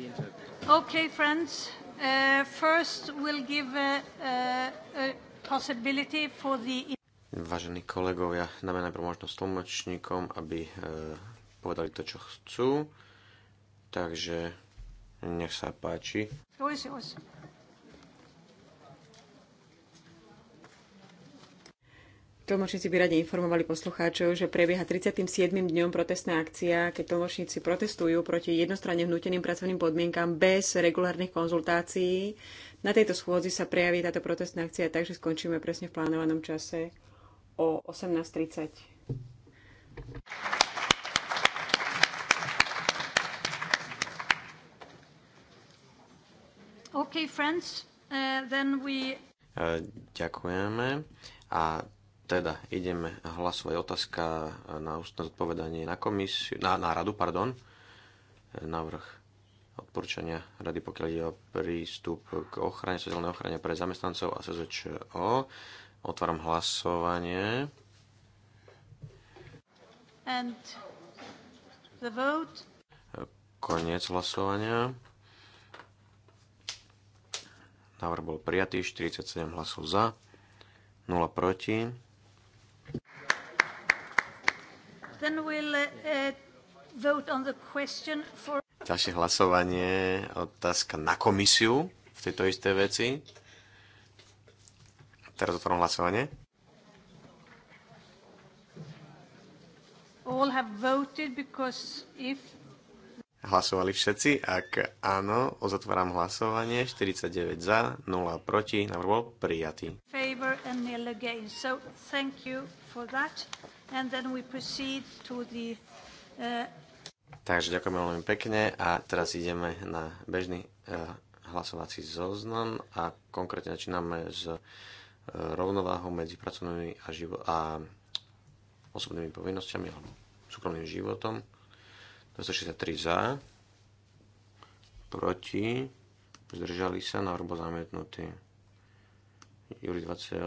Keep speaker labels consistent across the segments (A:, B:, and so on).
A: the interpreter. Okay, friends. Uh, first we'll give a, a, a possibility for the...
B: Vážení kolegovia, dáme najprv možnosť tlmočníkom, aby uh, povedali to, čo chcú. Takže nech sa páči.
A: Choice, choice.
C: Tlmočníci by radi informovali poslucháčov, že prebieha 37. dňom protestná akcia, keď tlmočníci protestujú proti jednostranne vnúteným pracovným podmienkam bez regulárnych konzultácií. Na tejto schôdzi sa prejaví táto protestná akcia, takže skončíme presne v plánovanom čase o 18.30.
A: Okay, friends, uh, then we...
B: Uh, ďakujeme. A teda ideme hlasovať otázka na ústne zodpovedanie na komisiu, na, na radu, pardon. Návrh odporúčania rady, pokiaľ ide o prístup k ochrane, sociálnej ochrane pre zamestnancov a SZČO. Otváram hlasovanie.
A: And the vote.
B: Koniec hlasovania. Návrh bol prijatý, 47 hlasov za, 0 proti.
A: We'll, uh, for...
B: Ďalšie hlasovanie, otázka na komisiu v tejto istej veci. Teraz otvorím hlasovanie.
A: All have voted because if
B: Hlasovali všetci? Ak áno, ozatváram hlasovanie. 49 za, 0 proti. Návrh bol prijatý.
A: Favor and nil again. So thank you for that. Uh,
B: Takže ďakujeme veľmi pekne a teraz ideme na bežný uh, hlasovací zoznam a konkrétne začíname s uh, rovnováhou medzi pracovnými a, živo- a osobnými povinnosťami alebo súkromným životom. 263 za, proti, zdržali sa, návrh bol zamietnutý. Júri 28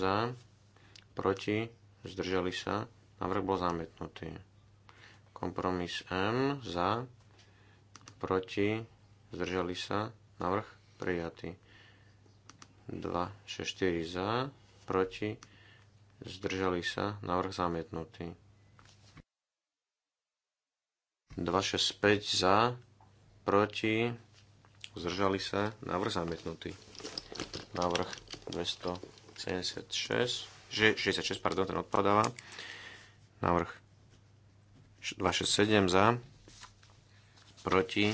B: za, proti, zdržali sa, návrh bol zamietnutý. Kompromis M za, proti, zdržali sa, návrh prijatý. 2, 6, 4 za, proti, zdržali sa, návrh zamietnutý. 2, 6, 5 za, proti, zdržali sa, návrh zamietnutý. Návrh 276 že 66, pardon, ten odpadáva. Návrh 267 za, proti,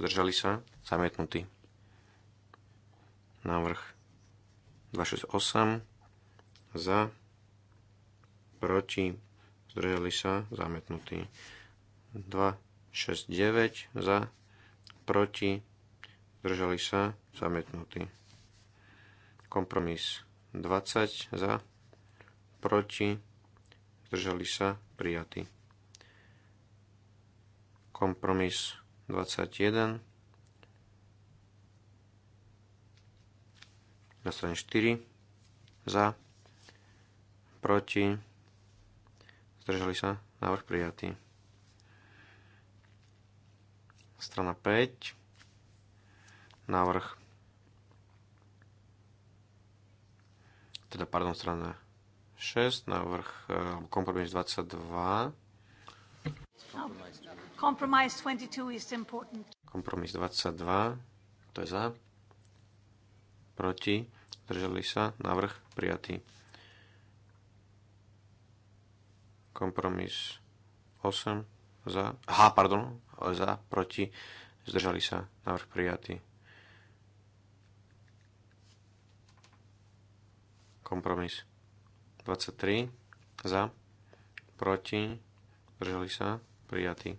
B: zdržali sa, zamietnutý. Návrh 268 za, proti, zdržali sa, zamietnutý. 269 za, proti, zdržali sa, zamietnutý. Kompromis 20 za, proti, zdržali sa, prijatí. Kompromis 21 na strane 4 za, proti, zdržali sa, návrh prijatý. Strana 5, návrh teda pardon, strana 6, návrh e, kompromis 22.
A: Kompromis 22 is important.
B: Kompromis 22, to je za. Proti, zdržali sa, návrh prijatý. Kompromis 8, za. Aha, pardon, za, proti, zdržali sa, návrh prijatý. kompromis 23 za, proti, drželi sa, prijatý.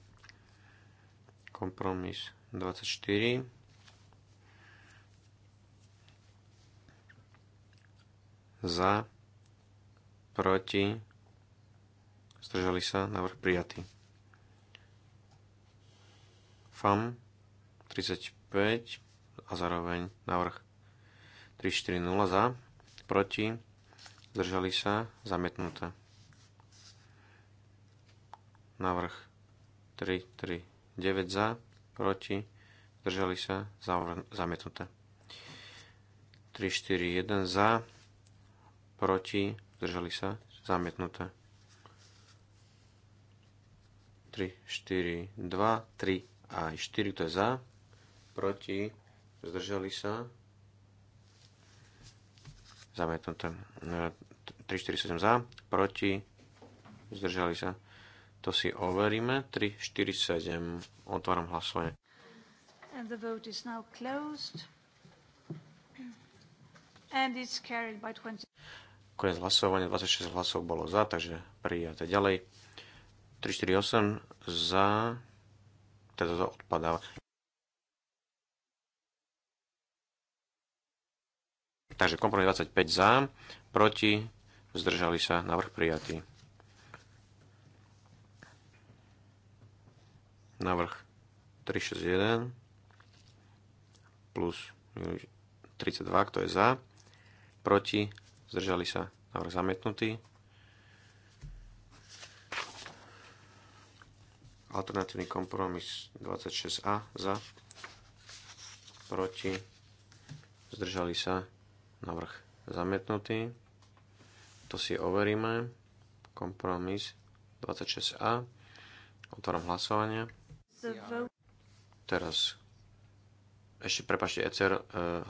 B: Kompromis 24 za, proti, zdržali sa, návrh prijatý. FAM 35 a zároveň návrh 340 za, proti, zdržali sa, zametnutá. Návrh 3, 3, 9 za, proti, zdržali sa, zamietnuté. 3, 4, 1 za, proti, zdržali sa, zamietnuté. 3, 4, 2, 3 a 4, to je za, proti, zdržali sa, zamietnuté. 347 e, za, proti, zdržali sa. To si overíme. 347, otváram hlasovanie.
A: And the vote is now closed. And it's carried by 20.
B: Konec hlasovania, 26 hlasov bolo za, takže prijaté ďalej. 348 za, teda to odpadáva. Takže kompromis 25 za, proti, zdržali sa, návrh prijatý. Návrh 361 plus 32, kto je za, proti, zdržali sa, návrh zamietnutý. Alternatívny kompromis 26a za, proti, zdržali sa, Navrh zamietnutý. To si overíme. Kompromis 26A. Otváram hlasovanie. Teraz ešte prepašte ECR e, eh,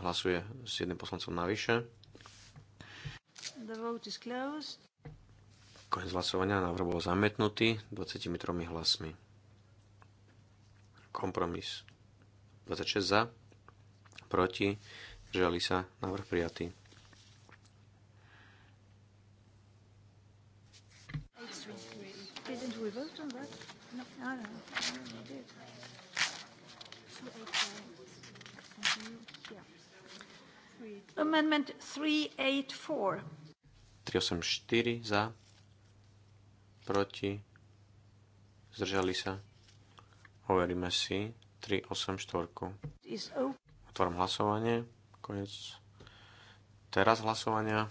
B: hlasuje s jedným poslancom navyše.
A: The vote is closed.
B: Konec hlasovania, návrh bol zamietnutý 23 hlasmi. Kompromis. 26 za, proti Želi sa. Návrh prijatý.
A: Amendment 384.
B: 384 za, proti, zdržali sa. Overíme si 384. Otváram hlasovanie. Koniec teraz hlasovania.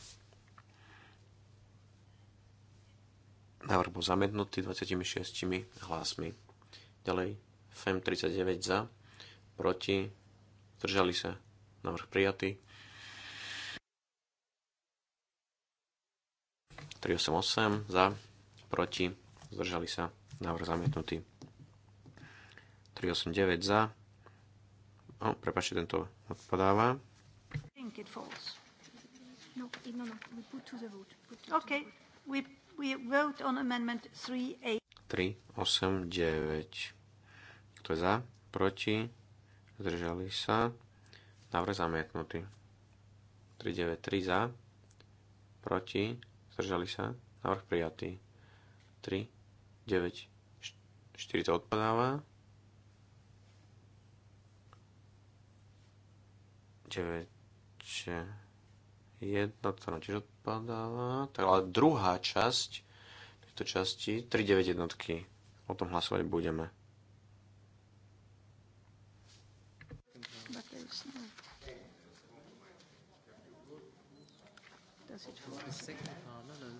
B: Návrh bol zamietnutý 26 hlasmi. Ďalej FEM 39 za, proti, zdržali sa, návrh prijatý. 388 za, proti, zdržali sa, návrh zamietnutý. 389 za, o, prepáčte, tento odpadáva
A: think it falls. No, no, no, no. We put to the vote. Put to okay. The vote. We, we vote on amendment 3, a
B: 3, 8, 9. Kto je za? Proti? Zdržali sa? Návrh zamietnutý. 3, 9, 3 za. Proti? Zdržali sa? Návrh prijatý. 3, 9, 4 to odpadáva. 9, ešte jednotka nám tiež odpadáva. Tak, ale druhá časť tejto časti, 3-9 jednotky. O tom hlasovať budeme.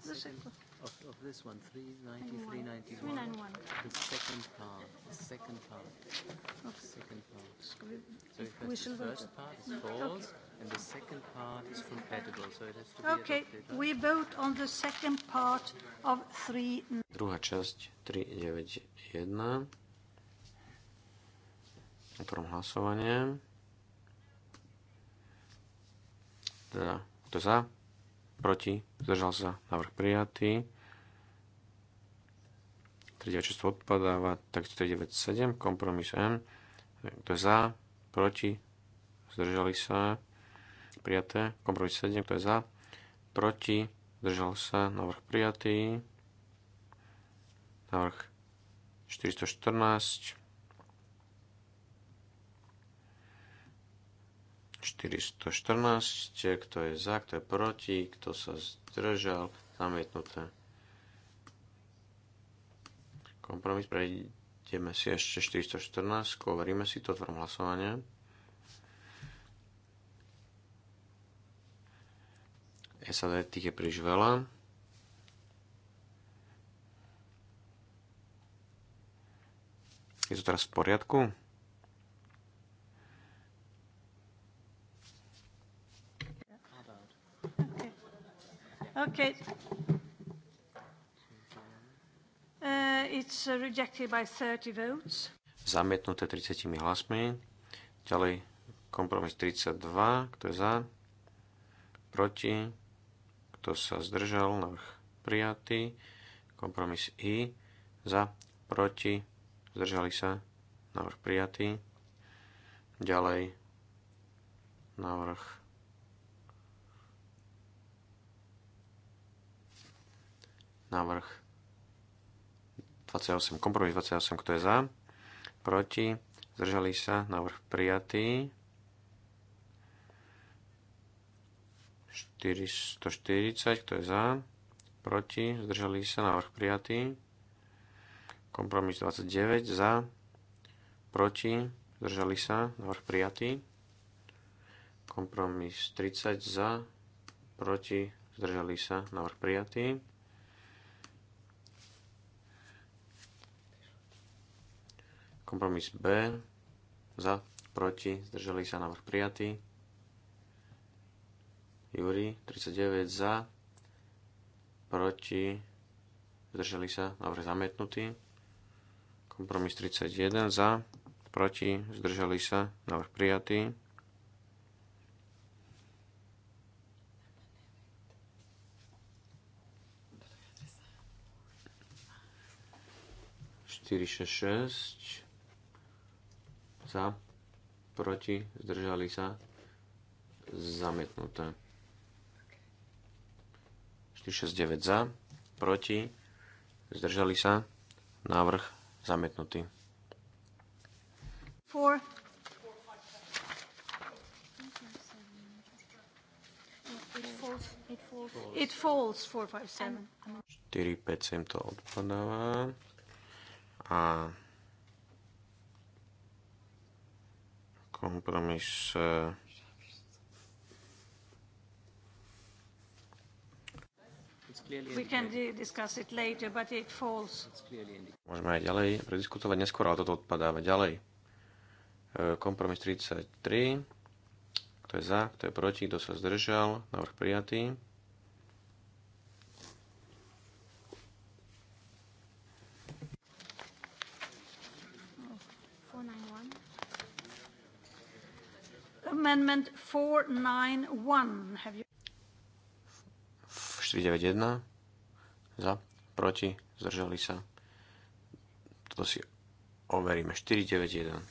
A: Does it of, of this one, 393, 391.
D: The second part, second part, okay. second part. So we the
A: first part is false,
D: okay. and the second part
B: is compatible, so it has to be Okay, adopted.
A: we vote on the second part of 3...
B: Druhá časť, 391. prvom hlasovanie. Teda, kto za? Proti? Zdržal sa? Návrh prijatý. 396 odpadáva, tak 397, kompromis M, kto je za, proti, zdržali sa, prijaté, kompromis 7, kto je za, proti, zdržal sa, návrh prijatý, návrh 414, 414, kto je za, kto je proti, kto sa zdržal, zamietnuté kompromis, prejdeme si ešte 414, overíme si to, otvorím hlasovania. SAD tých je príliš veľa. Je to teraz v poriadku?
A: Okay. okay. Uh, it's uh, rejected by 30 votes.
B: Zamietnuté 30 hlasmi. Ďalej kompromis 32, kto je za, proti, kto sa zdržal, návrh prijatý. Kompromis I, za, proti, zdržali sa, návrh prijatý. Ďalej návrh návrh 28, kompromis 28, kto je za, proti, zdržali sa, návrh prijatý. 440, kto je za, proti, zdržali sa, návrh prijatý. Kompromis 29, za, proti, zdržali sa, návrh prijatý. Kompromis 30, za, proti, zdržali sa, návrh prijatý. Kompromis B. Za, proti, zdržali sa, návrh prijatý. Júri, 39 za, proti, zdržali sa, návrh zamietnutý. Kompromis 31 za, proti, zdržali sa, návrh prijatý. Štyri, šesť, za, proti, zdržali sa, zamietnuté. 469 za, proti, zdržali sa, návrh zamietnutý.
A: 4. It falls 4, 5,
B: 7 to odpadáva. A kompromis eh, Môžeme aj ďalej prediskutovať neskôr, ale toto odpadáva ďalej. Eh, kompromis 33. Kto je za, kto je proti, kto sa zdržal, návrh prijatý.
A: Amendment 491. Have you...
B: 491. Za, proti, zdržali sa. Toto si overíme. 491.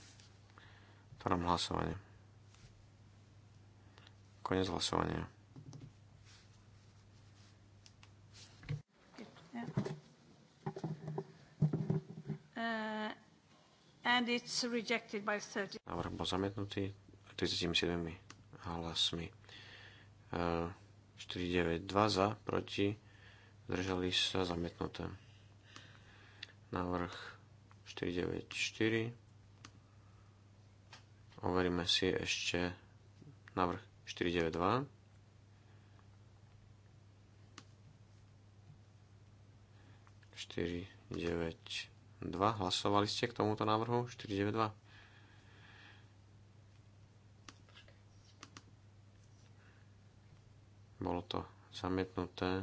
B: Otváram hlasovanie. Konec hlasovania.
A: Uh, and it's rejected by 30.
B: Návrh bol zamietnutý 47 hlasmi. 492 e, za, proti, zdržali sa zamietnuté. Návrh 494. Overíme si ešte návrh 492. Štyri, 2. Hlasovali ste k tomuto návrhu? 492. Bolo to zamietnuté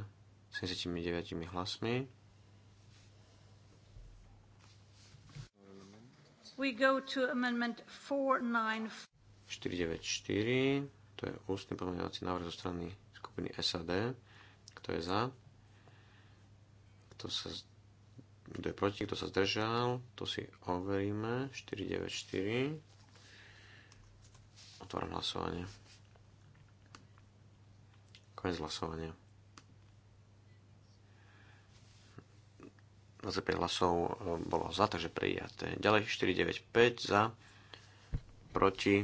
B: 79 hlasmi.
A: We go to amendment
B: 494, to je ústny pomenovací návrh zo strany skupiny SAD. Kto je za? Kto, sa, kto je proti? Kto sa zdržal? To si overíme. 494. Otváram hlasovanie. Koniec hlasovania. 25 hlasov e, bolo za, takže prijaté. Ďalej 495 za, proti,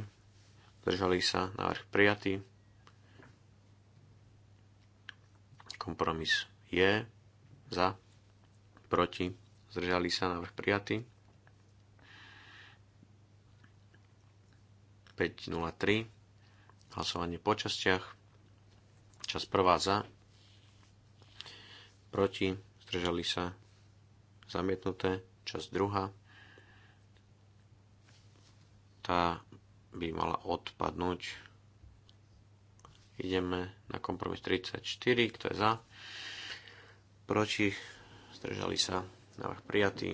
B: držali sa, návrh prijatý. Kompromis je za, proti, zdržali sa, návrh prijatý. 503, hlasovanie po častiach. Čas prvá za. Proti. Zdržali sa. Zamietnuté. Čas druhá. Tá by mala odpadnúť. Ideme na kompromis 34. Kto je za? Proti. Zdržali sa. Návrh prijatý.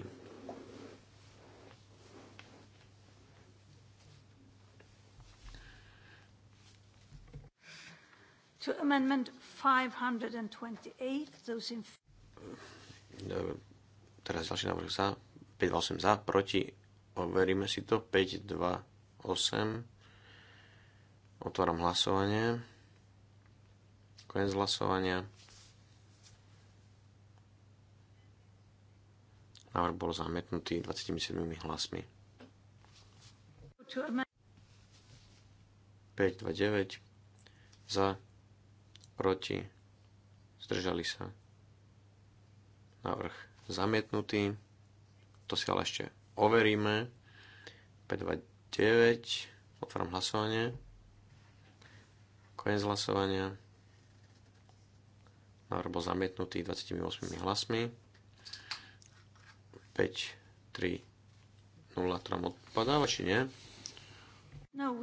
A: To amendment 528, those in...
B: E, teraz ďalší návrh za, 528 za, proti, overíme si to, 528. Otváram hlasovanie. Koniec hlasovania. Návrh bol zamietnutý 27 hlasmi. 529 za, proti, zdržali sa. Návrh zamietnutý, to si ale ešte overíme. 529, otváram hlasovanie, koniec hlasovania. Návrh bol zamietnutý 28 hlasmi. 5, 3, 0, teda odpadáva, či nie? No,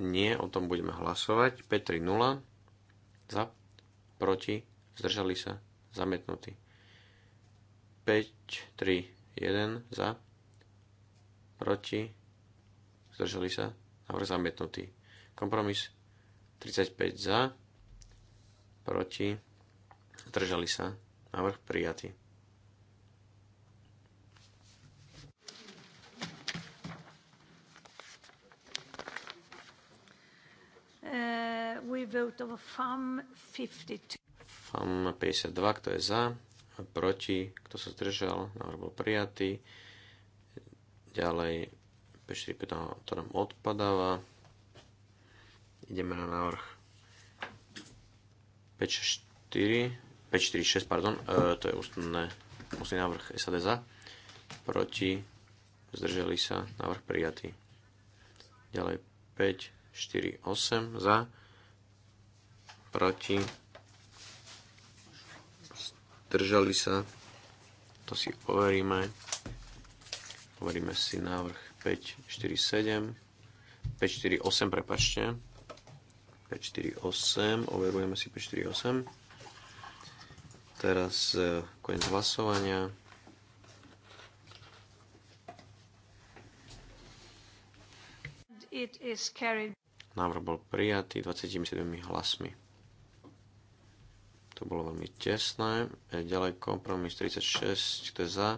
B: Nie, o tom budeme hlasovať. 5-0 za, proti, zdržali sa, zamietnutí. 5, 3, 1 za, proti, zdržali sa, návrh zamietnutý. Kompromis 35 za, proti, zdržali sa, návrh prijatý.
A: Uh, we vote of FAM 52.
B: FAM 52, kto je za, proti, kto sa zdržal, návrh bol prijatý. Ďalej, P4, to nám odpadáva. Ideme na návrh 5.4, 5.4.6, pardon, e, to je ústne, ústny návrh SAD za, proti, zdržali sa, návrh prijatý. Ďalej 5, 4, 8 za, proti, držali sa, to si overíme, overíme si návrh 5, 4, 7, 5, 4, 8, prepačte, 5, 4, 8, overujeme si 5, 4, 8, teraz e, koniec hlasovania,
A: it is carried.
B: Návrh bol prijatý 27 hlasmi. To bolo veľmi tesné. E, ďalej kompromis 36, kto je za,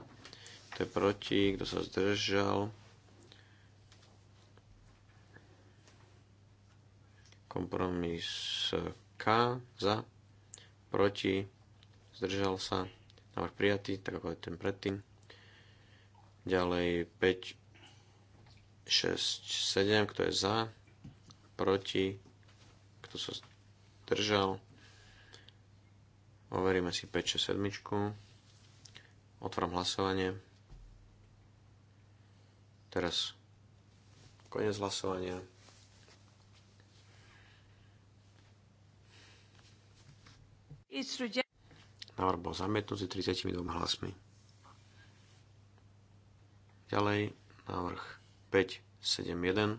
B: kto je proti, kto sa zdržal. Kompromis e, K za, proti, zdržal sa. Návrh prijatý, tak ako je ten predtým. Ďalej 5, 6, 7, kto je za, proti, kto sa držal. Overíme si 5, 6, 7. Otváram hlasovanie. Teraz koniec hlasovania. Návrh bol zamietnutý 32 hlasmi. Ďalej návrh 5, 7, 1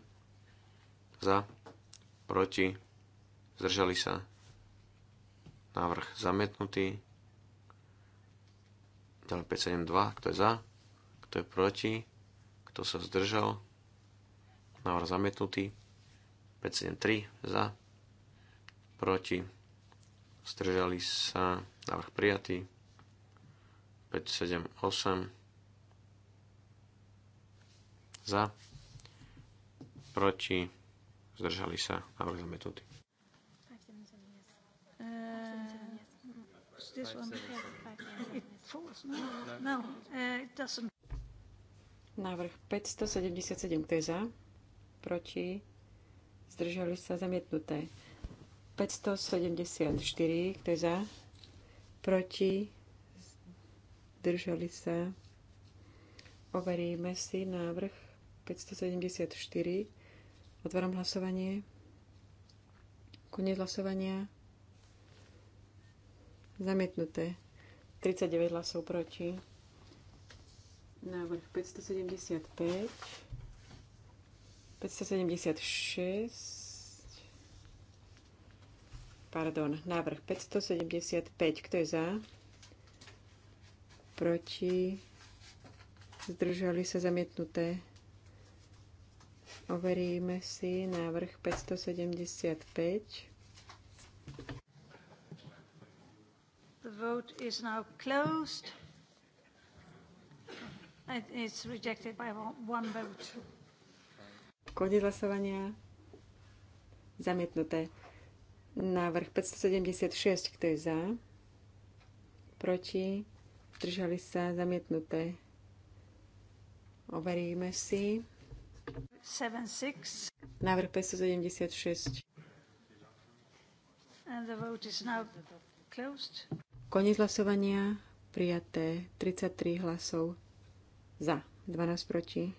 B: za, proti, zdržali sa, návrh zamietnutý, ďalej 572, kto je za, kto je proti, kto sa zdržal, návrh zamietnutý, 573 za, proti, zdržali sa, návrh prijatý, 578 za, proti, zdržali sa, návrhu metódy.
C: Návrh 577, kto je za? Proti? Zdržali sa zamietnuté. 574, kto je za? Proti? Zdržali sa. Overíme si návrh 574. Otváram hlasovanie. Koniec hlasovania. Zamietnuté. 39 hlasov proti. Návrh 575. 576. Pardon, návrh 575. Kto je za? Proti. Zdržali sa zamietnuté. Overíme si návrh 575.
A: The vote is now closed. it's rejected by one vote.
C: Konec hlasovania. Zamietnuté. Návrh 576. Kto je za? Proti? držali sa zamietnuté. Overíme si. Návrh 576. Koniec hlasovania prijaté 33 hlasov za, 12 proti.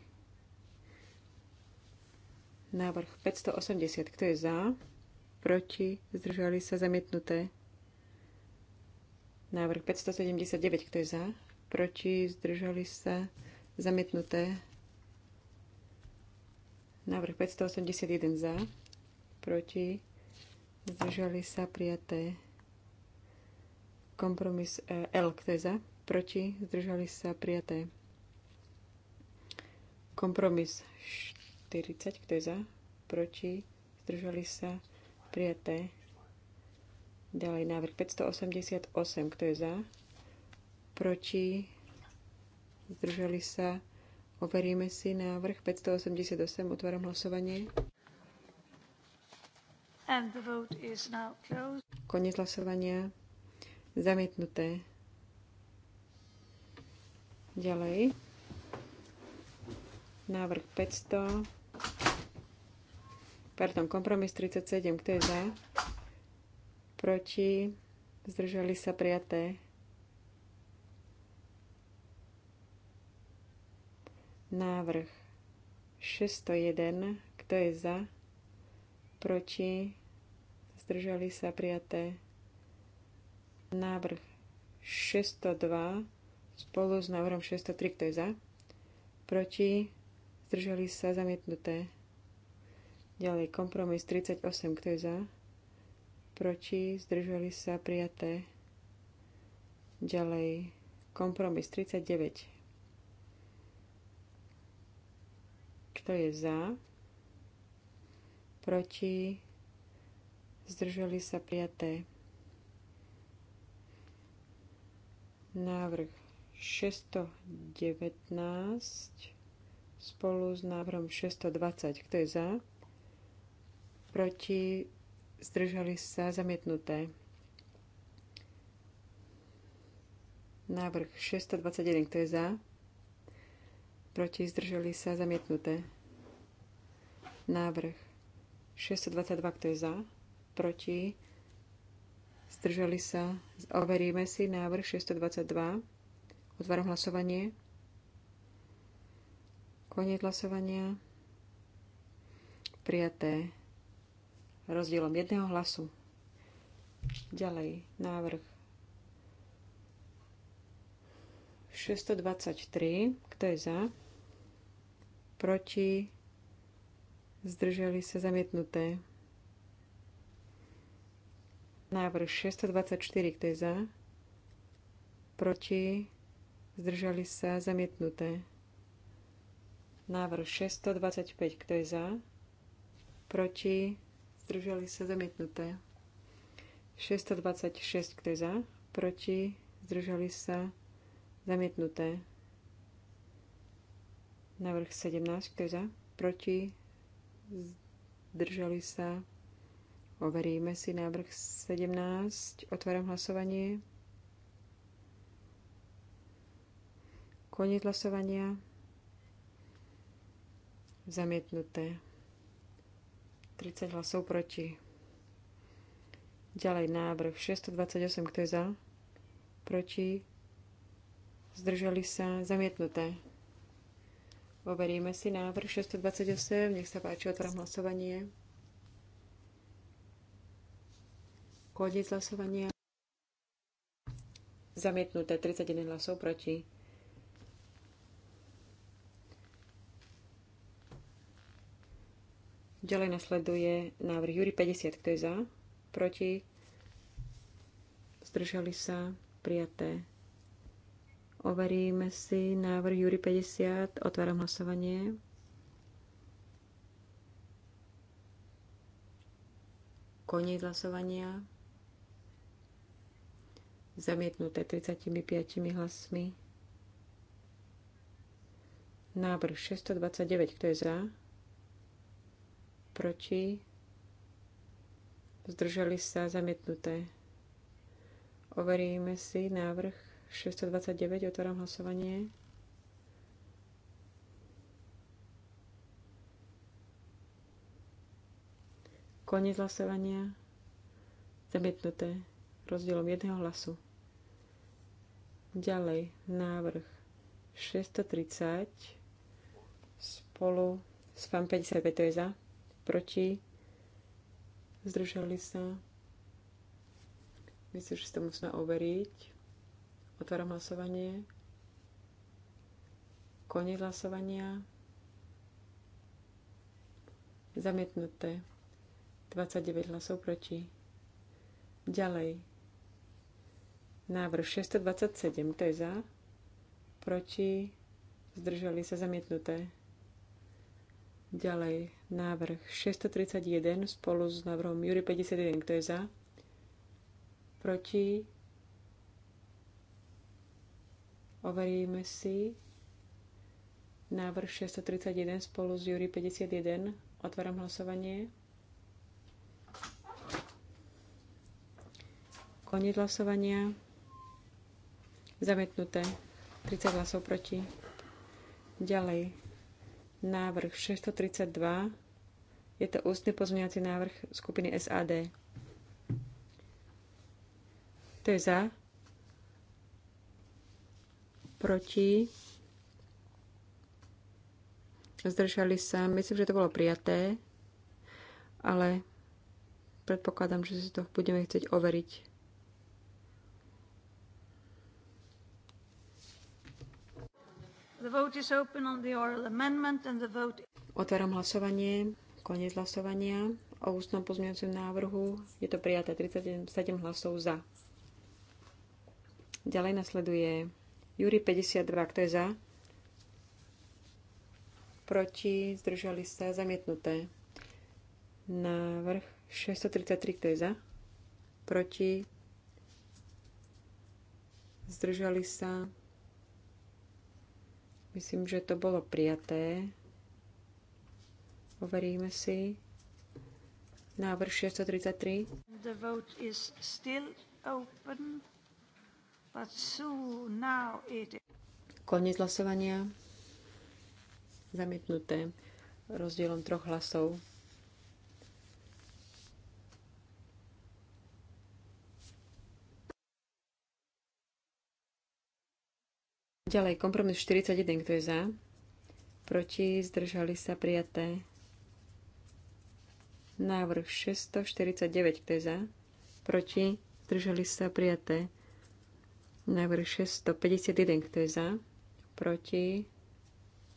C: Návrh 580. Kto je za? Proti? Zdržali sa zamietnuté. Návrh 579. Kto je za? Proti? Zdržali sa zamietnuté. Návrh 581 za, proti, zdržali sa prijaté. Kompromis e, L, kto je za, proti, zdržali sa prijaté. Kompromis 40, kto je za, proti, zdržali sa prijaté. Ďalej návrh 588, kto je za, proti, zdržali sa prijaté Overíme si návrh 588. Otváram hlasovanie.
A: And the vote is now closed.
C: Konec hlasovania. Zamietnuté. Ďalej. Návrh 500. Pardon, kompromis 37. Kto je za? Proti? Zdržali sa prijaté. Návrh 601. Kto je za? Proti? Zdržali sa prijaté. Návrh 602 spolu s návrhom 603. Kto je za? Proti? Zdržali sa zamietnuté. Ďalej kompromis 38. Kto je za? Proti? Zdržali sa prijaté. Ďalej kompromis 39. Kto je za? Proti? zdrželi sa prijaté. Návrh 619 spolu s návrhom 620. Kto je za? Proti? Zdržali sa zamietnuté. Návrh 621. Kto je za? proti, zdržali sa, zamietnuté. Návrh 622, kto je za, proti, Zdrželi sa, overíme si návrh 622, otváram hlasovanie, koniec hlasovania, prijaté rozdielom jedného hlasu. Ďalej, návrh 623, kto je za, proti, zdrželi sa zamietnuté. Návrh 624, kto je za, proti, zdržali sa zamietnuté. Návrh 625, kto je za, proti, zdržali sa zamietnuté. 626, kto je za, proti, zdržali sa zamietnuté. Navrh 17, kto je za? Proti? Zdržali sa? Overíme si návrh 17. Otváram hlasovanie. Koniec hlasovania. Zamietnuté. 30 hlasov proti. Ďalej návrh 628, kto je za? Proti? Zdržali sa? Zamietnuté. Overíme si návrh 628. Nech sa páči, otvorím hlasovanie. Koniec hlasovania. Zamietnuté 31 hlasov proti. Ďalej nasleduje návrh Júri 50. Kto je za? Proti? Zdržali sa? Prijaté. Overíme si návrh Júri 50. Otváram hlasovanie. Koniec hlasovania. Zamietnuté 35 hlasmi. Návrh 629. Kto je za? Proti? Zdržali sa zamietnuté. Overíme si návrh 629, otváram hlasovanie. Koniec hlasovania. Zamietnuté rozdielom jedného hlasu. Ďalej návrh 630 spolu s FAM 55, to je za, proti, zdržali sa. Myslím, že si to musíme overiť. Otváram hlasovanie. Koniec hlasovania. Zamietnuté. 29 hlasov proti. Ďalej. Návrh 627, to je za. Proti. Zdržali sa zamietnuté. Ďalej. Návrh 631 spolu s návrhom Jury 51, kto je za. Proti Overíme si návrh 631 spolu s Júri 51. Otváram hlasovanie. Koniec hlasovania. Zametnuté. 30 hlasov proti. Ďalej. Návrh 632. Je to ústny pozmeňovací návrh skupiny SAD. To je za proti, zdržali sa. Myslím, že to bolo prijaté, ale predpokladám, že si to budeme chcieť overiť. Otváram hlasovanie, koniec hlasovania o ústnom pozmeňujúcom návrhu. Je to prijaté 37 hlasov za. Ďalej nasleduje Júri 52, kto je za? Proti, zdržali sa, zamietnuté. Návrh 633, kto je za? Proti, zdržali sa. Myslím, že to bolo prijaté. Overíme si. Návrh 633.
A: The vote is still open.
C: Koniec hlasovania. Zamietnuté rozdielom troch hlasov. Ďalej, kompromis 41, kto je za? Proti, zdržali sa prijaté. Návrh 649, kto je za? Proti, zdržali sa prijaté. Návrh 651, kto je za? Proti?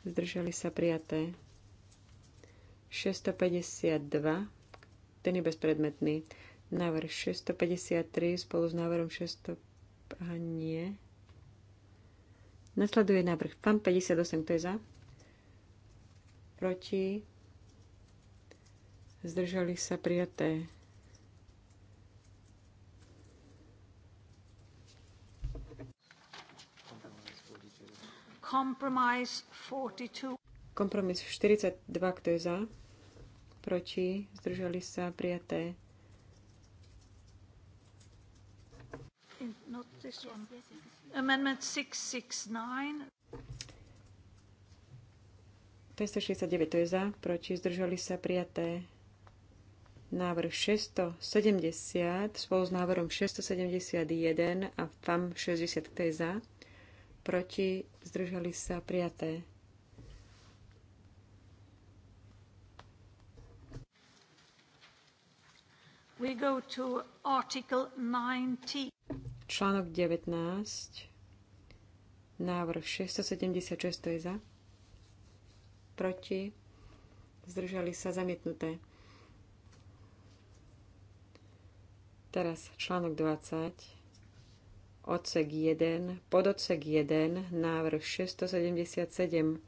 C: Zdržali sa prijaté. 652, ten je bezpredmetný. Návrh 653 spolu s návrhom 600... A nie. Nasleduje návrh FAM 58, kto je za? Proti? Zdržali sa prijaté.
A: Kompromis 42,
C: kto je za? Proti? Zdržali sa prijaté.
A: Amendment 669.
C: 669, to je za, proti, zdržali sa prijaté. Návrh 670 spolu s návrhom 671 a FAM 60, to je za proti, zdržali sa prijaté.
A: We go to article 19.
C: Článok 19. Návrh 676, to je za. Proti. Zdržali sa zamietnuté. Teraz článok 20 odsek 1, pododsek 1, návrh 677.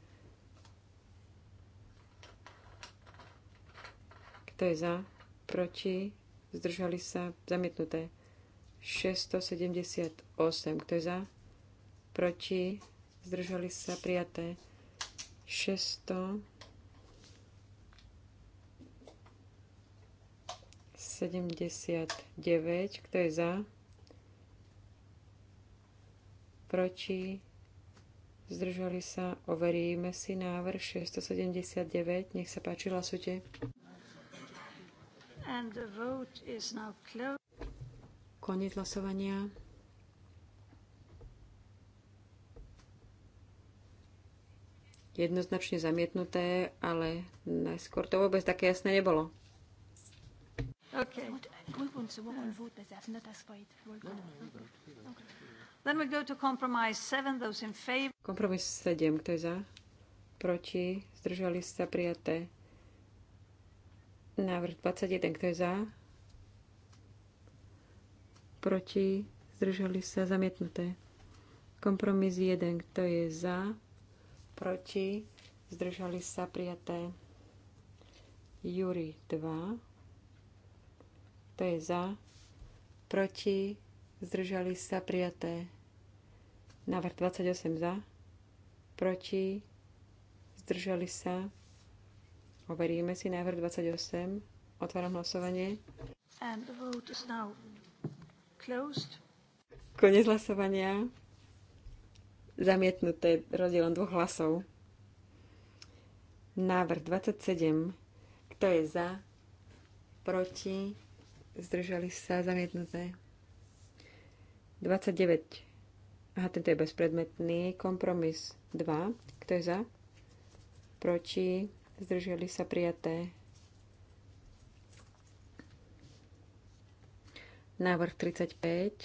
C: Kto je za? Proti? Zdržali sa? Zamietnuté. 678. Kto je za? Proti? Zdržali sa? Prijaté. 600. 79. Kto je za? proti, zdržali sa, overíme si návrh 679, nech sa páči, hlasujte.
A: And the vote is now closed.
C: Koniec hlasovania. Jednoznačne zamietnuté, ale najskôr to vôbec také jasné nebolo. Okay. Okay.
A: Then we go to compromise 7, those in favor.
C: Kompromis 7, kto je za? Proti? Zdržali sa prijaté. Návrh 21, kto je za? Proti? Zdržali sa zamietnuté. Kompromis 1, kto je za? Proti? Zdržali sa prijaté. Júri 2, kto je za? Proti? Zdržali sa prijaté. Návrh 28 za, proti, zdržali sa. Overíme si návrh 28. Otváram hlasovanie.
A: And the vote is now closed.
C: Konec hlasovania. Zamietnuté rozdielom dvoch hlasov. Návrh 27. Kto je za? Proti? Zdržali sa? Zamietnuté. 29 Aha, tento je bezpredmetný. Kompromis 2. Kto je za? Proti? Zdržali sa prijaté. Návrh 35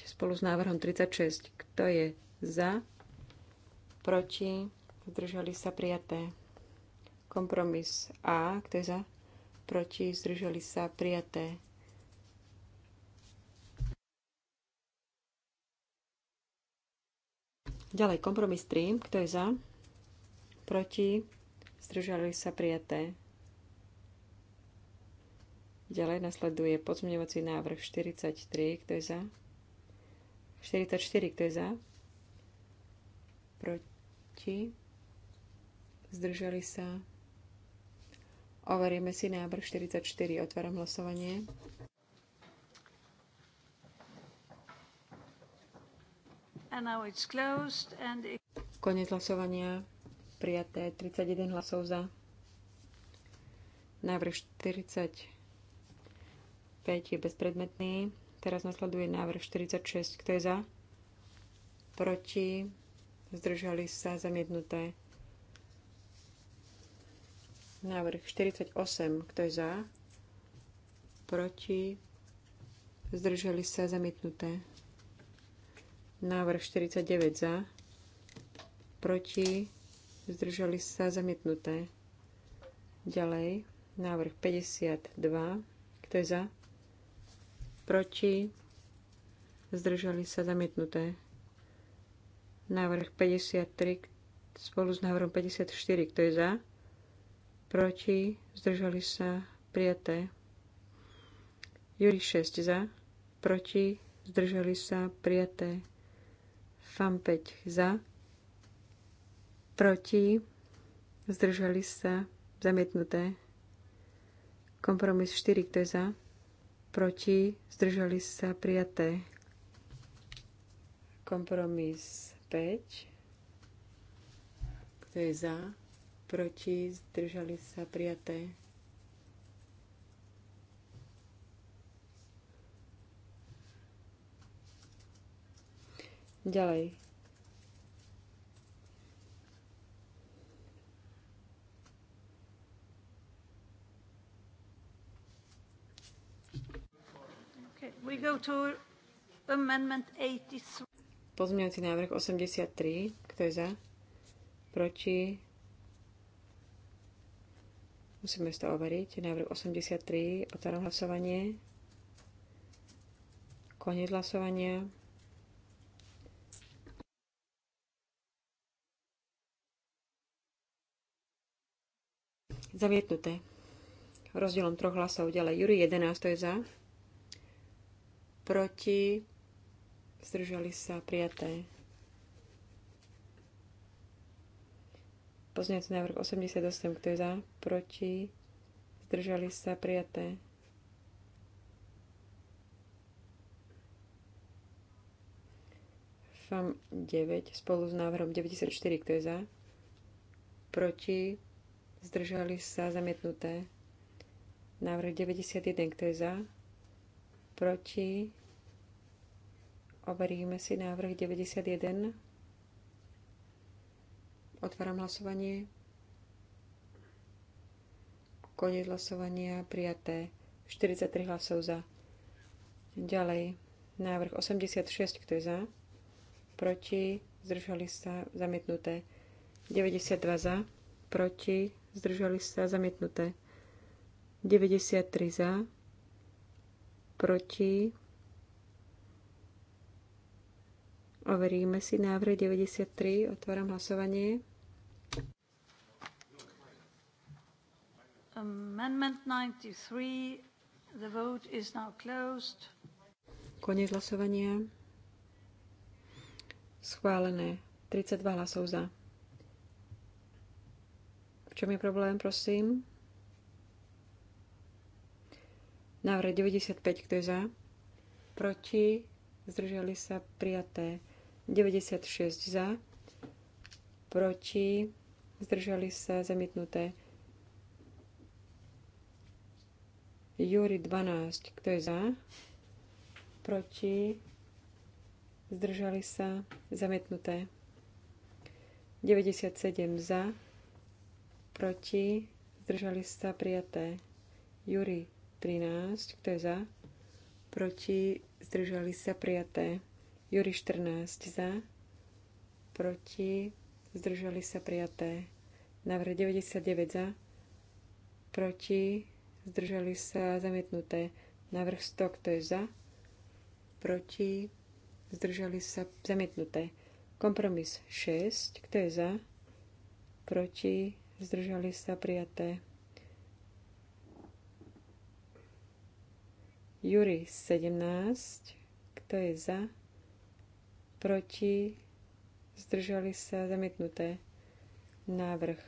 C: spolu s návrhom 36. Kto je za? Proti? Zdržali sa prijaté. Kompromis A. Kto je za? Proti? Zdržali sa prijaté. Ďalej, kompromis 3. Kto je za? Proti? Zdržali sa prijaté. Ďalej nasleduje pozmeňovací návrh 43. Kto je za? 44. Kto je za? Proti? Zdržali sa. Overíme si návrh 44. Otváram hlasovanie. Konec hlasovania. Prijaté 31 hlasov za. Návrh 45 je bezpredmetný. Teraz nasleduje návrh 46. Kto je za? Proti? Zdržali sa zamietnuté. Návrh 48. Kto je za? Proti? Zdržali sa zamietnuté. Návrh 49 za, proti, zdržali sa zamietnuté. Ďalej, návrh 52, kto je za, proti, zdržali sa zamietnuté. Návrh 53 spolu s návrhom 54, kto je za, proti, zdržali sa prijaté. Juri 6 za, proti, zdržali sa prijaté. FAM 5 za, proti, zdržali sa, zamietnuté. Kompromis 4, kto je za, proti, zdržali sa, prijaté. Kompromis 5, kto je za, proti, zdržali sa, prijaté. Ďalej.
A: we go to amendment 83.
C: Pozmeňujúci návrh 83. Kto je za? Proti? Musíme si to overiť. Návrh 83. Otáram hlasovanie. Koniec hlasovania. Zamietnuté. Rozdielom troch hlasov ďalej. Juri 11, to je za. Proti. Zdržali sa prijaté. Pozňací návrh 88, kto je za? Proti. Zdržali sa prijaté. FAM 9 spolu s návrhom 94, kto je za? Proti zdržali sa zamietnuté. Návrh 91, kto je za, proti, overíme si návrh 91. Otváram hlasovanie. Koniec hlasovania prijaté. 43 hlasov za. Ďalej. Návrh 86, kto je za? Proti. Zdržali sa. Zamietnuté. 92 za. Proti zdržali sa zamietnuté. 93 za, proti, overíme si návrh 93, otváram hlasovanie.
A: Amendment 93, the vote is now closed.
C: Konec hlasovania. Schválené. 32 hlasov za čom je problém, prosím? Návrh 95, kto je za? Proti? Zdržali sa prijaté 96 za. Proti? Zdržali sa zamietnuté. Júri 12, kto je za? Proti? Zdržali sa zamietnuté. 97 za proti, zdržali sa prijaté. Juri 13, kto je za, proti, zdržali sa prijaté. Juri 14 za, proti, zdržali sa prijaté. Návrh 99 za, proti, zdržali sa zamietnuté. Návrh 100, kto je za, proti, zdržali sa zamietnuté. Kompromis 6, kto je za, proti, zdržali sa prijaté. Juri 17, kto je za, proti, zdržali sa zamietnuté. Návrh.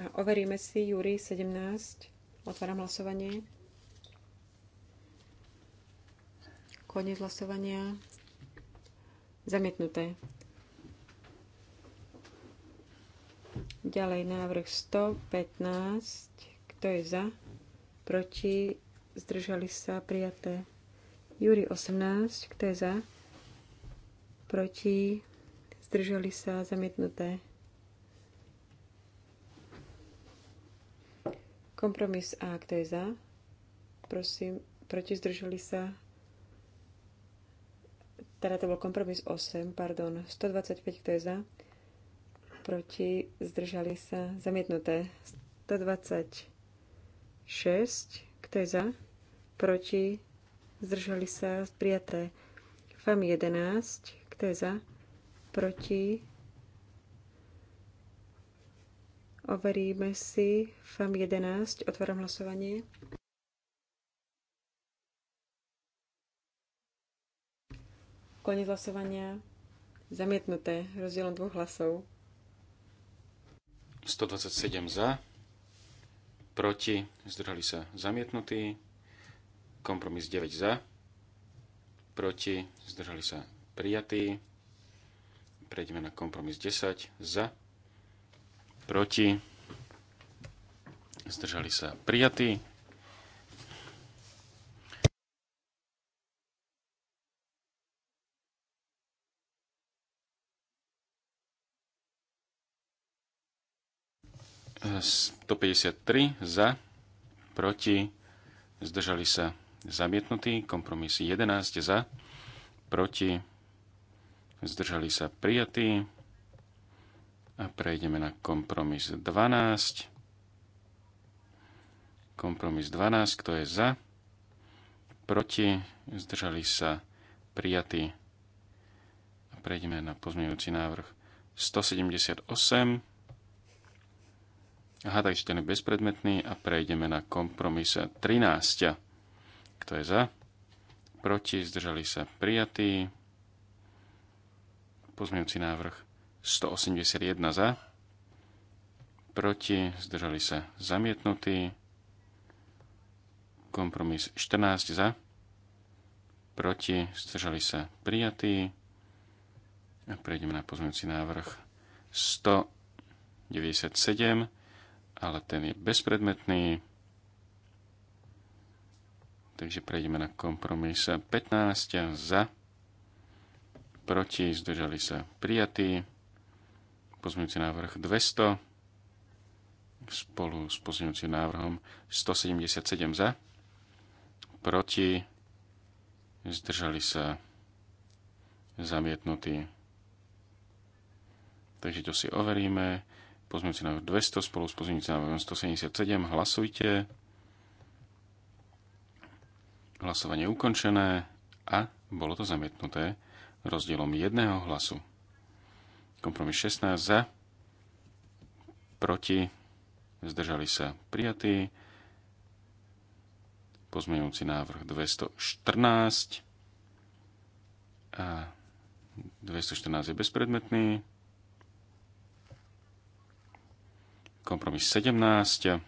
C: A overíme si Juri 17. Otváram hlasovanie. Koniec hlasovania. Zamietnuté. Ďalej návrh 115. Kto je za? Proti? Zdržali sa? Prijaté. Júri 18. Kto je za? Proti? Zdržali sa? Zamietnuté. Kompromis A. Kto je za? Prosím. Proti? Zdržali sa? Teda to bol kompromis 8, pardon. 125. Kto je za? proti, zdržali sa, zamietnuté. 126, kto je za, proti, zdržali sa, prijaté. FAM 11, kto je za, proti, overíme si FAM 11, otváram hlasovanie. Konec hlasovania. Zamietnuté rozdielom dvoch hlasov.
D: 127 za, proti, zdrhali sa zamietnutí, kompromis 9 za, proti, zdrhali sa prijatí, prejdeme na kompromis 10 za, proti, zdržali sa prijatí, 153 za, proti, zdržali sa zamietnutí, kompromis 11 za, proti, zdržali sa prijatí. A prejdeme na kompromis 12. Kompromis 12, kto je za, proti, zdržali sa prijatí. A prejdeme na pozmeňujúci návrh 178 Aha, takže ten je bezpredmetný a prejdeme na kompromis 13. Kto je za? Proti, zdržali sa prijatí. Pozmienujúci návrh 181 za. Proti, zdržali sa zamietnutí. Kompromis 14 za. Proti, zdržali sa prijatí. A prejdeme na pozmienujúci návrh 197 ale ten je bezpredmetný. Takže prejdeme na kompromis 15 za, proti, zdržali sa prijatí. Pozmeňujúci návrh 200 spolu s pozmeňujúcim návrhom 177 za, proti, zdržali sa zamietnutí. Takže to si overíme pozmeňujúci návrh 200 spolu s pozmeňujúcim návrhom 177. Hlasujte. Hlasovanie ukončené a bolo to zamietnuté rozdielom jedného hlasu. Kompromis 16 za, proti, zdržali sa prijatí. Pozmeňujúci návrh 214 a 214 je bezpredmetný. kompromis 17.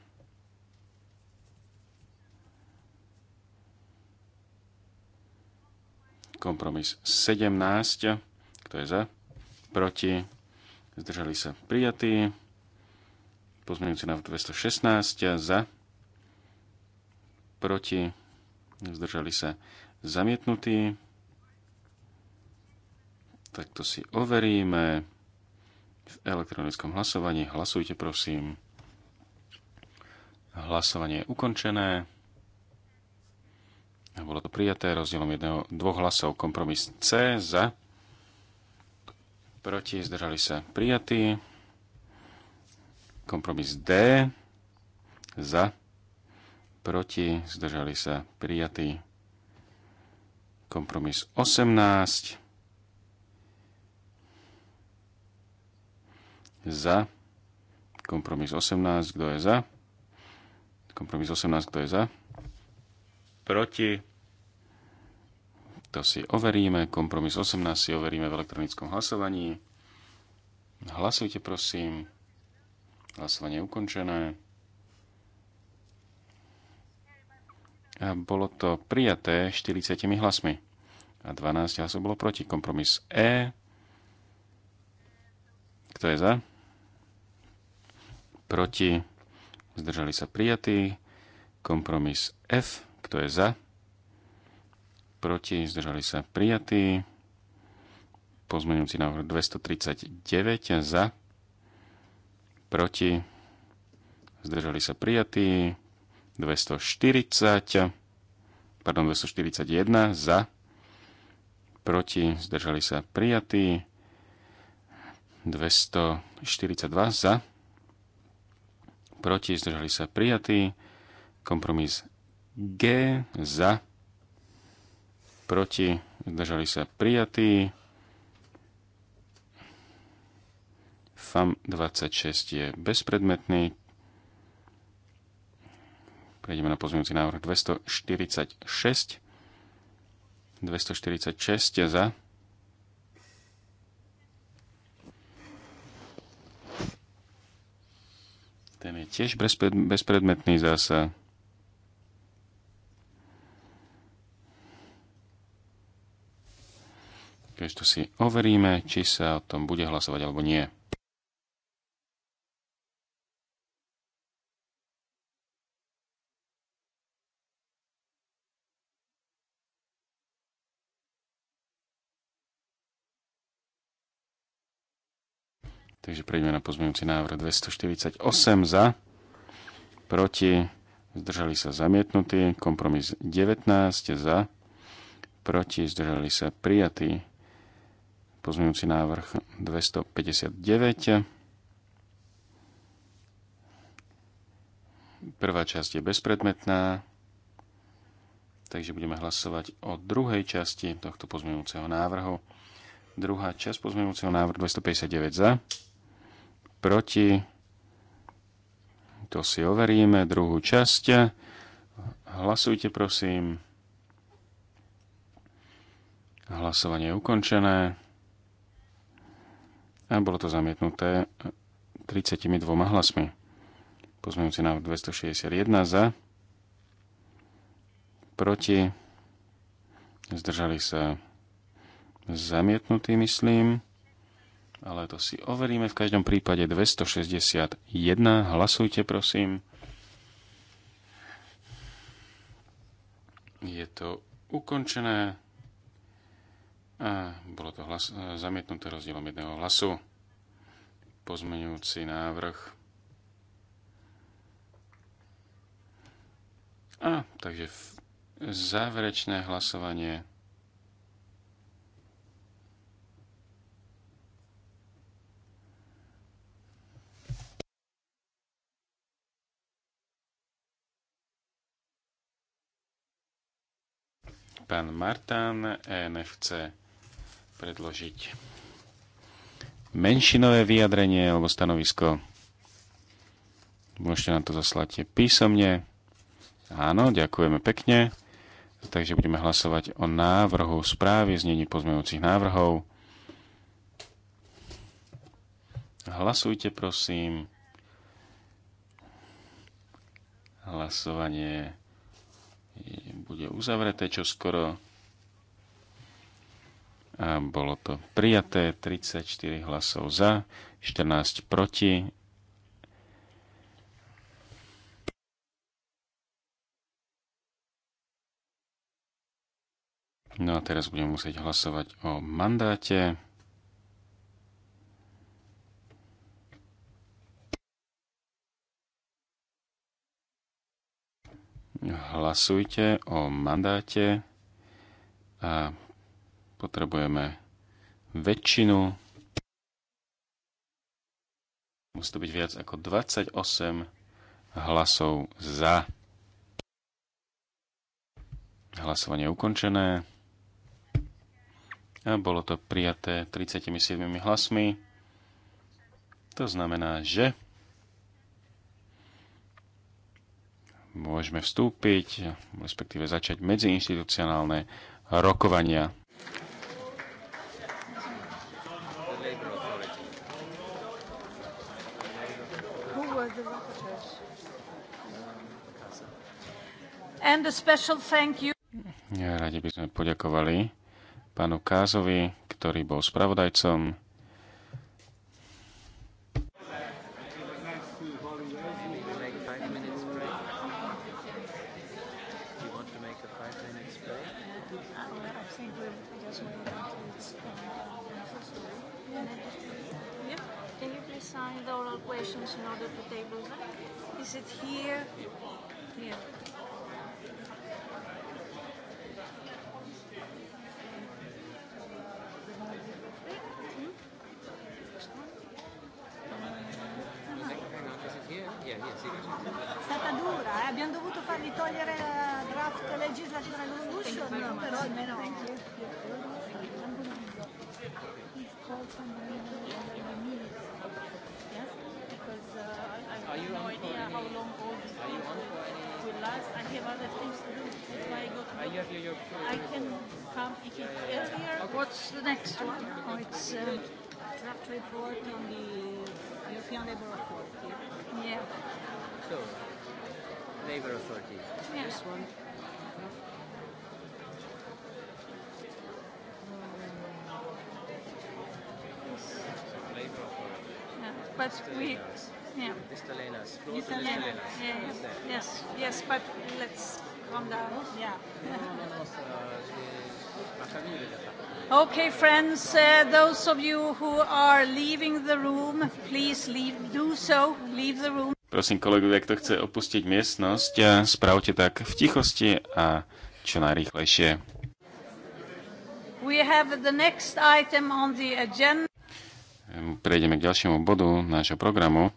D: Kompromis 17. Kto je za? Proti? Zdržali sa prijatí. Pozmeňujúci návrh 216. Za? Proti? Zdržali sa zamietnutí. Takto si overíme v elektronickom hlasovaní. Hlasujte, prosím. Hlasovanie je ukončené. Bolo to prijaté rozdielom jedného, dvoch hlasov. Kompromis C za. Proti zdržali sa prijatí. Kompromis D za. Proti zdržali sa prijatí. Kompromis 18 za. Kompromis 18, kto je za. Kompromis 18, kto je za. Proti. To si overíme. Kompromis 18 si overíme v elektronickom hlasovaní. Hlasujte prosím. Hlasovanie je ukončené. A bolo to prijaté 40 hlasmi. A 12 hlasov bolo proti. Kompromis E. Kto je za? proti, zdržali sa prijatí. Kompromis F, kto je za, proti, zdržali sa prijatí. Pozmeňujúci návrh 239 za, proti, zdržali sa prijatí. 240, pardon, 241 za, proti, zdržali sa prijatí, 242 za, proti, zdržali sa prijatí. Kompromis G za, proti, zdržali sa prijatí. FAM 26 je bezpredmetný. Prejdeme na pozmeňujúci návrh 246. 246 za, Ten je tiež bezpredmetný zase. Keďže to si overíme, či sa o tom bude hlasovať alebo nie. Takže prejdeme na pozmeňujúci návrh 248 za, proti, zdržali sa zamietnutí, kompromis 19 za, proti, zdržali sa prijatí, pozmeňujúci návrh 259, prvá časť je bezpredmetná, takže budeme hlasovať o druhej časti tohto pozmeňujúceho návrhu. Druhá časť pozmeňujúceho návrhu 259 za, proti, to si overíme, druhú časť. Hlasujte prosím. Hlasovanie je ukončené. A bolo to zamietnuté 32 hlasmi. si na 261 za, proti, zdržali sa zamietnutý, myslím ale to si overíme. V každom prípade 261. Hlasujte, prosím. Je to ukončené. A bolo to hlas- e, zamietnuté rozdielom jedného hlasu. Pozmenujúci návrh. A takže záverečné hlasovanie Pán Martán, e NFC chce predložiť menšinové vyjadrenie alebo stanovisko. Môžete nám to zaslať písomne. Áno, ďakujeme pekne. Takže budeme hlasovať o návrhu správy, znení pozmeňujúcich návrhov. Hlasujte, prosím. Hlasovanie bude uzavreté čo skoro. A bolo to prijaté 34 hlasov za, 14 proti. No a teraz budeme musieť hlasovať o mandáte. hlasujte o mandáte a potrebujeme väčšinu. Musí to byť viac ako 28 hlasov za. Hlasovanie je ukončené. A bolo to prijaté 37 hlasmi. To znamená, že môžeme vstúpiť, respektíve začať medziinstitucionálne rokovania.
A: And a special thank you.
D: Ja, radi by sme poďakovali pánu Kázovi, ktorý bol spravodajcom.
C: farli togliere la draft legislativa però almeno...
A: Are you on Will last. I have other things to do. That's why I go. To
C: I have your. I can
A: come if yeah, yeah, yeah. earlier. what's the next one? Oh, it's uh, draft report on the European Labour Authority. Yeah. So labor authority. Yeah. This one. but we. Yeah. Yeah, yeah. Yes, yes, but let's calm down. Yeah. Okay, friends, uh, those of you who are leaving the room, please leave, do so, leave the room.
D: Prosím kolegovia, kto chce opustiť miestnosť, spravte tak v tichosti a čo najrýchlejšie. Prejdeme k ďalšiemu bodu nášho programu.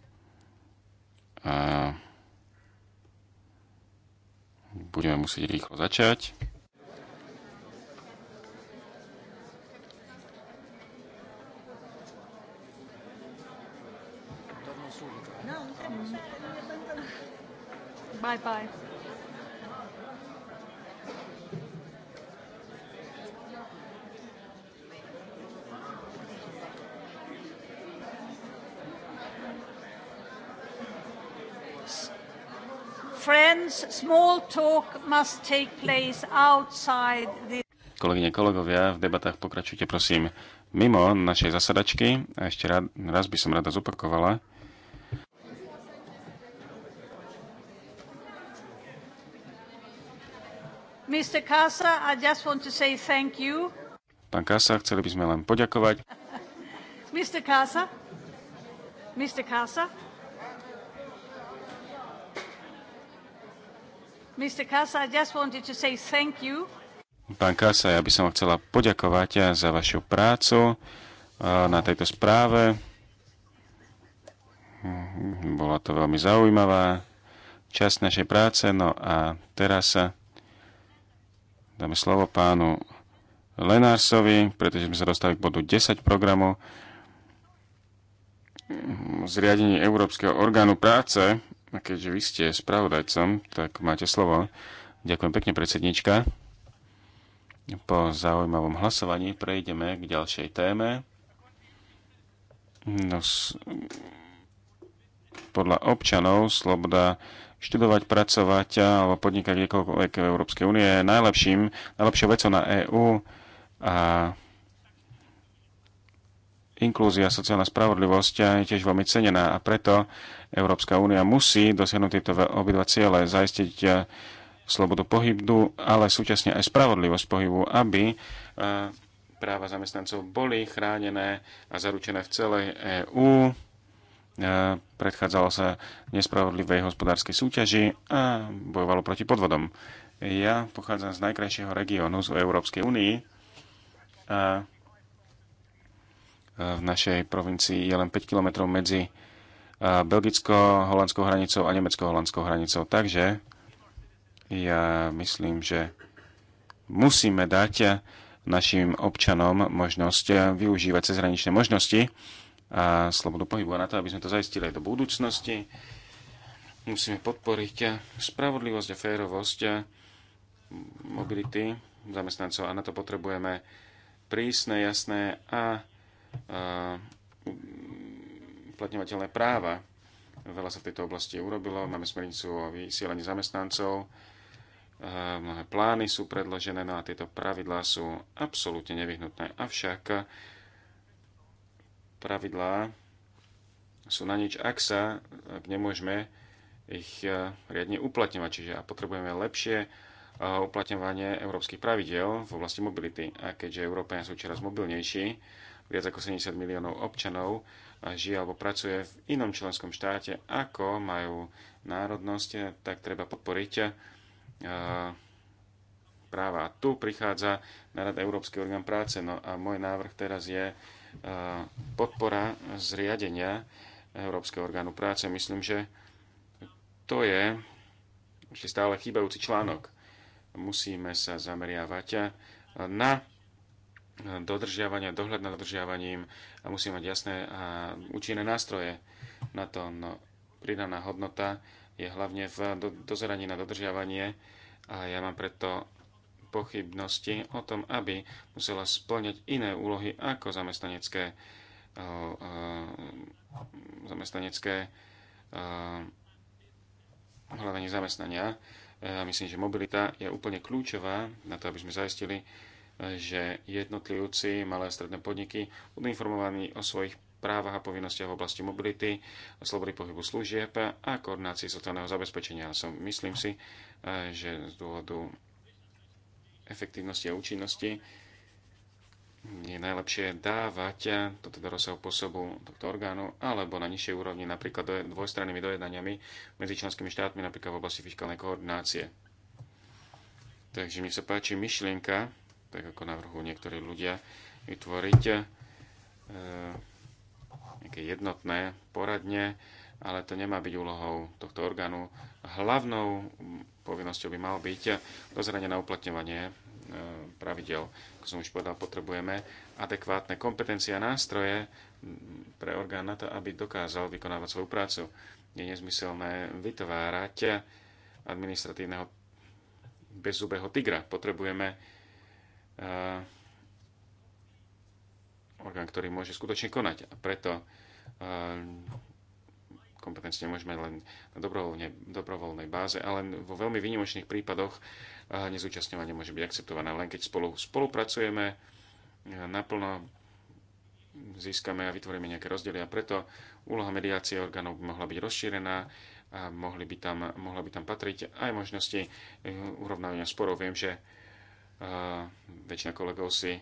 D: A budeme musieť rýchlo začať.
A: Bye bye. Friends, small talk must take place outside the...
D: Kolegyne, kolegovia, v debatách pokračujte prosím mimo našej zasadačky. A ešte rád, raz by som rada zopakovala,
A: Mr. Kasa, I just want to say thank you.
D: Pán Kasa, chceli by sme len poďakovať.
A: Mr. Kasa? Mr. Kasa? Mr. Kasa, I just wanted to say thank you.
D: Pán Kasa, ja by som chcela poďakovať za vašu prácu na tejto správe. Bola to veľmi zaujímavá časť našej práce. No a teraz sa Dáme slovo pánu Lenársovi, pretože sme sa dostali k bodu 10 programu Zriadenie Európskeho orgánu práce. A keďže vy ste spravodajcom, tak máte slovo. Ďakujem pekne, predsednička. Po zaujímavom hlasovaní prejdeme k ďalšej téme. No, podľa občanov sloboda študovať, pracovať alebo podnikať kdekoľvek v Európskej únie je najlepším, najlepšou vecou na EÚ a inklúzia, sociálna spravodlivosť je tiež veľmi cenená a preto Európska únia musí dosiahnuť tieto obidva ciele, zaistiť slobodu pohybu, ale súčasne aj spravodlivosť pohybu, aby práva zamestnancov boli chránené a zaručené v celej EÚ. E, predchádzalo sa nespravodlivej hospodárskej súťaži a bojovalo proti podvodom. Ja pochádzam z najkrajšieho regiónu z Európskej únii a e, v našej provincii je len 5 kilometrov medzi e, belgicko-holandskou hranicou a nemecko-holandskou hranicou. Takže ja myslím, že musíme dať našim občanom možnosť využívať cezhraničné možnosti a slobodu pohybu. A na to, aby sme to zaistili aj do budúcnosti, musíme podporiť spravodlivosť a férovosť mobility zamestnancov a na to potrebujeme prísne, jasné a uplatňovateľné práva. Veľa sa v tejto oblasti urobilo. Máme smernicu o vysielaní zamestnancov. Mnohé plány sú predložené, no a tieto pravidlá sú absolútne nevyhnutné. Avšak pravidlá sú na nič, ak sa, ak nemôžeme ich eh, riadne uplatňovať. Čiže a potrebujeme lepšie eh, uplatňovanie európskych pravidel v oblasti mobility. A keďže Európania sú čoraz mobilnejší, viac ako 70 miliónov občanov eh, žije alebo pracuje v inom členskom štáte, ako majú národnosť, tak treba podporiť práva. A tu prichádza na rad Európsky orgán práce. No a môj návrh teraz je podpora zriadenia Európskeho orgánu práce. Myslím, že to je ešte stále chýbajúci článok. Musíme sa zameriavať na dodržiavanie, dohľad nad dodržiavaním a musíme mať jasné a účinné nástroje na to. No, pridaná hodnota je hlavne v dozeraní na dodržiavanie a ja mám preto pochybnosti o tom, aby musela splňať iné úlohy ako zamestnanecké, eh, eh, zamestnanecké eh, hľadanie zamestnania. Ja myslím, že mobilita je úplne kľúčová na to, aby sme zaistili, že jednotlivci, malé a stredné podniky budú informovaní o svojich právach a povinnostiach v oblasti mobility, slobody pohybu služieb a koordinácii sociálneho zabezpečenia. Som, myslím si, že z dôvodu efektívnosti a účinnosti je najlepšie dávať do teda rozsahu pôsobu tohto orgánu alebo na nižšej úrovni napríklad dvojstrannými dojednaniami medzi členskými štátmi napríklad v oblasti fiskálnej koordinácie. Takže mi sa páči myšlienka, tak ako navrhu niektorí ľudia, vytvoriť e, nejaké jednotné poradne, ale to nemá byť úlohou tohto orgánu. Hlavnou povinnosťou by malo byť dozrenie na uplatňovanie e, pravidel. Ako som už povedal, potrebujeme adekvátne kompetencie a nástroje pre orgán na to, aby dokázal vykonávať svoju prácu. Je nezmyselné vytvárať administratívneho bezzubého tigra. Potrebujeme e, orgán, ktorý môže skutočne konať. A preto e, kompetencie nemôžeme len na dobrovoľne, dobrovoľnej báze, ale vo veľmi výnimočných prípadoch eh, nezúčastňovanie môže byť akceptované. Len keď spolu spolupracujeme, eh, naplno získame a vytvoríme nejaké rozdiely a preto úloha mediácie orgánov by mohla byť rozšírená a mohli by tam, mohla by tam patriť aj možnosti eh, urovnávania sporov. Viem, že väčšina kolegov si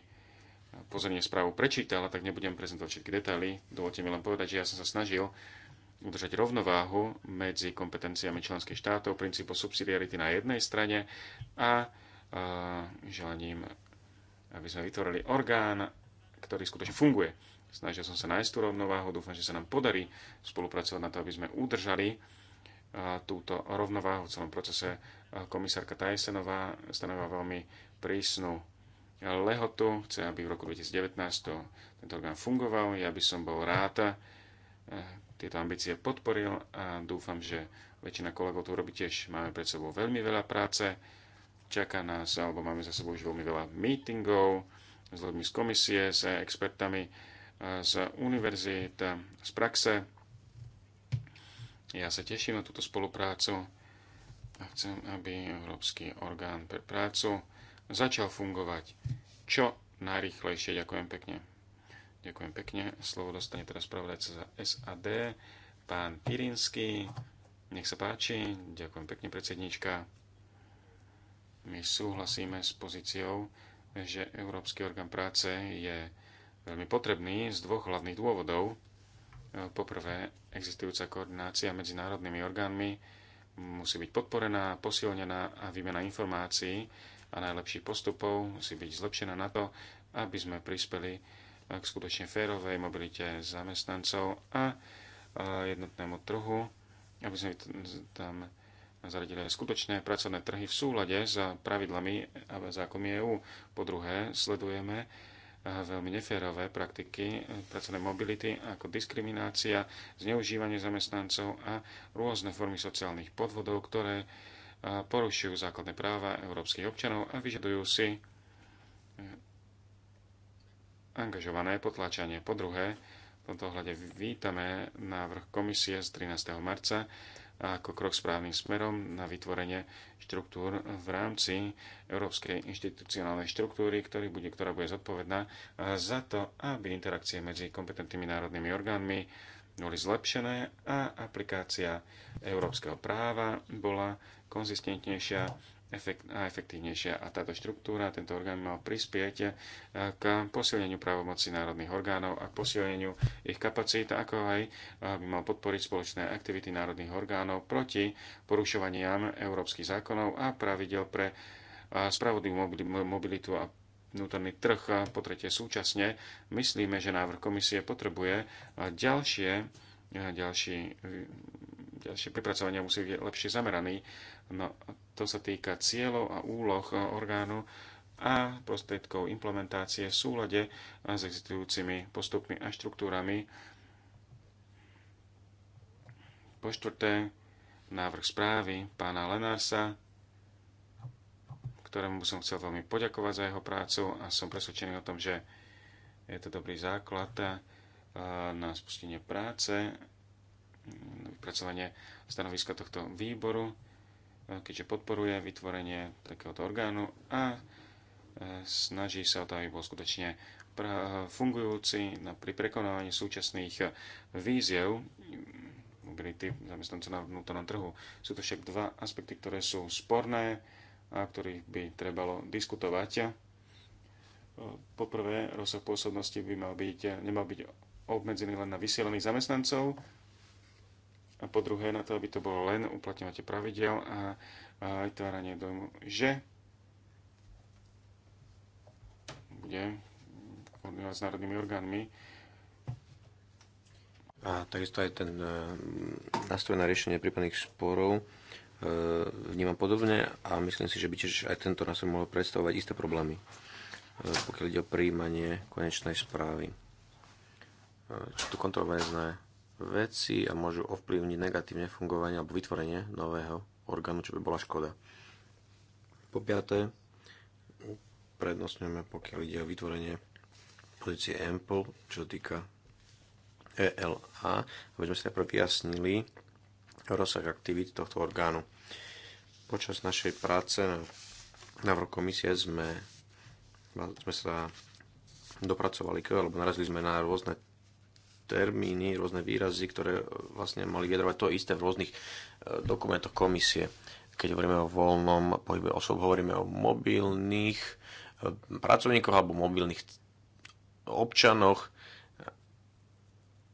D: pozorne správu prečítala, tak nebudem prezentovať všetky detaily. Dovolte mi len povedať, že ja som sa snažil udržať rovnováhu medzi kompetenciami členských štátov, princípu subsidiarity na jednej strane a, želaním, aby sme vytvorili orgán, ktorý skutočne funguje. Snažil som sa nájsť tú rovnováhu, dúfam, že sa nám podarí spolupracovať na to, aby sme udržali túto rovnováhu v celom procese. komisárka Tajsenová stanová veľmi prísnu lehotu, chce, aby v roku 2019 tento orgán fungoval. Ja by som bol rád, tieto ambície podporil a dúfam, že väčšina kolegov to urobí tiež. Máme pred sebou veľmi veľa práce, čaká nás, alebo máme za sebou už veľmi veľa meetingov s ľuďmi z komisie, s expertami e, z univerzít, e, z praxe. Ja sa teším na túto spoluprácu a chcem, aby Európsky orgán pre prácu začal fungovať čo najrychlejšie. Ďakujem pekne. Ďakujem pekne. Slovo dostane teraz spravodajca za SAD, pán Pirinsky. Nech sa páči. Ďakujem pekne, predsednička. My súhlasíme s pozíciou, že Európsky orgán práce je veľmi potrebný z dvoch hlavných dôvodov. Poprvé, existujúca koordinácia medzi národnými orgánmi musí byť podporená, posilnená a výmena informácií a najlepších postupov musí byť zlepšená na to, aby sme prispeli k skutočne férovej mobilite zamestnancov a jednotnému trhu, aby sme tam zaradili aj skutočné pracovné trhy v súlade s pravidlami a zákonmi EÚ. Po druhé, sledujeme veľmi neférové praktiky e, pracovnej mobility ako diskriminácia, zneužívanie zamestnancov a rôzne formy sociálnych podvodov, ktoré porušujú základné práva európskych občanov a vyžadujú si e, angažované potlačanie. Po druhé, v tomto ohľade vítame návrh komisie z 13. marca ako krok správnym smerom na vytvorenie štruktúr v rámci Európskej inštitucionálnej štruktúry, ktorý bude, ktorá bude zodpovedná za to, aby interakcie medzi kompetentnými národnými orgánmi boli zlepšené a aplikácia európskeho práva bola konzistentnejšia efekt, a efektívnejšia. A táto štruktúra, tento orgán mal prispieť eh, k posilneniu právomoci národných orgánov a k posilneniu ich kapacít, ako aj eh, by mal podporiť spoločné aktivity národných orgánov proti porušovaniam európskych zákonov a pravidel pre eh, spravodlivú mobilitu a vnútorný trh. A po tretie, súčasne myslíme, že návrh komisie potrebuje ďalšie, ďalší, ďalšie pripracovania musí byť lepšie zameraný No, to sa týka cieľov a úloh e, orgánu a prostriedkov implementácie v súlade s existujúcimi postupmi a štruktúrami. Po štvrté, návrh správy pána Lenársa, ktorému som chcel veľmi poďakovať za jeho prácu a som presvedčený o tom, že je to dobrý základ e, na spustenie práce, vypracovanie stanoviska tohto výboru keďže podporuje vytvorenie takéhoto orgánu a e, snaží sa o to, aby bol skutočne fungujúci na, pri prekonávaní súčasných e, víziev mobility zamestnancov na vnútornom trhu. Sú to však dva aspekty, ktoré sú sporné a ktorých by trebalo diskutovať. E, poprvé, rozsah pôsobnosti by mal byť, nemal byť obmedzený len na vysielaných zamestnancov, a po druhé na to, aby to bolo len uplatňovate pravidel a, vytváranie dojmu, že bude koordinovať s národnými orgánmi.
B: A takisto aj ten e, nástroj na riešenie prípadných sporov e, vnímam podobne a myslím si, že by tiež aj tento nástroj mohol predstavovať isté problémy, e, pokiaľ ide o príjmanie konečnej správy. Čo tu kontroverzné veci a môžu ovplyvniť negatívne fungovanie alebo vytvorenie nového orgánu, čo by bola škoda. Po piaté, prednostňujeme, pokiaľ ide o vytvorenie pozície EMPL, čo týka ELA, aby sme si najprv vyjasnili rozsah aktivít tohto orgánu. Počas našej práce na návrh komisie sme, sme sa dopracovali k, alebo narazili sme na rôzne termíny, rôzne výrazy, ktoré e, vlastne mali vyjadrovať to isté v rôznych e, dokumentoch komisie. Keď hovoríme o voľnom pohybe osob, hovoríme o mobilných e, pracovníkoch alebo mobilných občanoch,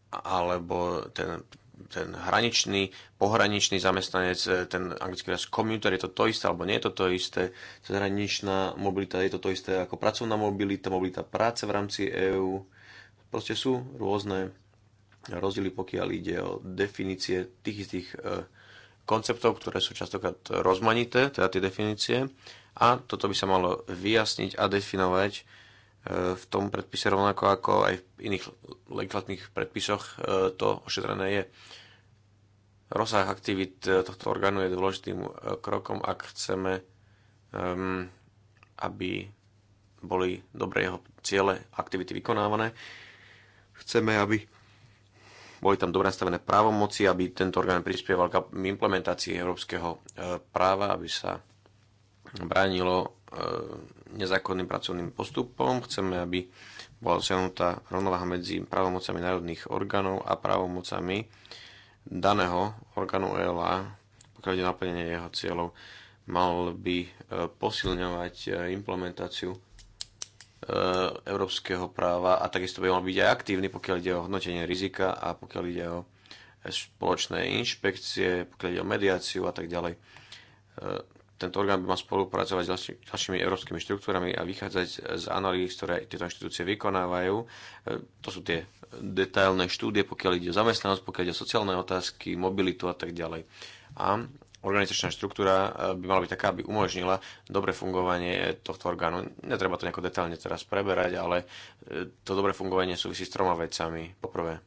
B: alebo ten, ten hraničný, pohraničný zamestnanec, ten anglický výraz commuter, je to to isté alebo nie je to to isté, zahraničná mobilita je to to isté ako pracovná mobilita, mobilita práce v rámci EÚ, proste sú rôzne rozdiely, pokiaľ ide o definície tých istých e, konceptov, ktoré sú častokrát rozmanité, teda tie definície. A toto by sa malo vyjasniť a definovať e, v tom predpise rovnako ako aj v iných legislatívnych predpisoch e, to ošetrené je. Rozsah aktivít tohto orgánu je dôležitým krokom, ak chceme, aby boli dobre jeho ciele aktivity vykonávané. Chceme, aby boli tam dobre nastavené právomoci, aby tento orgán prispieval k implementácii európskeho e, práva, aby sa bránilo e, nezákonným pracovným postupom. Chceme, aby bola dosiahnutá rovnováha medzi právomocami národných orgánov a právomocami daného orgánu ELA, pokiaľ ide naplnenie jeho cieľov, mal by e, posilňovať implementáciu Eh, európskeho práva a takisto by mal byť aj aktívny, pokiaľ ide o hodnotenie rizika a pokiaľ ide o spoločné inšpekcie, pokiaľ ide o mediáciu a tak ďalej. Eh, tento orgán by mal spolupracovať s vlastne ďalšími európskymi štruktúrami a vychádzať z analýz, ktoré tieto inštitúcie vykonávajú. Eh, to sú tie detailné štúdie, pokiaľ ide o zamestnanosť, pokiaľ ide o sociálne otázky, mobilitu a tak ďalej. A organizačná štruktúra eh, by mala byť taká, aby umožnila dobre fungovanie tohto orgánu. Netreba to nejako detálne teraz preberať, ale eh, to dobre fungovanie súvisí s troma vecami. Poprvé,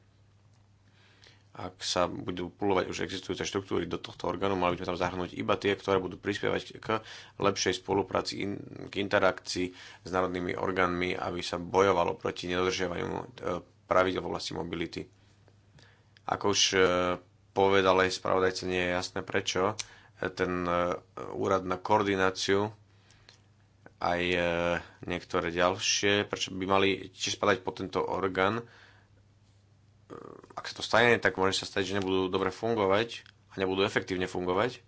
B: ak sa budú pulovať už existujúce štruktúry do tohto orgánu, mali by sme tam zahrnúť iba tie, ktoré budú prispievať k lepšej spolupráci, k interakcii s národnými orgánmi, aby sa bojovalo proti nedodržiavaniu eh, pravidel v oblasti mobility. Ako už povedal aj spravodajca, nie je jasné prečo e, ten e, úrad na koordináciu aj e, niektoré ďalšie, prečo by mali tiež spadať po tento orgán. Ak sa to stane, tak môže sa stať, že nebudú dobre fungovať a nebudú efektívne fungovať,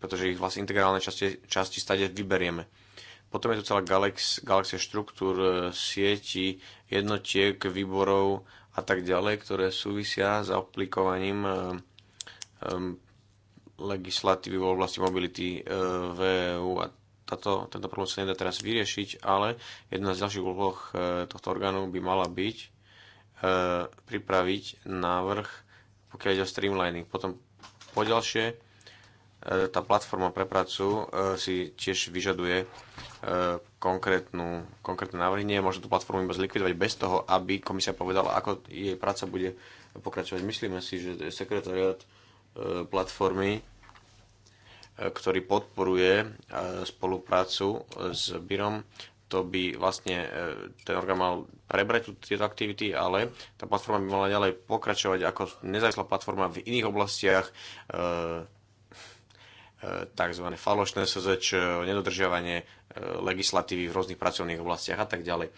B: pretože ich vlastne integrálne časti, časti stade vyberieme. Potom je tu celá galaxia štruktúr, sieti, jednotiek, výborov a tak ďalej, ktoré súvisia s aplikovaním eh, eh, legislatívy v oblasti mobility eh, v EU a táto, tento problém sa nedá teraz vyriešiť, ale jedna z ďalších úloh tohto orgánu by mala byť pripraviť návrh, pokiaľ ide o streamlining. Potom poďalšie E, tá platforma pre prácu e, si tiež vyžaduje e, konkrétnu, konkrétne návrhy. Nie je možno tú platformu iba zlikvidovať bez toho, aby komisia povedala, ako jej práca bude pokračovať. Myslíme si, že sekretariat platformy, ktorý podporuje spoluprácu s Byrom, to by vlastne ten orgán mal prebrať tieto aktivity, ale tá platforma by mala ďalej pokračovať ako nezávislá platforma v iných oblastiach, tzv. falošné SZČ, nedodržiavanie e, legislatívy v rôznych pracovných oblastiach a tak ďalej.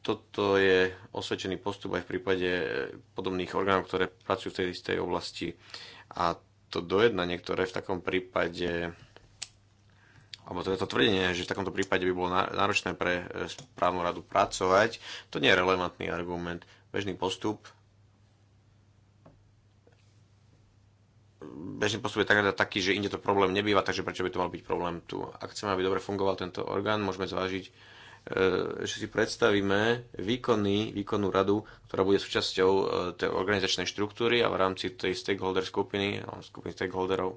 B: Toto je osvedčený postup aj v prípade e, podobných orgánov, ktoré pracujú v tej istej oblasti. A to dojedna niektoré v takom prípade alebo to teda je to tvrdenie, že v takomto prípade by bolo náročné pre e, správnu radu pracovať, to nie je relevantný argument. Bežný postup bežný postup je tak, taký, že inde to problém nebýva, takže prečo by to mal byť problém tu? Ak chceme, aby dobre fungoval tento orgán, môžeme zvážiť, e, že si predstavíme výkonný, výkonnú radu, ktorá bude súčasťou e, tej organizačnej štruktúry a v rámci tej stakeholder skupiny, skupiny stakeholderov, e,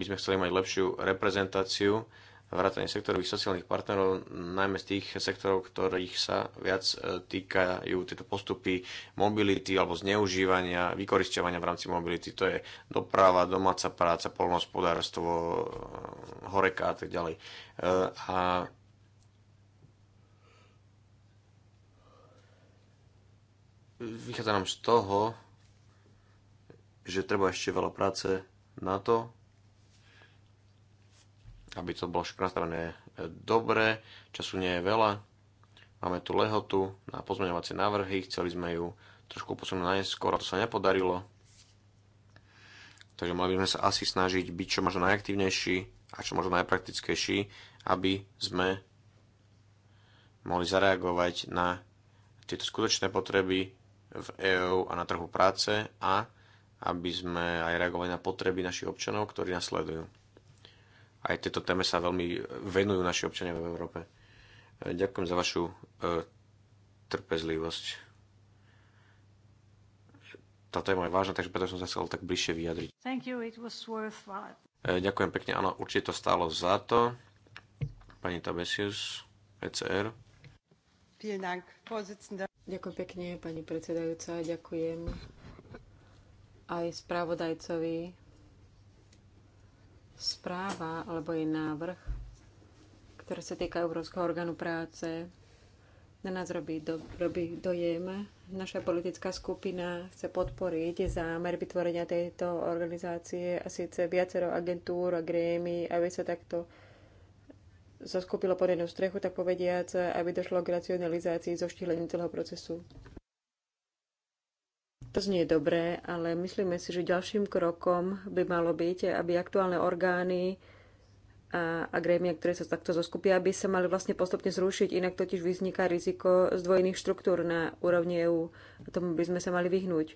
B: by sme chceli mať lepšiu reprezentáciu vrátanie sektorových sociálnych partnerov, najmä z tých sektorov, ktorých sa viac e, týkajú tieto postupy mobility alebo zneužívania, vykoristovania v rámci mobility. To je doprava, domáca práca, polnohospodárstvo, e, horeka a tak ďalej. E, a vychádza nám z toho, že treba ešte veľa práce na to, aby to bolo všetko nastavené dobre. Času nie je veľa. Máme tu lehotu na pozmeňovacie návrhy. Chceli sme ju trošku posunúť na neskôr a to sa nepodarilo. Takže mali by sme sa asi snažiť byť čo možno najaktívnejší a čo možno najpraktickejší, aby sme mohli zareagovať na tieto skutočné potreby v EÚ a na trhu práce a aby sme aj reagovali na potreby našich občanov, ktorí nás sledujú aj tieto téme sa veľmi venujú naši občania v Európe. E, ďakujem za vašu e, trpezlivosť. Tá téma je vážna, takže preto som sa chcel tak bližšie vyjadriť. You, e, Ďakujem pekne, áno, určite to stálo za to. Pani Tabesius, ECR.
C: Ďakujem pekne, pani predsedajúca. Ďakujem aj spravodajcovi správa alebo jej návrh, ktoré sa týka Európskeho orgánu práce, na nás robí, do, robí dojem. Naša politická skupina chce podporiť zámer vytvorenia tejto organizácie a síce viacero agentúr a grémy, aby sa takto zoskupilo pod jednu strechu, tak povediac, aby došlo k racionalizácii zoštíhlení celého procesu. To znie dobré, ale myslíme si, že ďalším krokom by malo byť, aby aktuálne orgány a, a grémia, ktoré sa takto zoskupia, aby sa mali vlastne postupne zrušiť, inak totiž vzniká riziko zdvojených štruktúr na úrovni EÚ. A tomu by sme sa mali vyhnúť.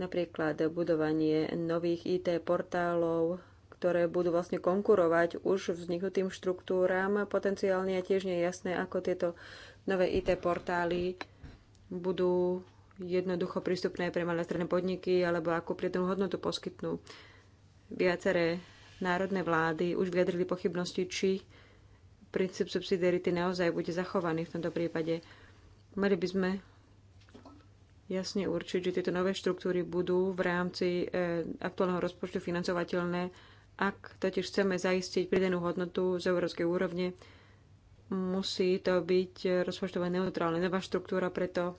C: Napríklad budovanie nových IT portálov, ktoré budú vlastne konkurovať už vzniknutým štruktúram. Potenciálne je tiež jasné, ako tieto nové IT portály budú jednoducho prístupné pre malé stredné podniky alebo ako pridanú hodnotu poskytnú. Viaceré národné vlády už vyjadrili pochybnosti, či princíp subsidiarity naozaj bude zachovaný v tomto prípade. Mali by sme jasne určiť, že tieto nové štruktúry budú v rámci e, aktuálneho rozpočtu financovateľné, ak totiž chceme zaistiť pridanú hodnotu z európskej úrovne, musí to byť e, rozpočtové neutrálne. Nová štruktúra preto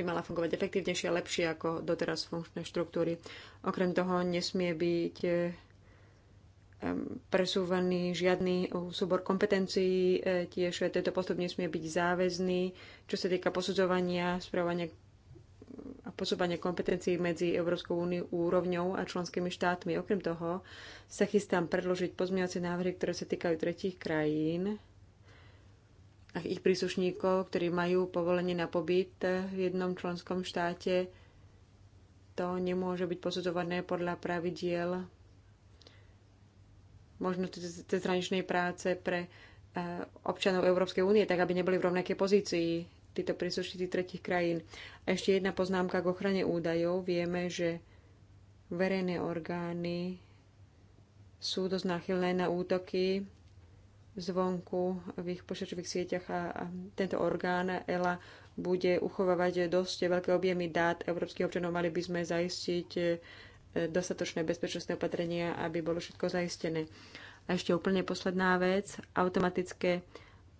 C: by mala fungovať efektívnejšie a lepšie ako doteraz funkčné štruktúry. Okrem toho nesmie byť presúvaný žiadny súbor kompetencií, e, tiež tento postup nesmie byť záväzný, čo sa týka posudzovania, správania a posúvania kompetencií medzi Európskou úniou úrovňou a členskými štátmi. Okrem toho sa chystám predložiť pozmeňovacie návrhy, ktoré sa týkajú tretích krajín, a ich príslušníkov, ktorí majú povolenie na pobyt v jednom členskom štáte, to nemôže byť posudzované podľa pravidiel možno hraničnej práce pre e, občanov Európskej únie, tak aby neboli v rovnakej pozícii títo príslušníci tretich krajín. A ešte jedna poznámka k ochrane údajov. Vieme, že verejné orgány sú dosť náchylné na útoky zvonku v ich počítačových sieťach a, a tento orgán ELA bude uchovávať dosť veľké objemy dát európskych občanov. Mali by sme zaistiť e, dostatočné bezpečnostné opatrenia, aby bolo všetko zaistené. A ešte úplne posledná vec, automatické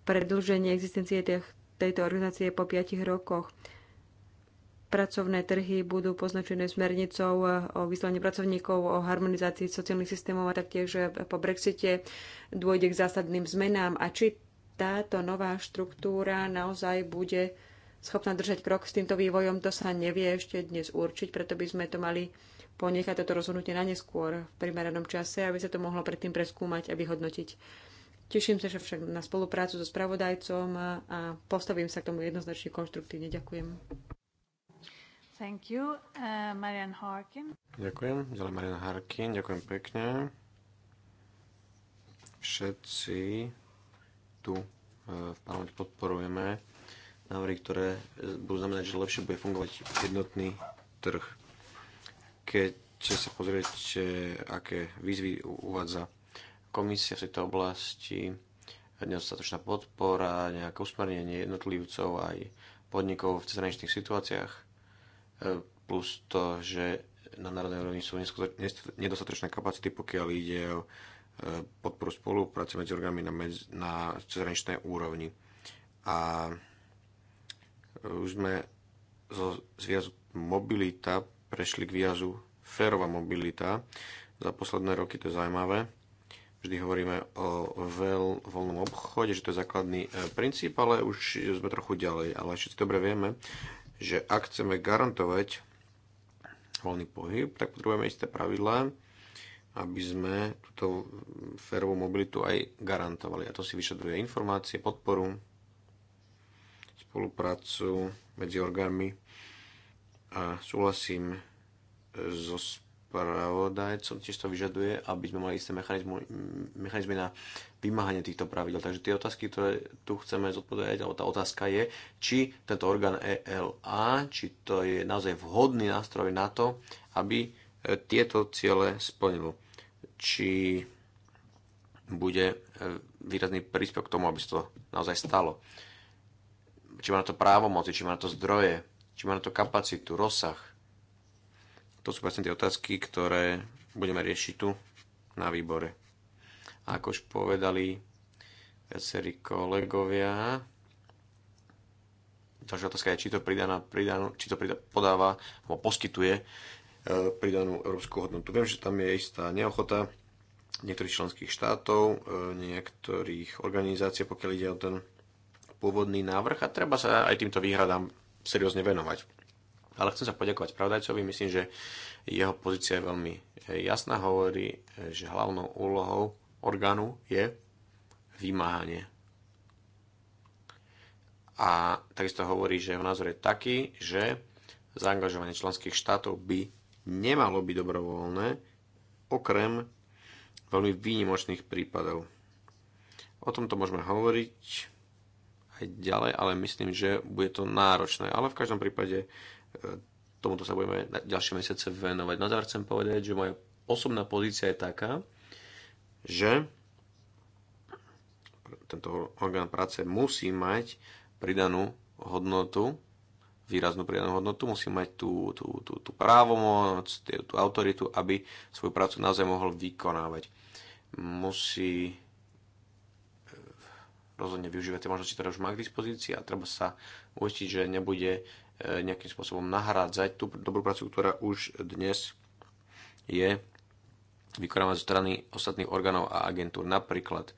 C: predlženie existencie tých, tejto organizácie po 5 rokoch. Pracovné trhy budú poznačené smernicou eh, o vyslaní pracovníkov, o harmonizácii sociálnych systémov a taktiež eh, po Brexite dôjde k zásadným zmenám. A či táto nová štruktúra naozaj bude schopná držať krok s týmto vývojom, to sa nevie ešte dnes určiť, preto by sme to mali ponechať toto rozhodnutie na neskôr v primeranom čase, aby sa to mohlo predtým preskúmať a vyhodnotiť. Teším sa že však na spoluprácu so spravodajcom a postavím sa k tomu jednoznačne konštruktívne. Ďakujem.
A: Thank you. Uh, Marian Harkin.
B: Ďakujem. Ďalej Marian Harkin. Ďakujem pekne. Všetci tu uh, v parlamente podporujeme návrhy, ktoré uh, budú znamenať, že lepšie bude fungovať jednotný trh. Keď sa pozriete, aké výzvy uvádza komisia v tejto oblasti, nedostatočná podpora, nejaké usmernenie jednotlivcov aj podnikov v cezhraničných situáciách, plus to, že na národnej úrovni sú nedostatočné kapacity, pokiaľ ide o e, podporu spolupráce medzi orgánmi na, medz, na cezhraničnej úrovni. A e, už sme zo zviazu mobilita prešli k viazu férová mobilita. Za posledné roky to je zaujímavé. Vždy hovoríme o veľ, voľnom obchode, že to je základný e, princíp, ale už sme trochu ďalej. Ale všetci dobre vieme, že ak chceme garantovať voľný pohyb, tak potrebujeme isté pravidlá, aby sme túto férovú mobilitu aj garantovali. A to si vyšadruje informácie, podporu, spoluprácu medzi orgánmi. A súhlasím so spravodajcom, tiež to vyžaduje, aby sme mali isté mechanizmy na vymáhanie týchto pravidel. Takže tie otázky, ktoré tu chceme zodpovedať, alebo tá otázka je, či tento orgán ELA, či to je naozaj vhodný nástroj na to, aby e, tieto ciele splnil. Či bude e, výrazný príspevok k tomu, aby sa to naozaj stalo. Či má na to právomoci, či má na to zdroje, či má na to kapacitu, rozsah. To sú presne tie otázky, ktoré budeme riešiť tu na výbore. Ako už povedali viacerí kolegovia, ďalšia otázka je, či to, pridaná, pridanú, či to prida, podáva alebo poskytuje e, pridanú európsku hodnotu. Viem, že tam je istá neochota niektorých členských štátov, e, niektorých organizácií, pokiaľ ide o ten pôvodný návrh a treba sa aj týmto výhradám seriózne venovať. Ale chcem sa poďakovať pravdajcovi, myslím, že jeho pozícia je veľmi jasná, hovorí, e, že hlavnou úlohou orgánu je vymáhanie. A takisto hovorí, že jeho názor je taký, že zaangažovanie členských štátov by nemalo byť dobrovoľné, okrem veľmi výnimočných prípadov. O tomto môžeme hovoriť aj ďalej, ale myslím, že bude to náročné. Ale v každom prípade e, tomuto sa budeme na ďalšie mesiace venovať. Na no záver chcem povedať, že moja osobná pozícia je taká, že tento orgán práce musí mať pridanú hodnotu, výraznú pridanú hodnotu, musí mať tú, tú, tú, tú právomoc, tú, tú autoritu, aby svoju prácu naozaj mohol vykonávať. Musí eh, rozhodne využívať tie možnosti, ktoré už má k dispozícii a treba sa uistiť, že nebude eh, nejakým spôsobom nahrádzať tú dobrú prácu, ktorá už dnes je vykonávať zo strany ostatných orgánov a agentúr. Napríklad e,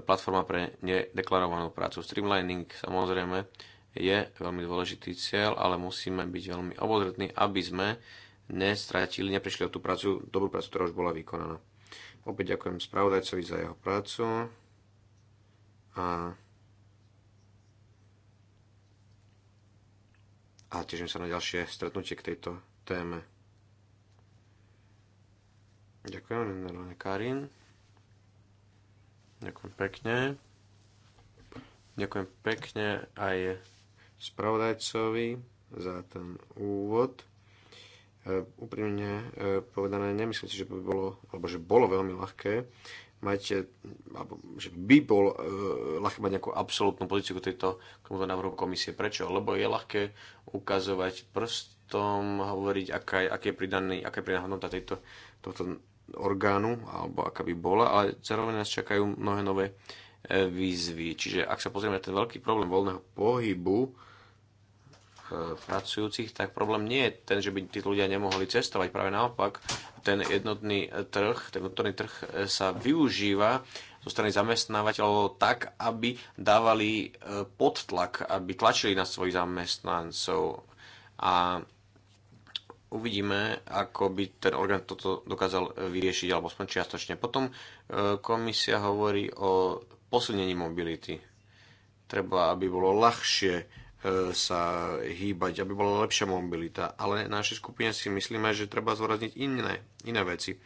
B: platforma pre nedeklarovanú prácu. Streamlining samozrejme je veľmi dôležitý cieľ, ale musíme byť veľmi obozretní, aby sme nestratili, neprišli o tú prácu, dobrú prácu, ktorá už bola vykonaná. Opäť ďakujem spravodajcovi za jeho prácu a, a teším sa na ďalšie stretnutie k tejto téme. Ďakujem, generálne Karin. Ďakujem pekne. Ďakujem pekne aj spravodajcovi za ten úvod. E, úprimne e, povedané, nemyslím si, že by bolo, alebo že bolo veľmi ľahké mať, e, alebo že by bol ľahké mať nejakú absolútnu pozíciu k, tejto, k tomuto návrhu komisie. Prečo? Lebo je ľahké ukazovať prstom, hovoriť, aká, je pridaný, aká je pridaná hodnota tejto, tohto orgánu, alebo aká by bola, ale zároveň nás čakajú mnohé nové e, výzvy. Čiže ak sa pozrieme na ten veľký problém voľného pohybu e, pracujúcich, tak problém nie je ten, že by tí ľudia nemohli cestovať. Práve naopak, ten jednotný trh, ten vnútorný trh e, sa využíva zo strany zamestnávateľov tak, aby dávali podtlak, aby tlačili na svojich zamestnancov. A uvidíme, ako by ten orgán toto dokázal vyriešiť, alebo aspoň čiastočne. Potom e, komisia hovorí o posilnení mobility. Treba, aby bolo ľahšie e, sa hýbať, aby bola lepšia mobilita. Ale na našej skupine si myslíme, že treba zvorazniť iné, iné veci.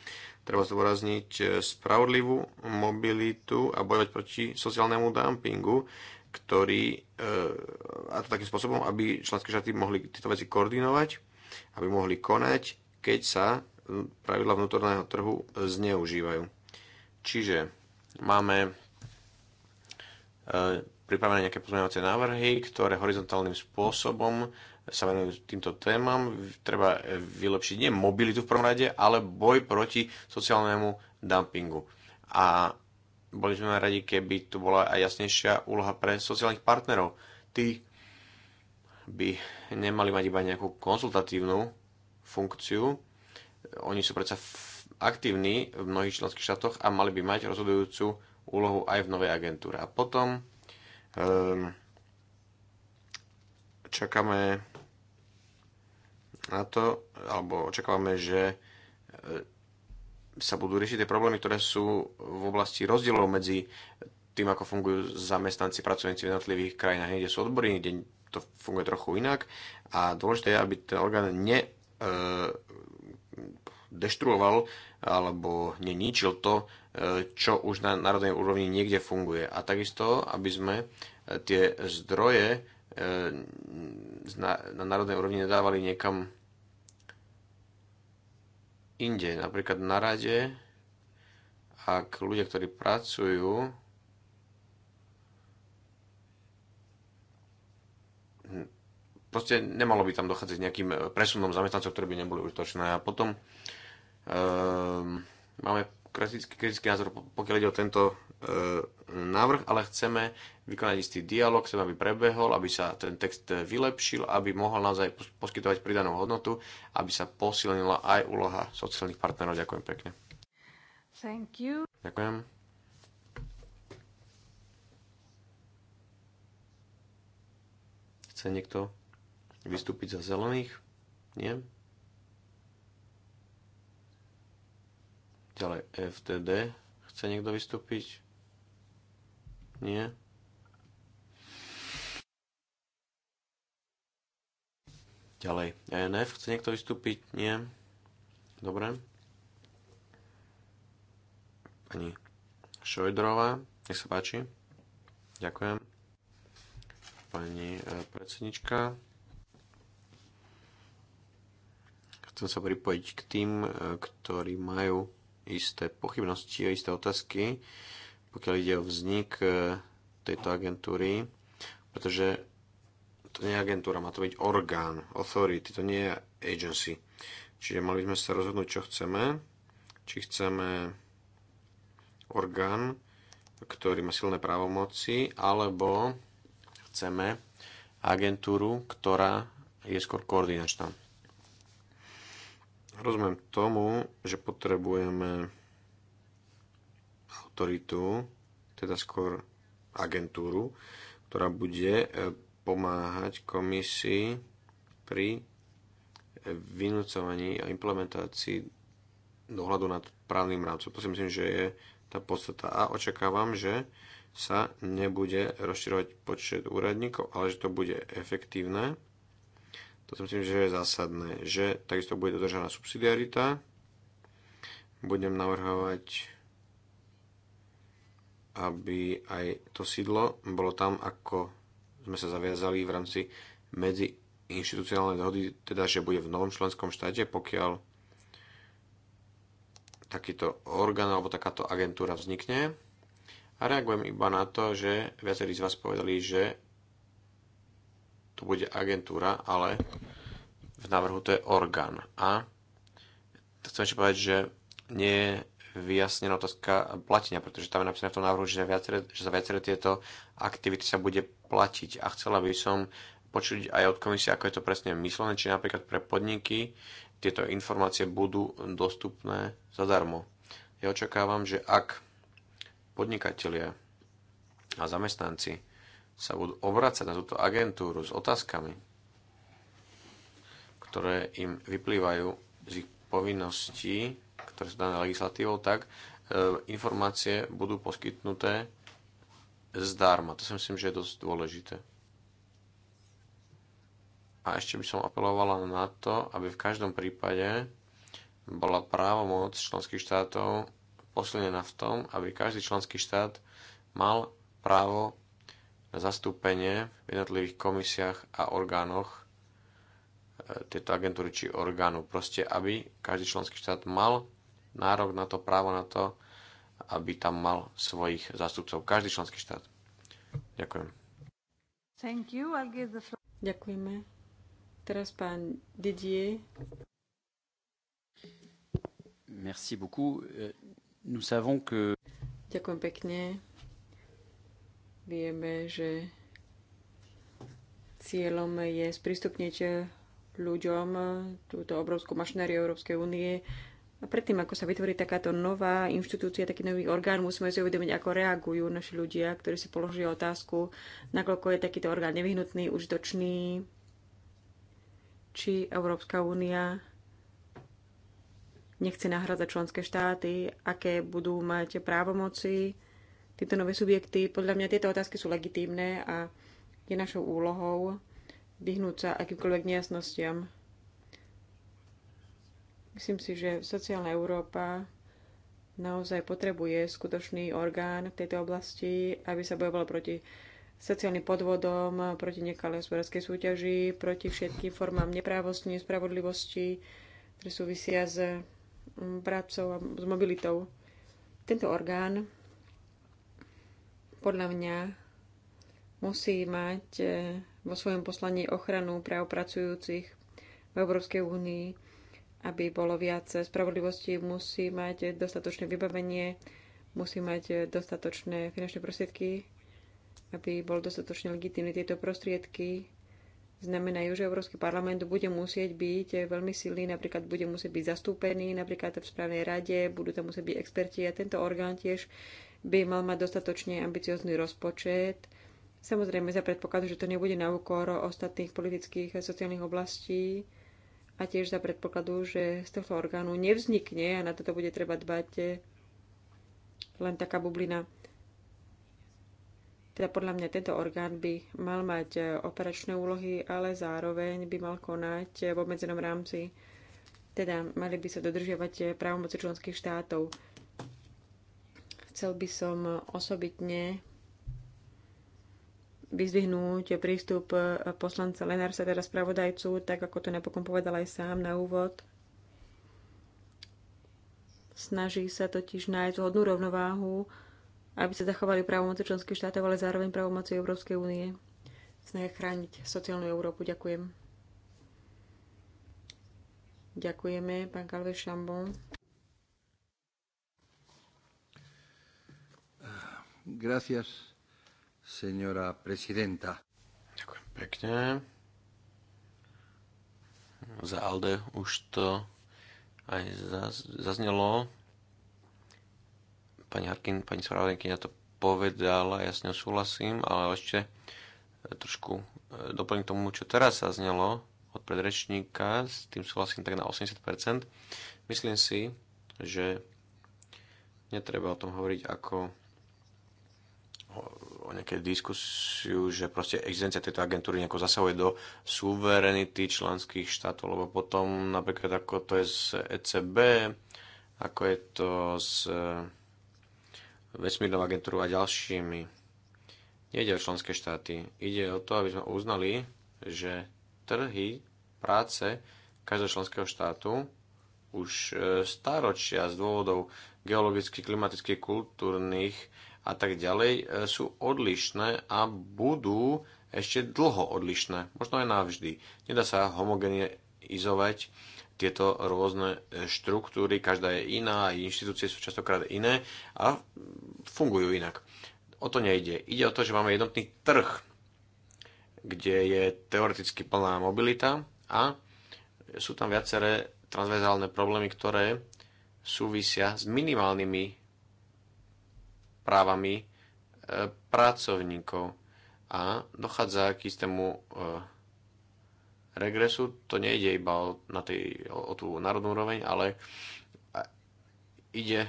B: Treba zdôrazniť e, spravodlivú mobilitu a bojovať proti sociálnemu dumpingu, ktorý, a to takým spôsobom, aby členské štáty mohli tieto veci koordinovať aby mohli konať, keď sa pravidla vnútorného trhu zneužívajú. Čiže máme e, pripravené nejaké pozmeňovacie návrhy, ktoré horizontálnym spôsobom sa venujú týmto témam. Treba e, vylepšiť nie mobilitu v prvom rade, ale boj proti sociálnemu dumpingu. A boli sme radi, keby tu bola aj jasnejšia úloha pre sociálnych partnerov. Tí by nemali mať iba nejakú konzultatívnu funkciu. Oni sú predsa aktívni v mnohých členských štátoch a mali by mať rozhodujúcu úlohu aj v novej agentúre. A potom um, čakáme na to, alebo očakávame, že e, sa budú riešiť tie problémy, ktoré sú v oblasti rozdielov medzi tým, ako fungujú zamestnanci, pracovníci v jednotlivých krajinách. kde sú odbory, kde to funguje trochu inak a dôležité je, aby ten orgán ne e, deštruoval alebo neničil to, e, čo už na národnej úrovni niekde funguje. A takisto, aby sme e, tie zdroje na národnej úrovni nedávali niekam inde. Napríklad na rade, ak ľudia, ktorí pracujú proste nemalo by tam dochádzať nejakým e, presunom zamestnancov, ktoré by neboli užitočné. A potom e, máme kritický, kritický názor, pokiaľ ide o tento e, návrh, ale chceme vykonať istý dialog, chceme, aby prebehol, aby sa ten text e, vylepšil, aby mohol naozaj poskytovať pridanú hodnotu, aby sa posilnila aj úloha sociálnych partnerov. Ďakujem pekne.
A: Thank you.
B: Ďakujem. Chce niekto vystúpiť za zelených? Nie? Ďalej FTD. Chce niekto vystúpiť? Nie? Ďalej ENF. Chce niekto vystúpiť? Nie? Dobre. Pani Šojdrová. Nech sa páči. Ďakujem. Pani e, predsednička. chcem sa pripojiť k tým, e, ktorí majú isté pochybnosti a isté otázky, pokiaľ ide o vznik e, tejto agentúry, pretože to nie je agentúra, má to byť orgán, authority, to nie je agency. Čiže mali sme sa rozhodnúť, čo chceme, či chceme orgán, ktorý má silné právomoci, alebo chceme agentúru, ktorá je skôr koordinačná. Rozumiem tomu, že potrebujeme autoritu, teda skôr agentúru, ktorá bude e, pomáhať komisii pri e, vynúcovaní a implementácii dohľadu nad právnym rámcom. To si myslím, že je tá podstata. A očakávam, že sa nebude rozširovať počet úradníkov, ale že to bude efektívne to si myslím, že je zásadné, že takisto bude dodržaná subsidiarita. Budem navrhovať, aby aj to sídlo bolo tam, ako sme sa zaviazali v rámci medzi inštitucionálnej dohody, teda že bude v novom členskom štáte, pokiaľ takýto orgán alebo takáto agentúra vznikne. A reagujem iba na to, že viacerí z vás povedali, že tu bude agentúra, ale v návrhu to je orgán. A chcem ešte povedať, že nie je vyjasnená otázka platenia, pretože tam je napísané v tom návrhu, že, viacere, že za viaceré tieto aktivity sa bude platiť. A chcela by som počuť aj od komisie, ako je to presne myslené, či napríklad pre podniky tieto informácie budú dostupné zadarmo. Ja očakávam, že ak podnikatelia a zamestnanci sa budú obracať na túto agentúru s otázkami, ktoré im vyplývajú z ich povinností, ktoré sú dané legislatívou, tak e, informácie budú poskytnuté zdarma. To si myslím, že je dosť dôležité. A ešte by som apelovala na to, aby v každom prípade bola právomoc členských štátov posilnená v tom, aby každý členský štát mal právo zastúpenie v jednotlivých komisiách a orgánoch e, tieto agentúry či orgánu. Proste, aby každý členský štát mal nárok na to, právo na to, aby tam mal svojich zástupcov. Každý členský štát. Ďakujem.
C: Thank you. I'll give the floor. Ďakujeme. Teraz pán Didier.
D: Merci beaucoup. Euh, nous savons que...
C: Ďakujem pekne. Vieme, že cieľom je sprístupniť ľuďom túto obrovskú mašinériu Európskej únie. A predtým, ako sa vytvorí takáto nová inštitúcia, taký nový orgán, musíme si uvedomiť, ako reagujú naši ľudia, ktorí si položia otázku, nakoľko je takýto orgán nevyhnutný, užitočný, či Európska únia nechce nahradzať členské štáty, aké budú mať právomoci, tieto nové subjekty. Podľa mňa tieto otázky sú legitímne a je našou úlohou vyhnúť sa akýmkoľvek nejasnostiam. Myslím si, že sociálna Európa naozaj potrebuje skutočný orgán v tejto oblasti, aby sa bojovalo proti sociálnym podvodom, proti nekalej hospodárskej súťaži, proti všetkým formám neprávosti, nespravodlivosti, ktoré súvisia s mm, prácou a s mobilitou. Tento orgán podľa mňa musí mať e, vo svojom poslaní ochranu práv pracujúcich v Európskej únii, aby bolo viac spravodlivosti, musí mať dostatočné vybavenie, musí mať dostatočné finančné prostriedky, aby bol dostatočne legitímny. Tieto prostriedky znamenajú, že Európsky parlament bude musieť byť veľmi silný, napríklad bude musieť byť zastúpený, napríklad v správnej rade, budú tam musieť byť experti a tento orgán tiež by mal mať dostatočne ambiciózny rozpočet. Samozrejme za predpokladu, že to nebude na úkor ostatných politických a sociálnych oblastí a tiež za predpokladu, že z tohto orgánu nevznikne a na toto bude treba dbať eh, len taká bublina. Teda podľa mňa tento orgán by mal mať eh, operačné úlohy, ale zároveň by mal konať eh, v obmedzenom rámci. Teda mali by sa dodržiavať právomoci členských štátov. Chcel by som osobitne vyzvihnúť prístup poslanca Lenarsa, teda spravodajcu, tak ako to napokon povedal aj sám na úvod. Snaží sa totiž nájsť hodnú rovnováhu, aby sa zachovali právomoci členských štátov, ale zároveň právomoci Európskej únie. Snaží chrániť sociálnu Európu. Ďakujem. Ďakujeme, pán Kalve Šambon.
B: Gracias, señora presidenta. Ďakujem pekne. Za Alde už to aj zaznelo. Pani Harkin, pani spravodajkynia ja to povedala, ja s ňou súhlasím, ale ešte e, trošku e, doplním tomu, čo teraz zaznelo od predrečníka, s tým súhlasím tak na 80%. Myslím si, že netreba o tom hovoriť ako o nejaké diskusiu, že proste existencia tejto agentúry nejako zasahuje do suverenity členských štátov, lebo potom napríklad ako to je z ECB, ako je to s e, vesmírnou agentúrou a ďalšími. Nejde o členské štáty. Ide o to, aby sme uznali, že trhy práce každého členského štátu už e, staročia z dôvodov geologických, klimatických, kultúrnych a tak ďalej e, sú odlišné a budú ešte dlho odlišné, možno aj navždy. Nedá sa homogenizovať tieto rôzne e, štruktúry, každá je iná, aj inštitúcie sú častokrát iné a fungujú inak. O to nejde. Ide o to, že máme jednotný trh, kde je teoreticky plná mobilita a sú tam viaceré transverzálne problémy, ktoré súvisia s minimálnymi právami e, pracovníkov a dochádza k istému e, regresu. To nejde iba o, na tej, o, o tú národnú úroveň, ale ide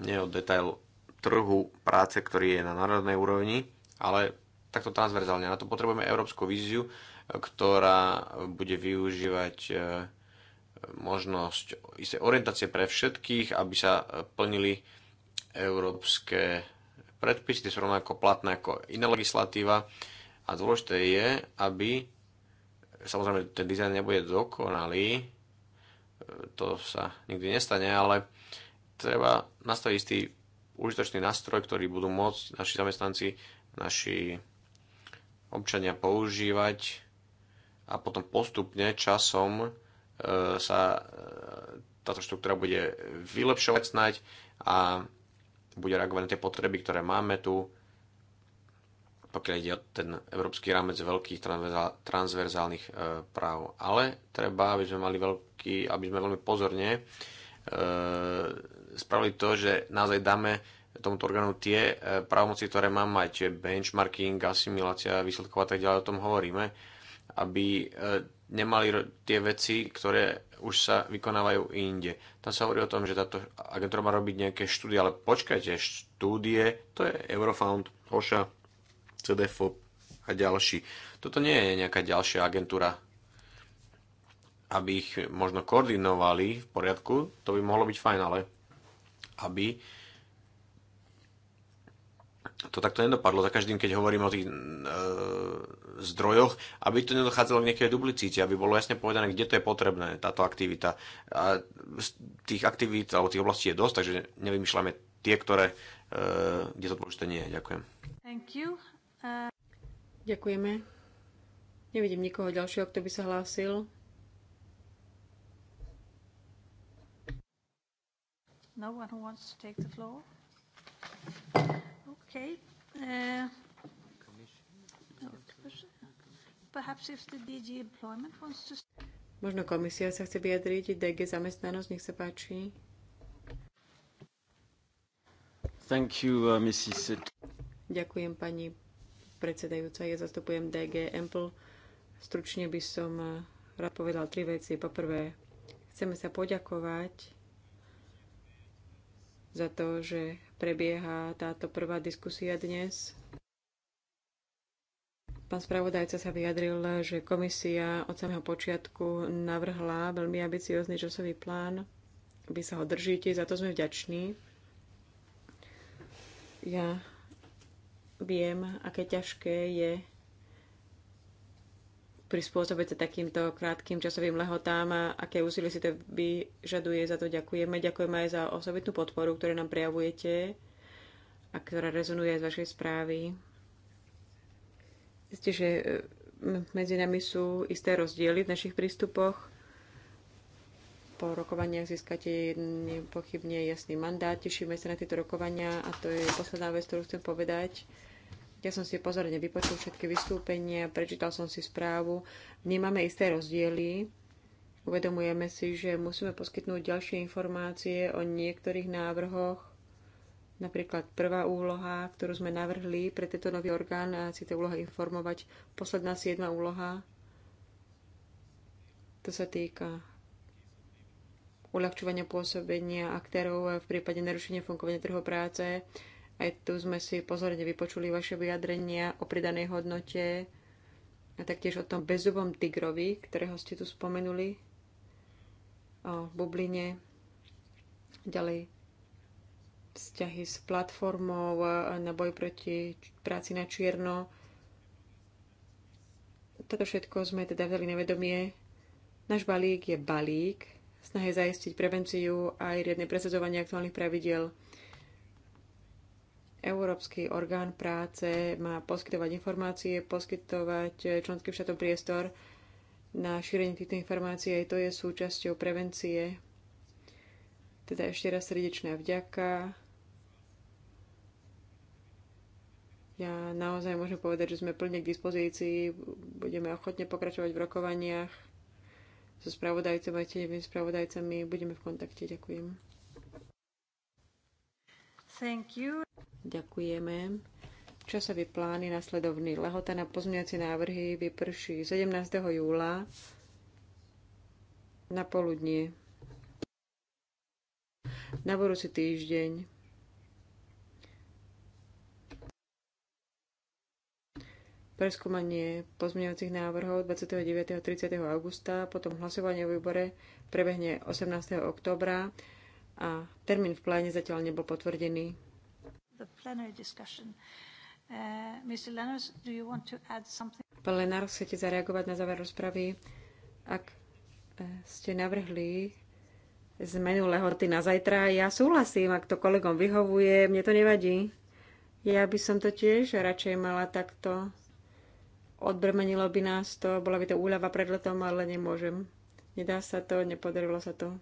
B: nie o detail trhu práce, ktorý je na národnej úrovni, ale takto transverzálne. Na to potrebujeme európsku víziu, ktorá bude využívať e, možnosť isté orientácie pre všetkých, aby sa plnili európske predpisy, tie sú rovnako platné ako iná legislatíva a dôležité je, aby samozrejme ten dizajn nebude dokonalý, e, to sa nikdy nestane, ale treba nastaviť istý užitočný nástroj, ktorý budú môcť naši zamestnanci, naši občania používať a potom postupne časom e, sa e, táto štruktúra bude vylepšovať snať a bude reagovať na tie potreby, ktoré máme tu, pokiaľ ide o ten európsky rámec veľkých transverzálnych e, práv. Ale treba, aby sme mali veľký, aby sme veľmi pozorne e, spravili to, že naozaj dáme tomuto orgánu tie e, právomoci, ktoré má mať, čiže benchmarking, asimilácia výsledkov a tak ďalej, o tom hovoríme, aby nemali tie veci, ktoré už sa vykonávajú inde. Tam sa hovorí o tom, že táto agentúra má robiť nejaké štúdie, ale počkajte, štúdie, to je Eurofound, OSHA, CDFO a ďalší. Toto nie je nejaká ďalšia agentúra, aby ich možno koordinovali v poriadku, to by mohlo byť fajn, ale aby to takto nedopadlo za každým, keď hovorím o tých e, zdrojoch, aby to nedochádzalo k nejakej duplicite, aby bolo jasne povedané, kde to je potrebné, táto aktivita. A tých aktivít alebo tých oblastí je dosť, takže nevymýšľame tie, ktoré, e, kde to dôležité nie je. Ďakujem.
C: Thank you. Uh... Ďakujeme. Nevidím nikoho ďalšieho, kto by sa hlásil.
A: No one who wants to take the floor. Okay. Uh, perhaps if the DG employment wants to...
C: Možno komisia sa chce vyjadriť, DG zamestnanosť, nech sa páči. Thank
D: you, uh, Mrs.
C: Ďakujem, pani predsedajúca. Ja zastupujem DG Ample. Stručne by som uh, rád povedal tri veci. Poprvé, chceme sa poďakovať za to, že prebieha táto prvá diskusia dnes. Pán spravodajca sa vyjadril, že komisia od samého počiatku navrhla veľmi ambiciózny časový plán, aby sa ho držíte, za to sme vďační. Ja viem, aké ťažké je prispôsobiť sa takýmto krátkým časovým lehotám a aké úsilie si to vyžaduje. Za to ďakujeme. Ďakujeme aj za osobitnú podporu, ktorú nám prejavujete a ktorá rezonuje z vašej správy. Isté, že e, medzi nami sú isté rozdiely v našich prístupoch. Po rokovaniach získate nepochybne jasný mandát. Tešíme sa na tieto rokovania a to je posledná vec, ktorú chcem povedať ja som si pozorne vypočul všetky vystúpenia, prečítal som si správu. Vnímame isté rozdiely. Uvedomujeme si, že musíme poskytnúť ďalšie informácie o niektorých návrhoch. Napríklad prvá úloha, ktorú sme navrhli pre tento nový orgán, a si to úloha informovať. Posledná siedma úloha, to sa týka uľahčovania pôsobenia aktérov v prípade narušenia fungovania trhu práce aj tu sme si pozorne vypočuli vaše vyjadrenia o pridanej hodnote a taktiež o tom bezubom tigrovi, ktorého ste tu spomenuli, o bubline, ďalej vzťahy s platformou na boj proti práci na čierno. Toto všetko sme teda vzali na vedomie. Náš balík je balík, snahe zajistiť prevenciu aj riadne presadzovanie aktuálnych pravidiel Európsky orgán práce má poskytovať informácie, poskytovať členským štátom priestor na šírenie týchto informácií. Aj to je súčasťou prevencie. Teda ešte raz srdečná vďaka. Ja naozaj môžem povedať, že sme plne k dispozícii. Budeme ochotne pokračovať v rokovaniach so spravodajcom aj s spravodajcami. Budeme v kontakte. Ďakujem. Thank you. Ďakujeme. Časový plány nasledovný. Lehota na pozmeňovacie návrhy vyprší 17. júla na poludnie. Na budúci týždeň. Preskúmanie pozmeňovacích návrhov 29. a 30. augusta, potom hlasovanie o výbore prebehne 18. oktobra a termín v pláne zatiaľ nebol potvrdený. Uh, Lenár, chcete zareagovať na záver rozpravy? Ak uh, ste navrhli zmenu lehoty na zajtra, ja súhlasím, ak to kolegom vyhovuje, mne to nevadí. Ja by som to tiež radšej mala takto Odbrmenilo by nás to, bola by to úľava pred letom, ale nemôžem. Nedá sa to, nepodarilo sa to.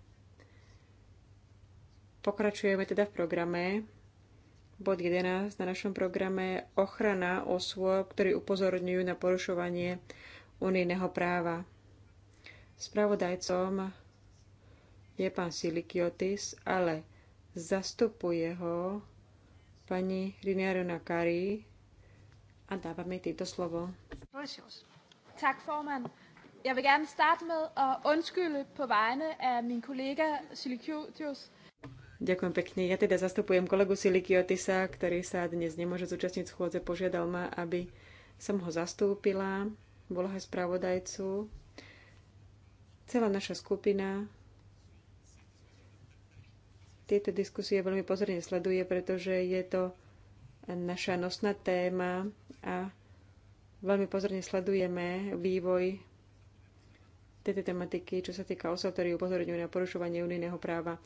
C: Pokračujeme teda v programe. Bod 11 na našom programe ochrana osôb, ktorí upozorňujú na porušovanie unijného práva. Spravodajcom je pán Silikiotis, ale zastupuje ho pani Riniero Kari a dávame týto slovo.
A: Tak, forman. Jeg vil gerne starte med at undskylde på vegne af min kollega Silikiotis,
C: Ďakujem pekne. Ja teda zastupujem kolegu Silikiotisa, ktorý sa dnes nemôže zúčastniť schôdze. Požiadal ma, aby som ho zastúpila v úlohe spravodajcu. Celá naša skupina tieto diskusie veľmi pozorne sleduje, pretože je to naša nosná téma a veľmi pozorne sledujeme vývoj tejto tematiky, čo sa týka osob, ktorí upozorňujú na porušovanie unijného práva.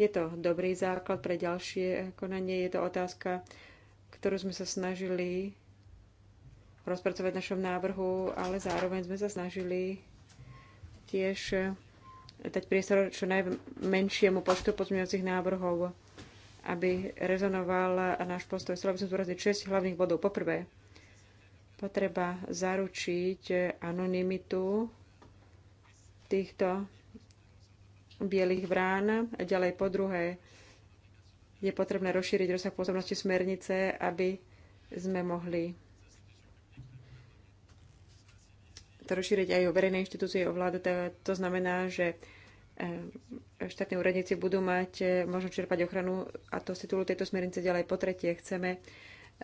C: Je to dobrý základ pre ďalšie konanie. Je to otázka, ktorú sme sa snažili rozpracovať v našom návrhu, ale zároveň sme sa snažili tiež dať priestor čo najmenšiemu počtu pozmeňujúcich návrhov, aby rezonoval náš postoj. Chcela by som zúraziť 6 hlavných bodov. Poprvé, potreba zaručiť anonymitu týchto bielých vrán. A ďalej po druhé, je potrebné rozšíriť rozsah pôsobnosti smernice, aby sme mohli to rozšíriť aj o verejné inštitúcie, o vládu. To znamená, že eh, štátni úradníci budú mať eh, možno čerpať ochranu a to z titulu tejto smernice ďalej po tretie. Chceme eh,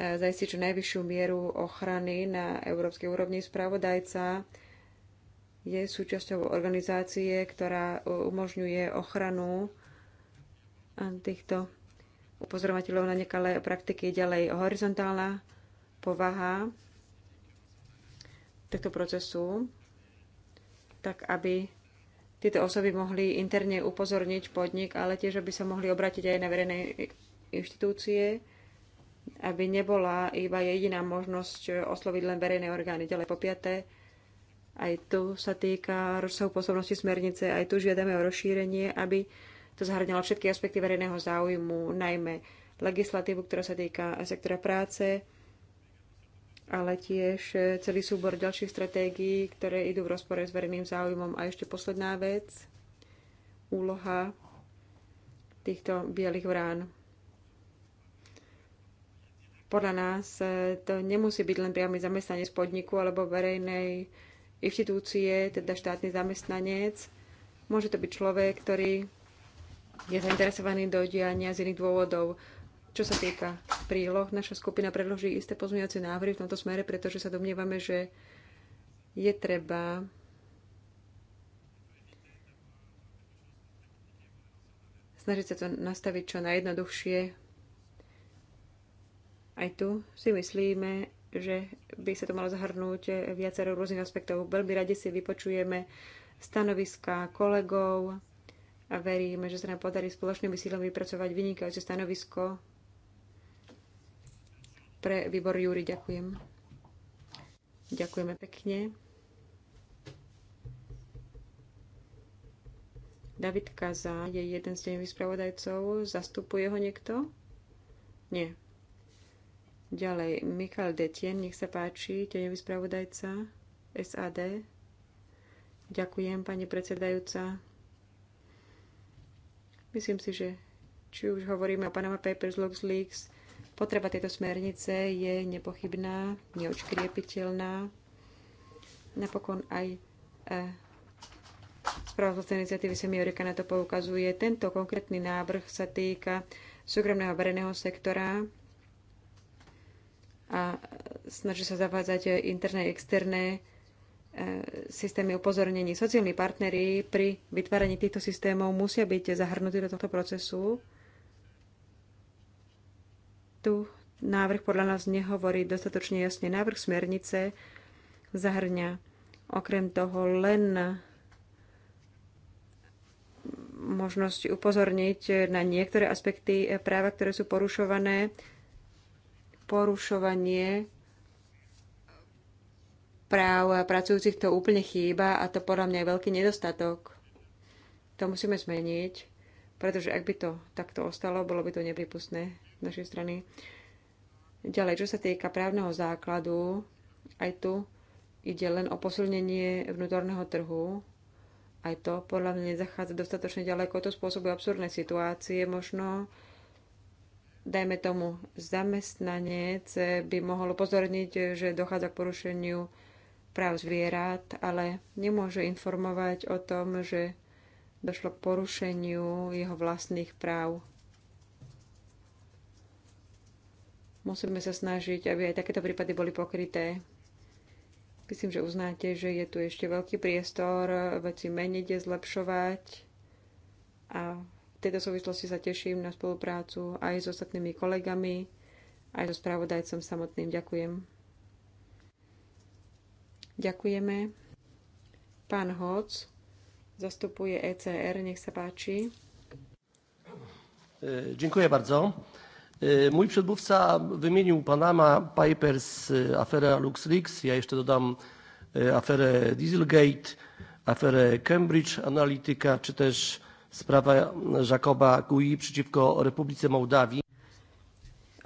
C: zajistiť čo najvyššiu mieru ochrany na európskej úrovni. Spravodajca je súčasťou organizácie, ktorá umožňuje ochranu týchto upozorovateľov na nekalé praktiky. Ďalej horizontálna povaha tohto procesu, tak aby tieto osoby mohli interne upozorniť podnik, ale tiež, aby sa mohli obrátiť aj na verejné inštitúcie, aby nebola iba jediná možnosť osloviť len verejné orgány. Ďalej po piaté, aj tu sa týka rozsahu pôsobnosti smernice, aj tu žiadame o rozšírenie, aby to zahrňalo všetky aspekty verejného záujmu, najmä legislatívu, ktorá sa týka sektora práce, ale tiež celý súbor ďalších stratégií, ktoré idú v rozpore s verejným záujmom. A ešte posledná vec, úloha týchto bielých vrán podľa nás to nemusí byť len priamy zamestnanie z podniku alebo verejnej inštitúcie, teda štátny zamestnanec. Môže to byť človek, ktorý je zainteresovaný do diania z iných dôvodov. Čo sa týka príloh, naša skupina predloží isté pozmeňovacie návrhy v tomto smere, pretože sa domnievame, že je treba snažiť sa to nastaviť čo najjednoduchšie. Aj tu si myslíme, že by sa to malo zahrnúť viacero rôznych aspektov. Veľmi radi si vypočujeme stanoviska kolegov a veríme, že sa nám podarí spoločnými sílami vypracovať vynikajúce stanovisko pre výbor júry. Ďakujem. Ďakujeme pekne. David Kaza je jeden z deňových spravodajcov. Zastupuje ho niekto? Nie. Ďalej, Michal Detien, nech sa páči, tenevý spravodajca SAD. Ďakujem, pani predsedajúca. Myslím si, že či už hovoríme o Panama Papers, Leaks, potreba tejto smernice je nepochybná, neočkriepiteľná. Napokon aj eh, Spravodlivosť iniciatívy Semiorika na to poukazuje. Tento konkrétny návrh sa týka súkromného verejného sektora, a snaží sa zavádzať interné, externé e, systémy upozornení. Sociálni partnery pri vytváraní týchto systémov musia byť zahrnutí do tohto procesu. Tu návrh podľa nás nehovorí dostatočne jasne. Návrh smernice zahrňa okrem toho len možnosť upozorniť na niektoré aspekty práva, ktoré sú porušované porušovanie práv pracujúcich to úplne chýba a to podľa mňa je veľký nedostatok. To musíme zmeniť, pretože ak by to takto ostalo, bolo by to nepripustné z našej strany. Ďalej, čo sa týka právneho základu, aj tu ide len o posilnenie vnútorného trhu. Aj to podľa mňa nezachádza dostatočne ďaleko. To spôsobuje absurdné situácie možno, dajme tomu zamestnanec, by mohol upozorniť, že dochádza k porušeniu práv zvierat, ale nemôže informovať o tom, že došlo k porušeniu jeho vlastných práv. Musíme sa snažiť, aby aj takéto prípady boli pokryté. Myslím, že uznáte, že je tu ešte veľký priestor veci meniť, zlepšovať a tejto súvislosti sa teším na spoluprácu aj s ostatnými kolegami, aj so spravodajcom samotným. Ďakujem. Ďakujeme. Pán Hoc zastupuje ECR, nech sa páči.
B: E, dziękuję bardzo. E, mój przedmówca wymienił Panama Papers, aferę LuxLeaks, ja jeszcze dodam e, aferę Dieselgate, aferę Cambridge Analytica, czy też sprawa Jakoba Gui przeciwko Republice Mołdawii.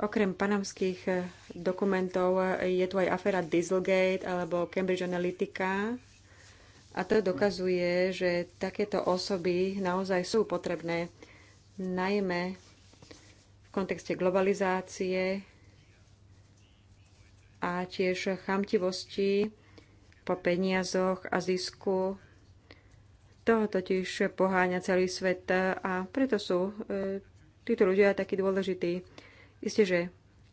C: Okrem panamských e, dokumentov e, je tu aj aféra Dieselgate alebo Cambridge Analytica. A to dokazuje, že takéto osoby naozaj sú potrebné, najmä v kontexte globalizácie a tiež chamtivosti po peniazoch a zisku to totiž poháňa celý svet a preto sú e, títo ľudia takí dôležití. Isté, že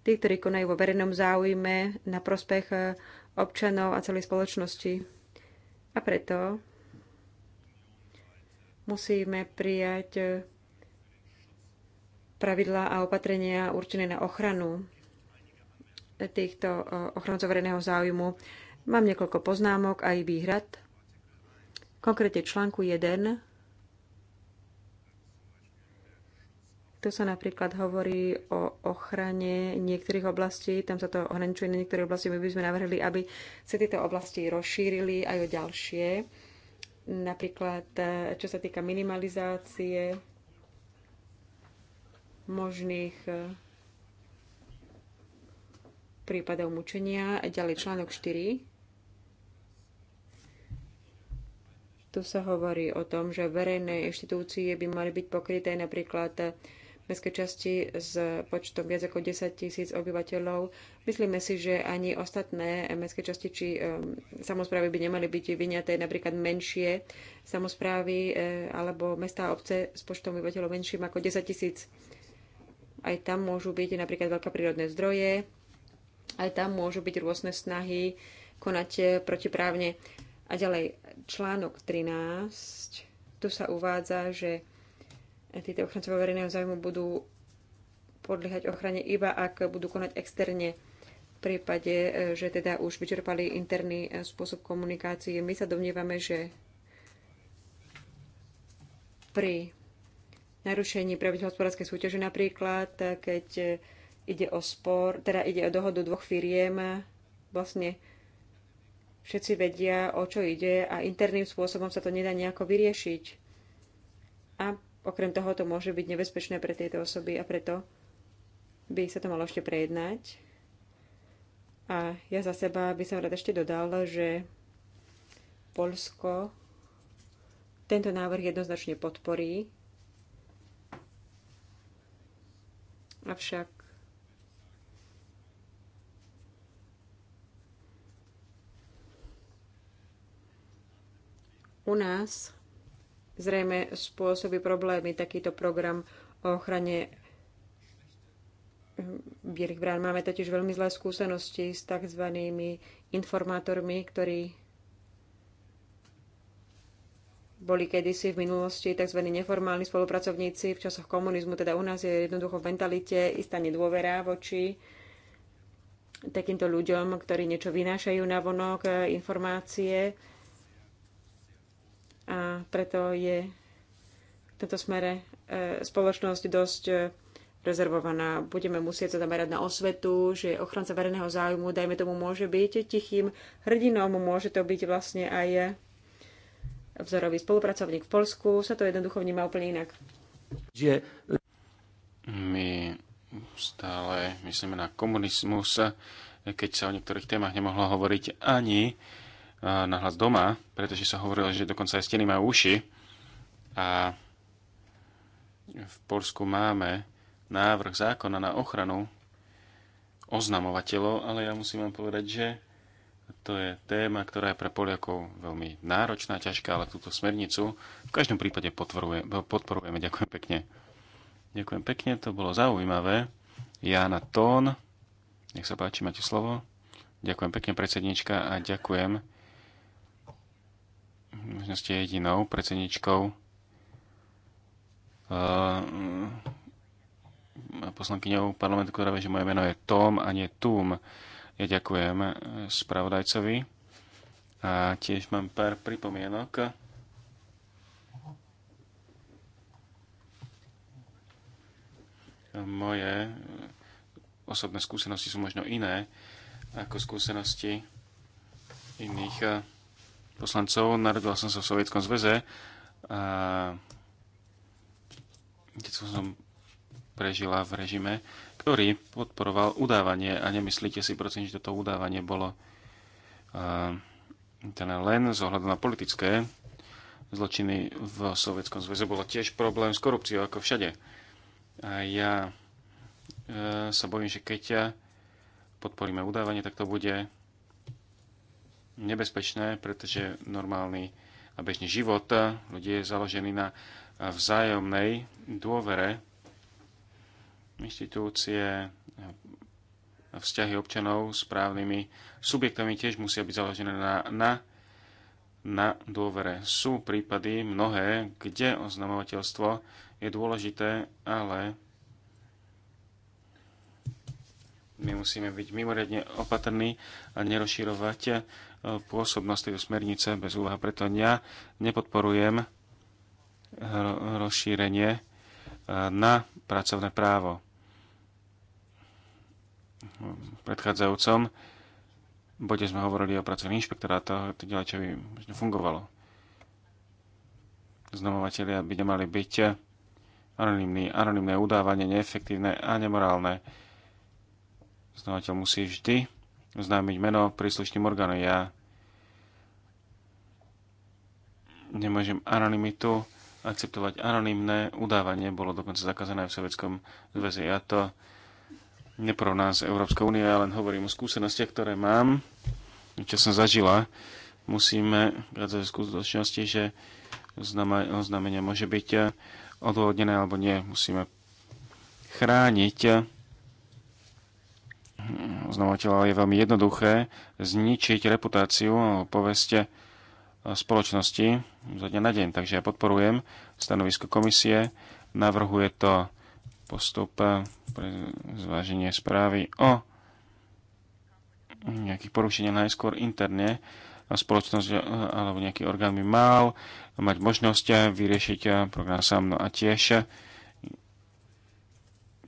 C: tí, ktorí konajú vo verejnom záujme na prospech e, občanov a celej spoločnosti. A preto musíme prijať e, pravidlá a opatrenia určené na ochranu týchto ochrancov verejného záujmu. Mám niekoľko poznámok aj výhrad konkrétne článku 1, tu sa napríklad hovorí o ochrane niektorých oblastí, tam sa to ohraničuje na niektoré oblasti, my by sme navrhli, aby sa tieto oblasti rozšírili aj o ďalšie. Napríklad, e, čo sa týka minimalizácie možných e, prípadov mučenia, ďalej článok 4, Tu sa hovorí o tom, že verejné inštitúcie by mali byť pokryté napríklad eh, mestské časti s počtom viac ako 10 tisíc obyvateľov. Myslíme si, že ani ostatné mestské časti či um, samozprávy by nemali byť vyňaté, napríklad menšie samozprávy e, alebo mestá a obce s počtom obyvateľov menším ako 10 tisíc. Aj tam môžu byť napríklad veľké prírodné zdroje, aj tam môžu byť rôzne snahy konať protiprávne. A ďalej, článok 13, tu sa uvádza, že títo ochrancovia verejného záujmu budú podliehať ochrane iba ak budú konať externe v prípade, že teda už vyčerpali interný spôsob komunikácie. My sa domnievame, že pri narušení pravidel hospodárskej súťaže napríklad, keď ide o spor, teda ide o dohodu dvoch firiem, vlastne Všetci vedia, o čo ide a interným spôsobom sa to nedá nejako vyriešiť. A okrem toho to môže byť nebezpečné pre tieto osoby a preto by sa to malo ešte prejednať. A ja za seba by som rád ešte dodal, že Polsko tento návrh jednoznačne podporí. Avšak U nás zrejme spôsobí problémy takýto program o ochrane hm, bielých brán. Máme totiž veľmi zlé skúsenosti s tzv. informátormi, ktorí boli kedysi v minulosti tzv. neformálni spolupracovníci v časoch komunizmu, teda u nás je jednoducho v mentalite istá nedôvera voči takýmto ľuďom, ktorí niečo vynášajú na vonok, informácie a preto je v tomto smere e, spoločnosť dosť e, rezervovaná. Budeme musieť sa zamerať na osvetu, že ochranca verejného záujmu, dajme tomu, môže byť tichým hrdinom, môže to byť vlastne aj vzorový spolupracovník v Polsku, sa to jednoducho vníma úplne inak.
D: Že my stále myslíme na komunizmus, keď sa o niektorých témach nemohlo hovoriť ani hlas doma, pretože sa hovorilo, že dokonca aj steny majú uši. A v Polsku máme návrh zákona na ochranu oznamovateľov, ale ja musím vám povedať, že to je téma, ktorá je pre Poliakov veľmi náročná, ťažká, ale túto smernicu v každom prípade podporujeme. podporujeme. Ďakujem pekne. Ďakujem pekne, to bolo zaujímavé. Jana Tón, nech sa páči, máte slovo. Ďakujem pekne, predsednička, a ďakujem možno ste jedinou predsedničkou eh, eh, poslankyňou parlamentu, ktorá vie, že moje meno je Tom a nie Tum. Ja ďakujem eh, spravodajcovi a tiež mám pár pripomienok. Moje osobné skúsenosti sú možno iné ako skúsenosti iných poslancov. Narodil som sa v Sovietskom zväze. A Keď som prežila v režime, ktorý podporoval udávanie. A nemyslíte si, prosím, že toto udávanie bolo uh, len z ohľadu na politické zločiny v Sovietskom zväze. Bolo tiež problém s korupciou, ako všade. A ja e, sa bojím, že keď ja podporíme udávanie, tak to bude nebezpečné, pretože normálny a bežný život ľudí je založený na vzájomnej dôvere inštitúcie a vzťahy občanov s právnymi subjektami tiež musia byť založené na, na, na dôvere. Sú prípady mnohé, kde oznamovateľstvo je dôležité, ale my musíme byť mimoriadne opatrní a nerozširovať eh, pôsobnosť tejto smernice bez úvaha. Preto ja nepodporujem eh, rozšírenie eh, na pracovné právo. V predchádzajúcom bode sme hovorili o pracovných inšpektorátoch, to ďalej, čo by možno fungovalo. Znamovateľia by nemali byť anonimné udávanie, neefektívne a nemorálne Znávateľ musí vždy oznámiť meno príslušným orgánom. Ja nemôžem anonimitu akceptovať. Anonimné udávanie bolo dokonca zakázané v Sovjetskom zväze. Ja to neporovnám z Európskej únie, ja len hovorím o skúsenostiach, ktoré mám, čo som zažila. Musíme grať v skutočnosti, že oznámenie môže byť odôvodnené alebo nie. Musíme chrániť oznamovateľa je veľmi jednoduché zničiť reputáciu o poveste spoločnosti zo dňa na deň. Takže ja podporujem stanovisko komisie, navrhuje to postup pre zváženie správy o nejakých porušeniach najskôr interne a spoločnosť e, alebo nejaký orgán by mal mať možnosť vyriešiť program sám. No a tiež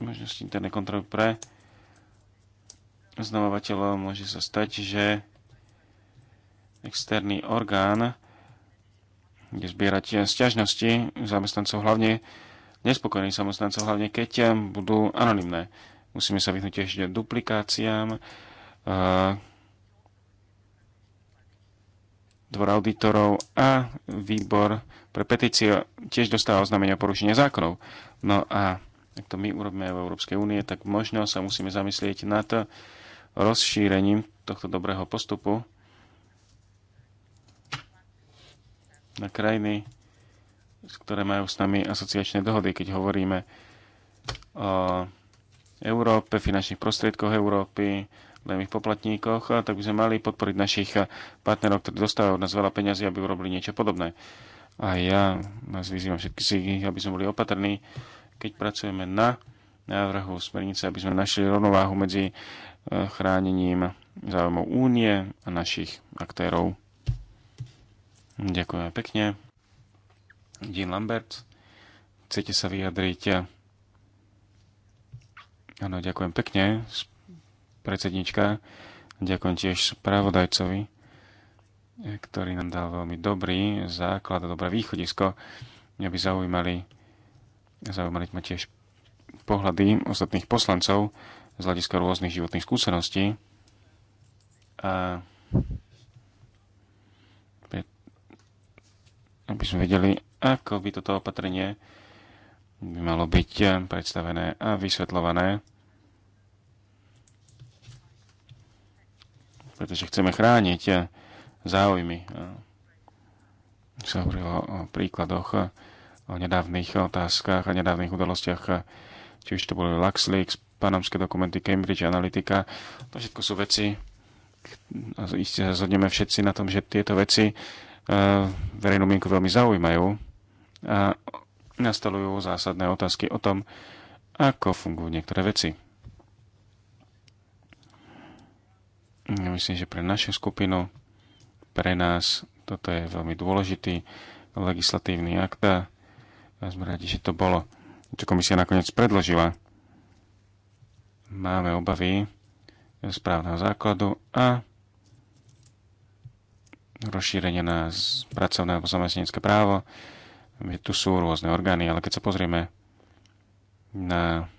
D: možnosť internej kontroly pre oznamovateľov môže sa stať, že externý orgán kde zbierať sťažnosti zamestnancov hlavne nespokojných zamestnancov, hlavne keď budú anonimné. Musíme sa vyhnúť ešte duplikáciám. Dvor auditorov a výbor pre petície tiež dostáva oznámenia o porušenia zákonov. No a ak to my urobíme v Európskej únie, tak možno sa musíme zamyslieť na to, rozšírením tohto dobrého postupu na krajiny, ktoré majú s nami asociačné dohody, keď hovoríme o Európe, finančných prostriedkoch Európy, ich poplatníkoch, tak by sme mali podporiť našich partnerov, ktorí dostávajú od nás veľa peňazí, aby urobili niečo podobné. A ja vás vyzývam všetkých, aby sme boli opatrní, keď pracujeme na návrhu smernice, aby sme našli rovnováhu medzi chránením záujmov únie a našich aktérov. Ďakujem pekne. Dean Lambert, chcete sa vyjadriť? Áno, ďakujem pekne, predsednička. Ďakujem tiež spravodajcovi, ktorý nám dal veľmi dobrý základ a dobré východisko. Mňa by zaujímali, zaujímali ma tiež pohľady ostatných poslancov z hľadiska rôznych životných skúseností. A aby sme vedeli, ako by toto opatrenie by malo byť predstavené a vysvetľované. Pretože chceme chrániť záujmy. Sa hovorilo o príkladoch, o nedávnych otázkach a nedávnych udalostiach, či už to boli LuxLeaks, panamské dokumenty, Cambridge Analytica. To všetko sú veci, a iste sa zhodneme všetci na tom, že tieto veci e, verejnú mienku veľmi zaujímajú a nastalujú zásadné otázky o tom, ako fungujú niektoré veci. Ja myslím, že pre našu skupinu, pre nás, toto je veľmi dôležitý legislatívny akt a sme radi, že to bolo, čo komisia nakoniec predložila máme obavy správneho základu a rozšírenie na pracovné alebo zamestnanecké právo. Tu sú rôzne orgány, ale keď sa pozrieme na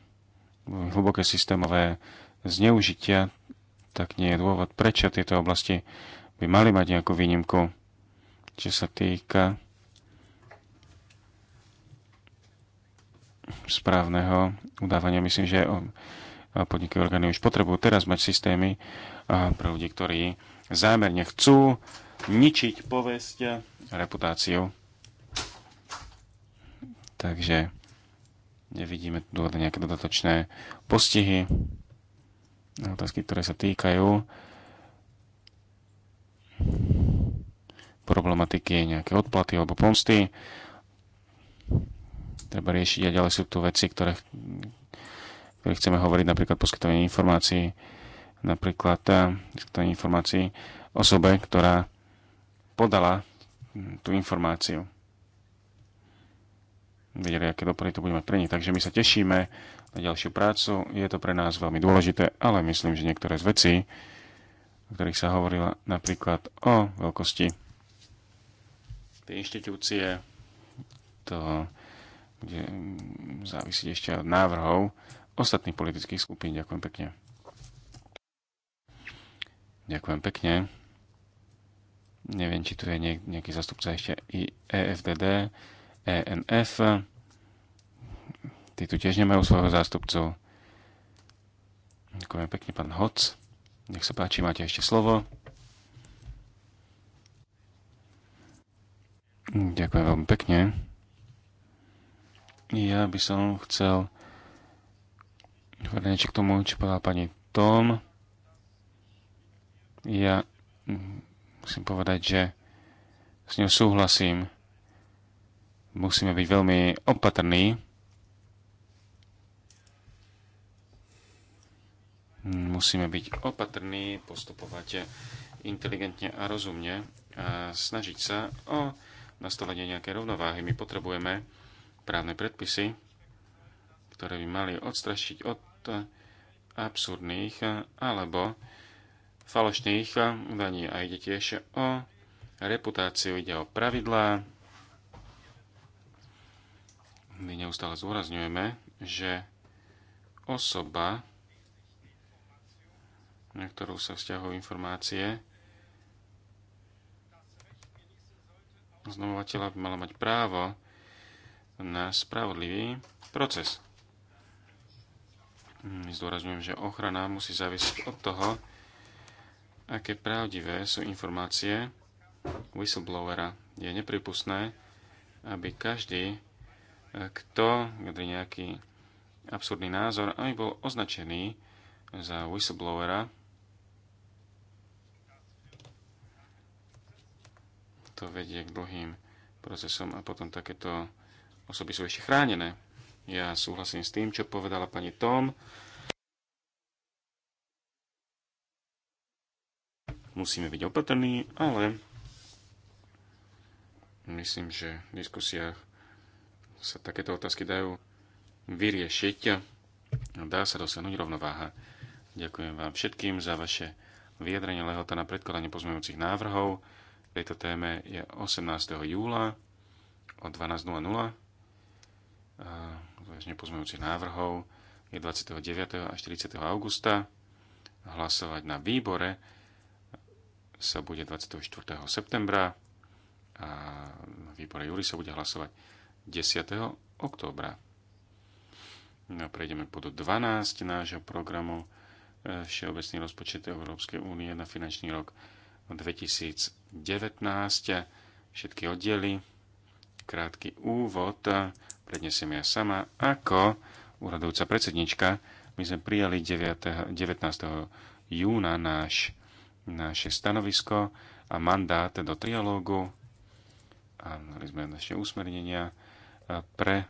D: hlboké systémové zneužitia, tak nie je dôvod, prečo tieto oblasti by mali mať nejakú výnimku, čo sa týka správneho udávania. Myslím, že podniky orgány už potrebujú teraz mať systémy pre ľudí, ktorí zámerne chcú ničiť povesť a reputáciu. Takže nevidíme tu nejaké dodatočné postihy na otázky, ktoré sa týkajú problematiky nejaké odplaty alebo pomsty treba riešiť a ďalej sú tu veci, ktoré ktorých chceme hovoriť, napríklad poskytovanie informácií, napríklad eh, poskytovanie informácií osobe, ktorá podala tú informáciu. Videli, aké dopady to bude mať pre nich. Takže my sa tešíme na ďalšiu prácu. Je to pre nás veľmi dôležité, ale myslím, že niektoré z vecí, o ktorých sa hovorila napríklad o veľkosti tej inštitúcie, to bude závisieť ešte od návrhov ostatných politických skupín. Ďakujem pekne. Ďakujem pekne. Neviem, či tu je nejaký zastupca ešte i EFDD, ENF. Tí tu tiež nemajú svojho zástupcu. Ďakujem pekne, pán Hoc. Nech sa páči, máte ešte slovo. Ďakujem veľmi pekne. Ja by som chcel niečo k tomu, čo povedala pani Tom. Ja musím povedať, že s ňou súhlasím. Musíme byť veľmi opatrní. Musíme byť opatrní, postupovať inteligentne a rozumne a snažiť sa o nastolenie nejakej rovnováhy. My potrebujeme právne predpisy, ktoré by mali odstrašiť od absurdných alebo falošných daní a ide tiež o reputáciu, ide o pravidlá. My neustále zdôrazňujeme, že osoba, na ktorú sa vzťahujú informácie, oznamovateľa by mala mať právo na spravodlivý proces. Mm, zdôrazňujem, že ochrana musí závisiť od toho, aké pravdivé sú informácie whistleblowera. Je nepripustné, aby každý, e, kto vedie nejaký absurdný názor, aby bol označený za whistleblowera. To vedie k dlhým procesom a potom takéto osoby sú ešte chránené. Ja súhlasím s tým, čo povedala pani Tom. Musíme byť opatrní, ale myslím, že v diskusiách sa takéto otázky dajú vyriešiť. Dá sa dosiahnuť rovnováha. Ďakujem vám všetkým za vaše vyjadrenie lehota na predkladanie pozmeňujúcich návrhov. V tejto téme je 18. júla o 12.00 vážne pozmeňujúcich návrhov je 29. a 40. augusta. Hlasovať na výbore sa bude 24. septembra a na výbore júri sa bude hlasovať 10. októbra. No, prejdeme pod 12 nášho programu e, Všeobecný rozpočet Európskej únie na finančný rok 2019. Všetky oddiely krátky úvod. Prednesiem ja sama, ako úradujúca predsednička. My sme prijali 9, 19. júna náš, naše stanovisko a mandát do trialógu a mali sme naše usmernenia eh, pre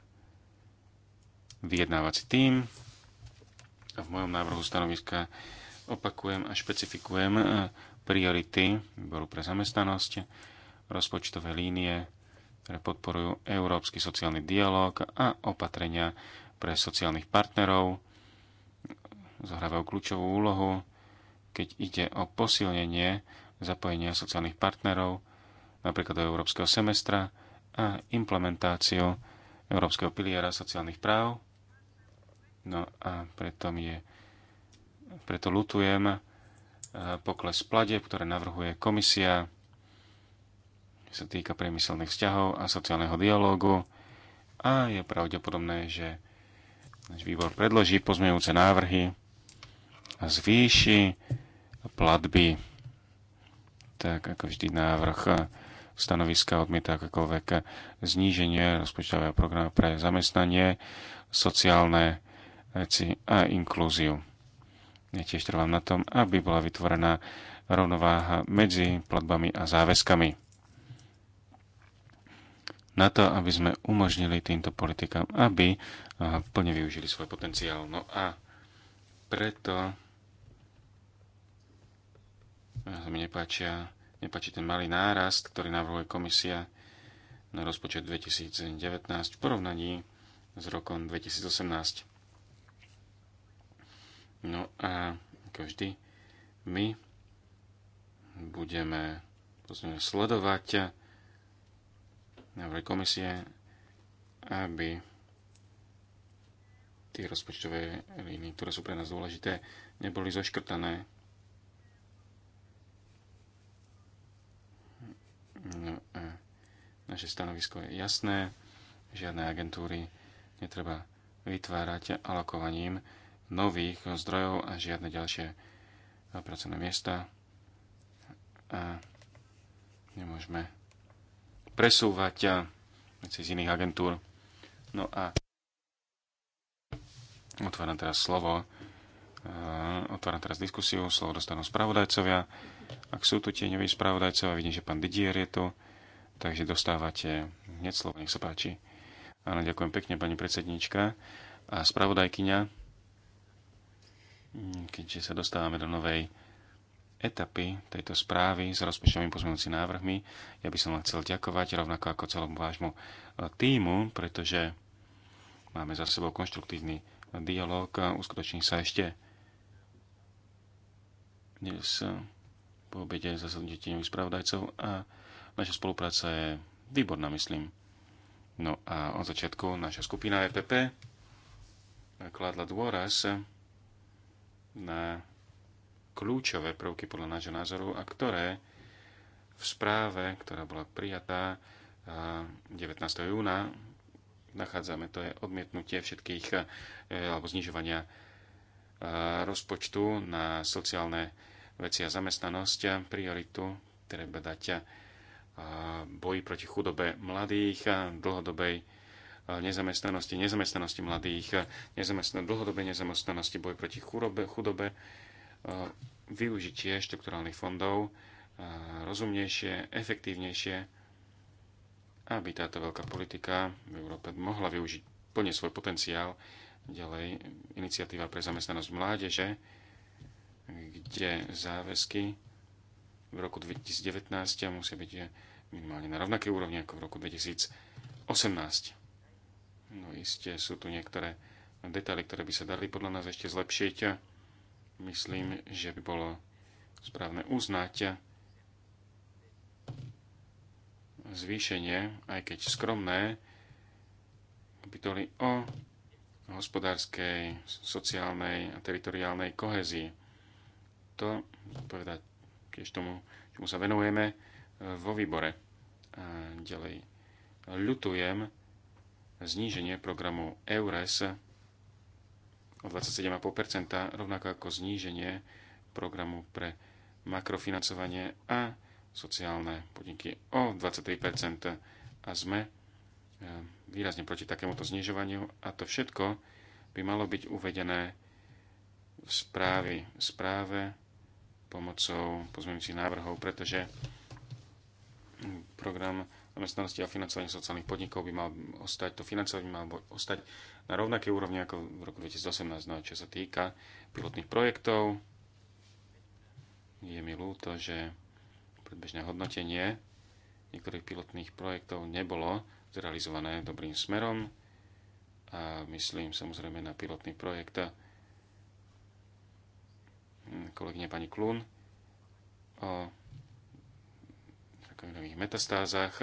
D: vyjednávací tým. A v mojom návrhu stanoviska opakujem a špecifikujem eh, priority výboru pre zamestnanosť, rozpočtové línie, ktoré podporujú európsky sociálny dialog a opatrenia pre sociálnych partnerov zohrávajú kľúčovú úlohu, keď ide o posilnenie zapojenia sociálnych partnerov, napríklad do európskeho semestra a implementáciu európskeho piliera sociálnych práv. No a preto, je, preto lutujem eh, pokles plade, ktoré navrhuje komisia sa týka priemyselných vzťahov a sociálneho dialógu a je pravdepodobné, že náš výbor predloží pozmeňujúce návrhy a zvýši platby. Tak ako vždy návrh stanoviska odmieta akékoľvek zníženie rozpočtového programu pre zamestnanie, sociálne veci a inklúziu. Ja tiež trvám na tom, aby bola vytvorená rovnováha medzi platbami a záväzkami na to, aby sme umožnili týmto politikám, aby eh, plne využili svoj potenciál. No a preto eh, mi nepáčia, nepáči ten malý nárast, ktorý navrhuje komisia na rozpočet 2019 v porovnaní s rokom 2018. No a ako vždy, my budeme sledovať návrhy komisie, aby tie rozpočtové líny, ktoré sú pre nás dôležité, neboli zoškrtané. No a naše stanovisko je jasné, žiadne agentúry netreba vytvárať alokovaním nových zdrojov a žiadne ďalšie pracovné miesta. A nemôžeme presúvať eh, veci z iných agentúr. No a otváram teraz slovo, eh, otváram teraz diskusiu, slovo dostanú spravodajcovia. Ak sú tu tieňoví spravodajcovia, vidím, že pán Didier je tu, takže dostávate hneď slovo, nech sa páči. Áno, ďakujem pekne, pani predsednička a spravodajkyňa. Keďže sa dostávame do novej etapy tejto správy s rozpočtovými pozmeňujúcimi návrhmi. Ja by som vám chcel ďakovať, rovnako ako celom vášmu e, týmu, pretože máme za sebou konštruktívny dialog. Uskutoční sa ešte dnes po obede za nových spravodajcov a naša spolupráca je výborná, myslím. No a od začiatku naša skupina EPP kladla dôraz na kľúčové prvky podľa nášho názoru a ktoré v správe, ktorá bola prijatá 19. júna, nachádzame, to je odmietnutie všetkých e, alebo znižovania e, rozpočtu na sociálne veci a zamestnanosť. Prioritu treba dať e, boji proti chudobe mladých, dlhodobej nezamestnanosti, nezamestnanosti mladých, nezamestn- dlhodobej nezamestnanosti, boj proti chudobe, chudobe E, využitie štrukturálnych fondov e, rozumnejšie, efektívnejšie, aby táto veľká politika v Európe mohla využiť plne svoj potenciál. Ďalej iniciatíva pre zamestnanosť mládeže, kde záväzky v roku 2019 musia byť minimálne na rovnaké úrovni ako v roku 2018. No iste sú tu niektoré detaily, ktoré by sa dali podľa nás ešte zlepšiť myslím, že by bolo správne uznať zvýšenie, aj keď skromné, kapitoly o hospodárskej, sociálnej a teritoriálnej kohezii. To povedať tiež tomu, čomu sa venujeme e, vo výbore. A ďalej ľutujem zníženie programu EURES o 27,5%, rovnako ako zníženie programu pre makrofinancovanie a sociálne podniky o 23% a sme eh, výrazne proti takémuto znižovaniu a to všetko by malo byť uvedené v správy, správe pomocou pozmeňujúcich návrhov, pretože program zamestnanosti a financovanie sociálnych podnikov by mal ostať, to financovanie by ostať na rovnaké úrovni ako v roku 2018. No čo sa týka pilotných projektov, je mi ľúto, že predbežné hodnotenie niektorých pilotných projektov nebolo zrealizované dobrým smerom a myslím samozrejme na pilotný projekt hm, kolegyne pani Klun o rakovinových metastázach.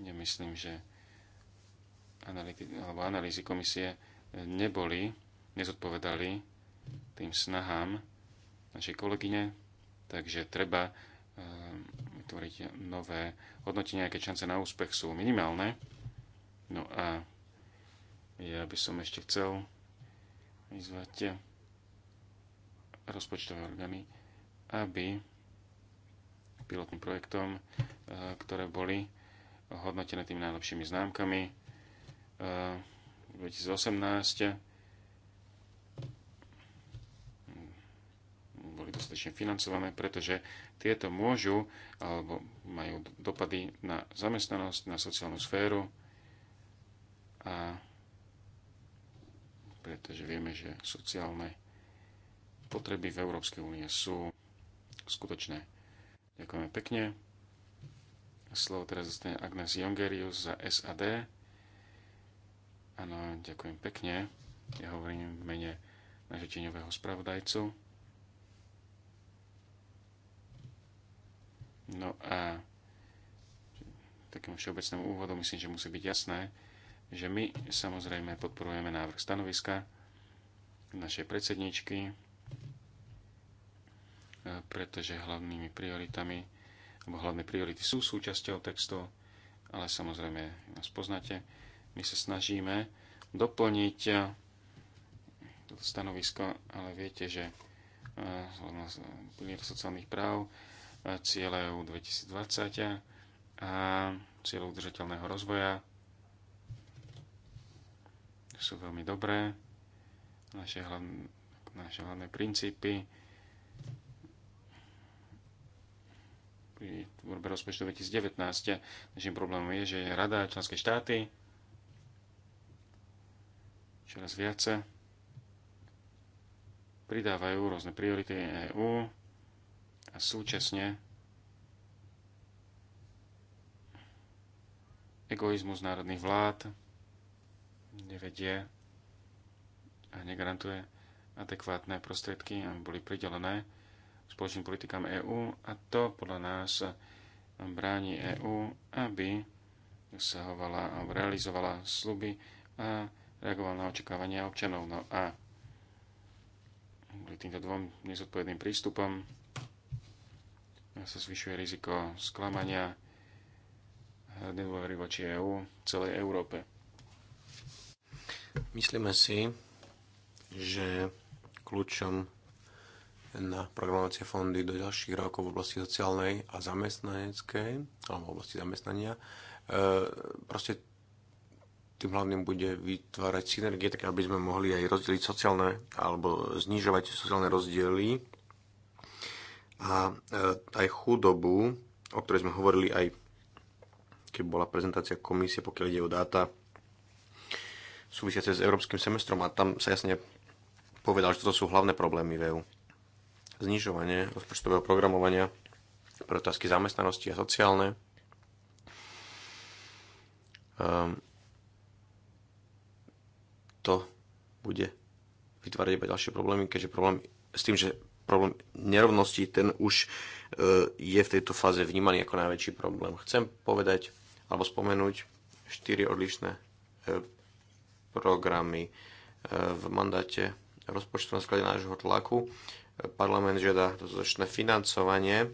D: Ja myslím, že analýzy, alebo analýzy komisie neboli, nezodpovedali tým snahám našej kolegyne, takže treba ehm, vytvoriť nové hodnotenia, aké šance na úspech sú minimálne. No a ja by som ešte chcel vyzvať rozpočtové orgány, aby pilotným projektom, e, ktoré boli hodnotené tými najlepšími známkami e, v 2018, boli dostatečne financované, pretože tieto môžu alebo majú dopady na zamestnanosť, na sociálnu sféru a pretože vieme, že sociálne potreby v Európskej únie sú skutočné. Ďakujeme pekne. Slovo teraz zostane Agnes Jongerius za SAD. Áno, ďakujem pekne. Ja hovorím v mene nášho tieňového spravodajcu. No a takým všeobecným úvodom myslím, že musí byť jasné, že my samozrejme podporujeme návrh stanoviska našej predsedničky, E, pretože hlavnými prioritami, alebo hlavné priority sú súčasťou textu, ale samozrejme nás poznáte. My sa snažíme doplniť e, toto stanovisko, ale viete, že e, pilier sociálnych práv, cieľe EU 2020 a cieľe udržateľného rozvoja sú veľmi dobré. Naše hlavné, naše hlavné princípy pri tvorbe rozpočtu 2019. Našim problémom je, že Rada a členské štáty čoraz viace pridávajú rôzne priority EÚ a súčasne egoizmus národných vlád nevedie a negarantuje adekvátne prostriedky, aby boli pridelené spoločným politikám EÚ a to podľa nás bráni EÚ, aby dosahovala a realizovala sluby a reagovala na očakávania občanov. No a týmto dvom nezodpovedným prístupom sa zvyšuje riziko sklamania nedôvery voči EÚ celej Európe. Myslíme si,
B: že kľúčom na programovacie fondy do ďalších rokov v oblasti sociálnej a zamestnaneckej, alebo v oblasti zamestnania, e, proste tým hlavným bude vytvárať synergie, tak aby sme mohli aj rozdeliť sociálne, alebo znižovať sociálne rozdiely a e, aj chudobu, o ktorej sme hovorili aj keď bola prezentácia komisie, pokiaľ ide o dáta súvisiace s európskym semestrom a tam sa jasne povedal, že toto sú hlavné problémy v EU znižovanie rozpočtového programovania pre otázky zamestnanosti a sociálne. Um, to bude vytvárať iba ďalšie problémy, keďže problém s tým, že problém nerovnosti, ten už e, je v tejto fáze vnímaný ako najväčší problém. Chcem povedať alebo spomenúť štyri odlišné e, programy e, v mandáte rozpočtu na sklade nášho tlaku Parlament žiada dostatočné financovanie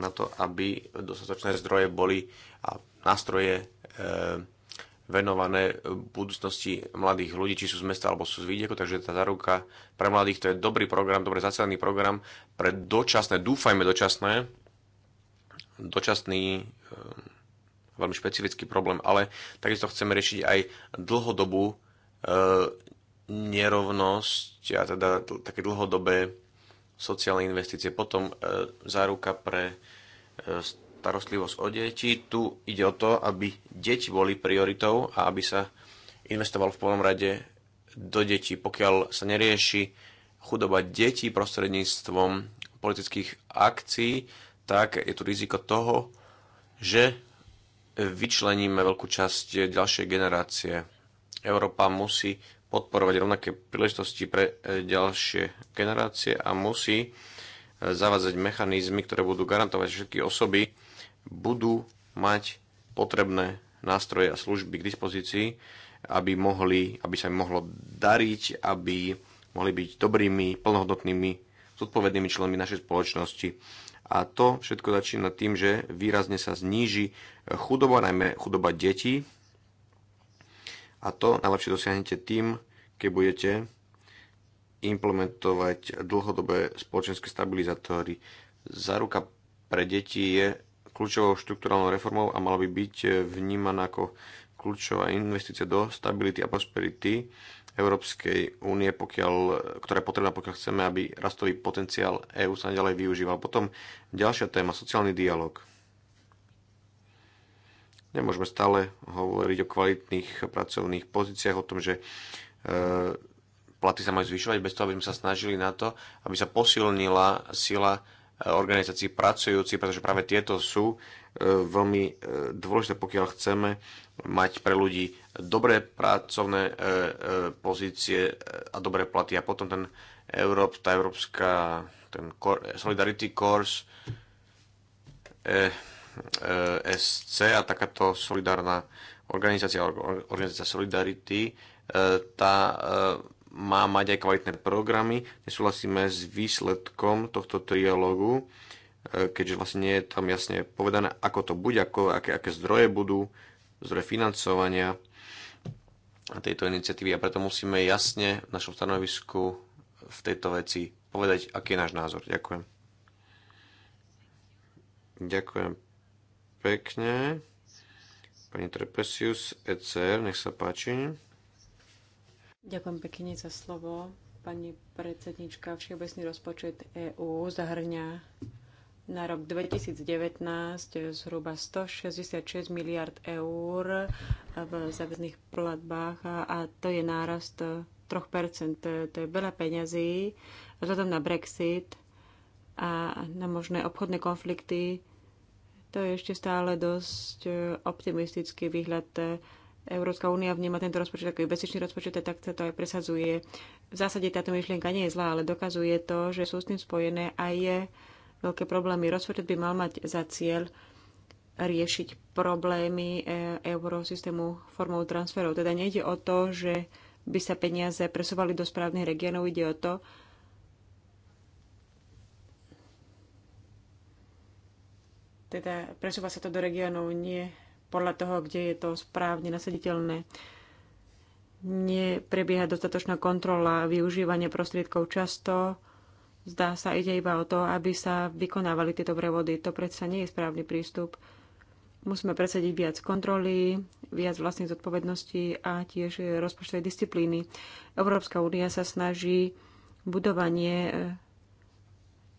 B: na to, aby dostatočné zdroje boli a nástroje e, venované budúcnosti mladých ľudí, či sú z mesta alebo sú z výdeku, takže tá záruka pre mladých to je dobrý program, dobre zacelený program pre dočasné, dúfajme dočasné, dočasný e, veľmi špecifický problém, ale takisto chceme riešiť aj dlhodobú e, nerovnosť a teda také dlhodobé sociálne investície. Potom e, záruka pre e, starostlivosť o deti. Tu ide o to, aby deti boli prioritou a aby sa investovalo v prvom rade do detí. Pokiaľ sa nerieši chudoba detí prostredníctvom politických akcií, tak je tu riziko toho, že vyčleníme veľkú časť ďalšej generácie. Európa musí podporovať rovnaké príležitosti pre e, ďalšie generácie a musí e, zavádzať mechanizmy, ktoré budú garantovať, že všetky osoby budú mať potrebné nástroje a služby k dispozícii, aby, mohli, aby sa im mohlo dariť, aby mohli byť dobrými, plnohodnotnými, zodpovednými členmi našej spoločnosti. A to všetko začína tým, že výrazne sa zníži e, chudoba, najmä chudoba detí, a to najlepšie dosiahnete tým, keď budete implementovať dlhodobé spoločenské stabilizátory. Záruka pre deti je kľúčovou štruktúralnou reformou a mala by byť vnímaná ako kľúčová investícia do stability a prosperity Európskej únie, pokiaľ, ktorá je potrebná, pokiaľ chceme, aby rastový potenciál EÚ sa naďalej využíval. Potom ďalšia téma, sociálny dialog. Nemôžeme stále hovoriť o kvalitných pracovných pozíciách, o tom, že e, platy sa majú zvyšovať bez toho, aby sme sa snažili na to, aby sa posilnila sila e, organizácií pracujúcich, pretože práve tieto sú e, veľmi dôležité, pokiaľ chceme mať pre ľudí dobré pracovné pozície a dobré platy. A potom ten Európ, tá európska ten Solidarity Course E SC a takáto solidárna organizácia, organizácia Solidarity, e, tá e, má mať aj kvalitné programy. Nesúhlasíme s výsledkom tohto trialógu, keďže vlastne nie je tam jasne povedané, ako to bude, ako, aké, aké zdroje budú, zdroje financovania tejto iniciatívy a preto musíme jasne v našom stanovisku v tejto veci povedať, aký je náš názor. Ďakujem. Ďakujem pekne. Pani Trepesius, ECR, nech sa páči.
C: Ďakujem pekne za slovo. Pani predsednička, Všeobecný rozpočet EÚ zahrňa na rok 2019 zhruba 166 miliard eur v záväzných platbách a to je nárast 3%. To je veľa peňazí vzhľadom na Brexit a na možné obchodné konflikty to je ešte stále dosť e, optimistický výhľad. E, Európska únia vníma tento rozpočet ako bezpečný rozpočet a tak sa to aj presadzuje. V zásade táto myšlienka nie je zlá, ale dokazuje to, že sú s tým spojené aj veľké problémy. Rozpočet by mal mať za cieľ riešiť problémy e, eurosystému formou transferov. Teda nejde o to, že by sa peniaze presovali do správnych regiónov, ide o to, Teda presúva sa to do regiónov nie podľa toho, kde je to správne nasaditeľné. Neprebieha dostatočná kontrola využívania prostriedkov často. Zdá sa, ide iba o to, aby sa vykonávali tieto prevody. To predsa nie je správny prístup. Musíme presadiť viac kontroly, viac vlastných zodpovedností a tiež rozpočtovej disciplíny. Európska únia sa snaží budovanie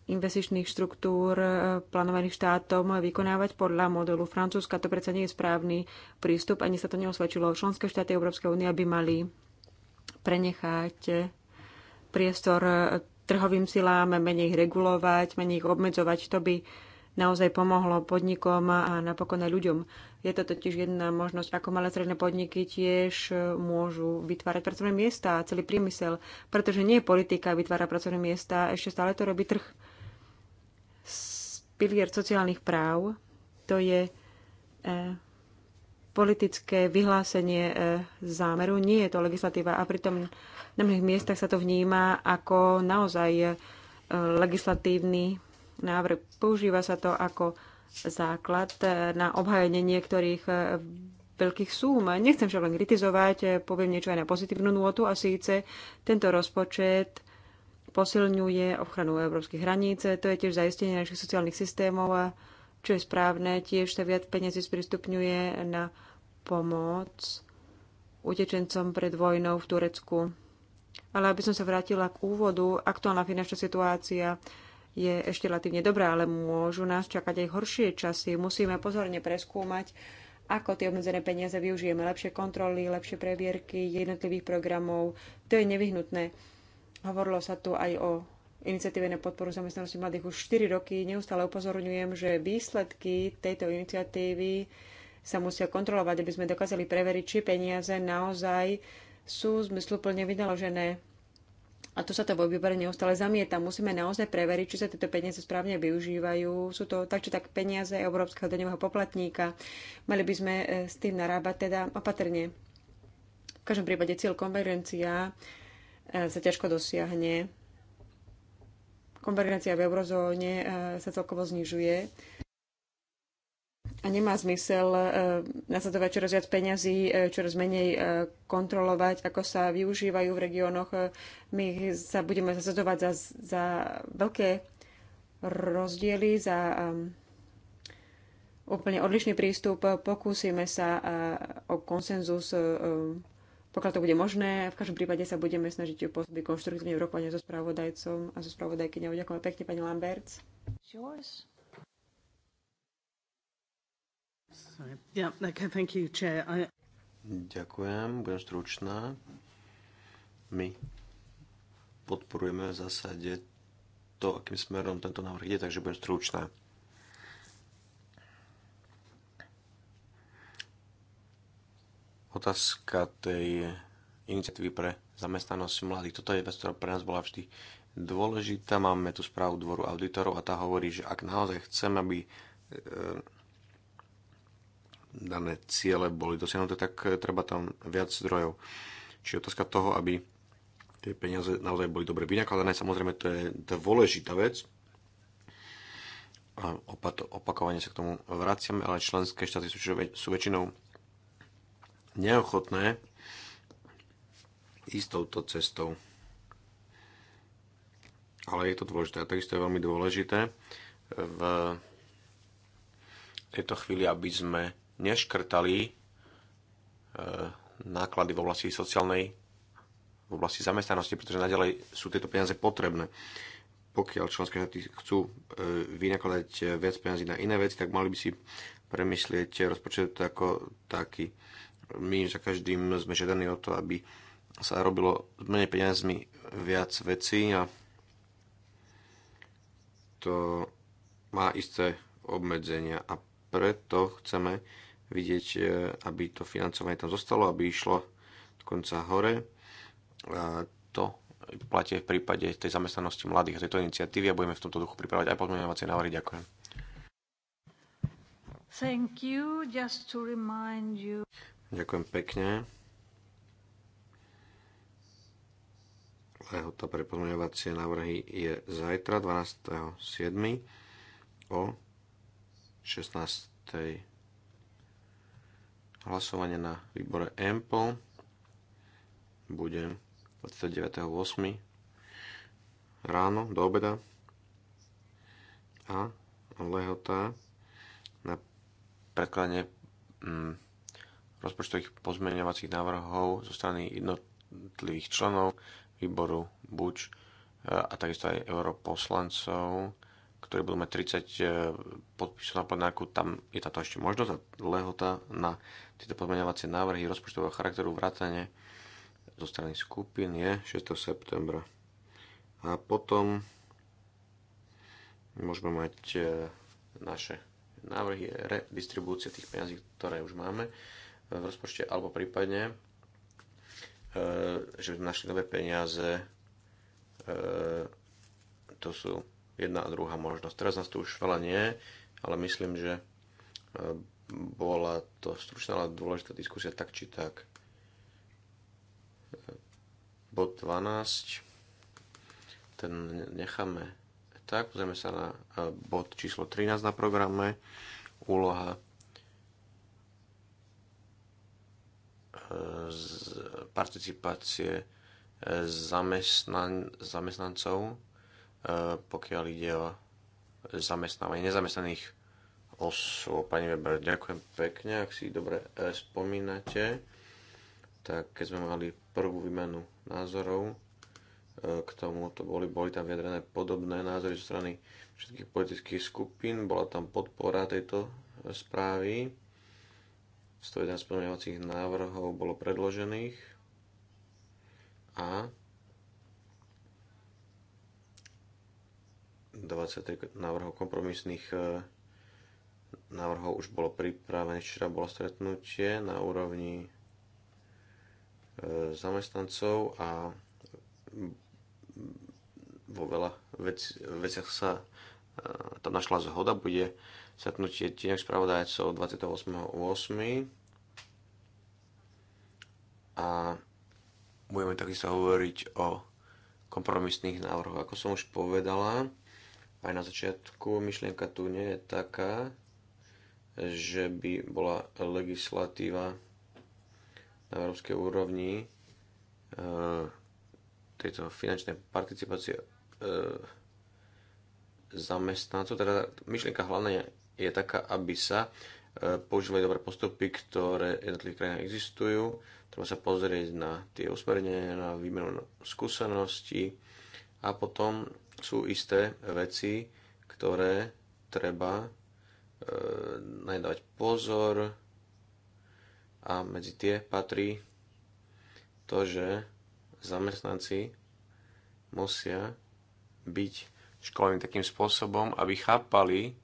C: investičných štruktúr eh, plánovaných štátom vykonávať podľa modelu Francúzska. To predsa nie je správny prístup, ani sa to neosvedčilo. Členské štáty Európskej únie by mali prenechať eh, priestor eh, trhovým silám, menej ich regulovať, menej ich obmedzovať. To by naozaj pomohlo podnikom a napokon aj ľuďom. Je to totiž jedna možnosť, ako malé stredné podniky tiež môžu vytvárať pracovné miesta a celý priemysel, pretože nie je politika vytvára pracovné miesta, ešte stále to robí trh pilier sociálnych práv, to je e, politické vyhlásenie e, zámeru, nie je to legislatíva a pritom na mnohých miestach sa to vníma ako naozaj e, legislatívny návrh. Používa sa to ako základ na obhajenie niektorých veľkých súm. Nechcem však len kritizovať, poviem niečo aj na pozitívnu nôtu a síce tento rozpočet posilňuje ochranu európskych hraníc, to je tiež zaistenie našich sociálnych systémov, čo je správne, tiež sa viac peniazy sprístupňuje na pomoc utečencom pred vojnou v Turecku. Ale aby som sa vrátila k úvodu, aktuálna finančná situácia je ešte relatívne dobrá, ale môžu nás čakať aj horšie časy. Musíme pozorne preskúmať, ako tie obmedzené peniaze využijeme. Lepšie kontroly, lepšie previerky jednotlivých programov. To je nevyhnutné. Hovorilo sa tu aj o iniciatíve na podporu zamestnanosti mladých už 4 roky. Neustále upozorňujem, že výsledky tejto iniciatívy sa musia kontrolovať, aby sme dokázali preveriť, či peniaze naozaj sú zmysluplne vynaložené. A to sa to vo výbore neustále zamieta. Musíme naozaj preveriť, či sa tieto peniaze správne využívajú. Sú to tak či tak peniaze európskeho daňového poplatníka. Mali by sme eh, s tým narábať teda opatrne. V každom prípade cieľ konvergencia Eh, sa ťažko dosiahne. Konvergencia v eurozóne eh, sa celkovo znižuje a nemá zmysel eh, nasledovať čoraz viac peňazí, čoraz menej kontrolovať, ako sa využívajú v regiónoch. My sa budeme zasadovať za, za veľké rozdiely, za úplne odlišný prístup. Pokúsime sa o konsenzus pokiaľ to bude možné. V každom prípade sa budeme snažiť pôsobiť konštruktívne rokovaní so spravodajcom a so spravodajkyňou. Ďakujem pekne, pani Lamberts.
A: Yeah, okay, you, I...
B: Ďakujem, budem stručná. My podporujeme v zásade to, akým smerom tento návrh ide, takže budem stručná. otázka tej iniciatívy pre zamestnanosť mladých. Toto je vec, ktorá pre nás bola vždy dôležitá. Máme tu správu dvoru auditorov a tá hovorí, že ak naozaj chceme, aby e, dané ciele boli dosiahnuté, tak e, treba tam viac zdrojov. Čiže otázka toho, aby tie peniaze naozaj boli dobre vynakladané, samozrejme to je dôležitá vec. A opakovane sa k tomu vraciame, ale členské štáty sú, sú väčšinou neochotné ísť touto cestou. Ale je to dôležité a takisto je veľmi dôležité v tejto chvíli, aby sme neškrtali e, náklady v oblasti sociálnej, v oblasti zamestnanosti, pretože naďalej sú tieto peniaze potrebné. Pokiaľ členské štáty chcú e, vynakladať viac peniazy na iné veci, tak mali by si premyslieť rozpočet ako taký my za každým sme žiadani o to, aby sa robilo s menej peniazmi viac vecí a to má isté obmedzenia a preto chceme vidieť, e, aby to financovanie tam zostalo, aby išlo dokonca hore. A to platí v prípade tej zamestnanosti mladých a tejto iniciatívy a budeme v tomto duchu pripravať aj podmienovacie návrhy. Ďakujem.
A: Thank you. Just to remind you.
B: Ďakujem pekne. Lehota pre pozmeňovacie návrhy je zajtra 12.7. o 16 hlasovanie na výbore EMPO bude 29.8. ráno do obeda a lehota na preklane mm, rozpočtových pozmeňovacích návrhov zo strany jednotlivých členov výboru BUČ e, a takisto aj europoslancov, ktorí budú mať 30 e, podpisov na plenárku, tam je táto ešte možnosť a lehota na tieto pozmeňovacie návrhy rozpočtového charakteru vrátane zo strany skupín je 6. septembra. A potom môžeme mať e, naše návrhy redistribúcie tých peniazí, ktoré už máme v rozpočte, alebo prípadne, e, že by našli nové peniaze. E, to sú jedna a druhá možnosť. Teraz nás tu už veľa nie, ale myslím, že e, bola to stručná, ale dôležitá diskusia tak či tak. Bod 12, ten necháme tak, pozrieme sa na bod číslo 13 na programe, úloha z participácie e, zamestnan- zamestnancov, e, pokiaľ ide o zamestnávanie nezamestnaných osôb. Pani Weber, ďakujem pekne, ak si dobre e, spomínate. Tak keď sme mali prvú výmenu názorov k tomu, to boli, boli tam vyjadrené podobné názory zo strany všetkých politických skupín, bola tam podpora tejto správy 111 pozmeňovacích návrhov bolo predložených a 20 návrhov kompromisných e, návrhov už bolo pripravené Včera bolo stretnutie na úrovni e, zamestnancov a vo veľa vec, veciach sa e, tam našla zhoda. Bude stretnutie tiež spravodajcov 28.8 a budeme takisto hovoriť o kompromisných návrhoch. Ako som už povedala, aj na začiatku myšlienka tu nie je taká, že by bola legislatíva na európskej úrovni e, tejto finančnej participácie e, zamestnancov. Teda myšlienka hlavná je, je taká, aby sa e, používali dobré postupy, ktoré v jednotlivých krajinách existujú, treba sa pozrieť na tie usmernenia, na výmenu skúseností a potom sú isté veci, ktoré treba e, najdávať pozor a medzi tie patrí to, že zamestnanci musia byť školení takým spôsobom, aby chápali,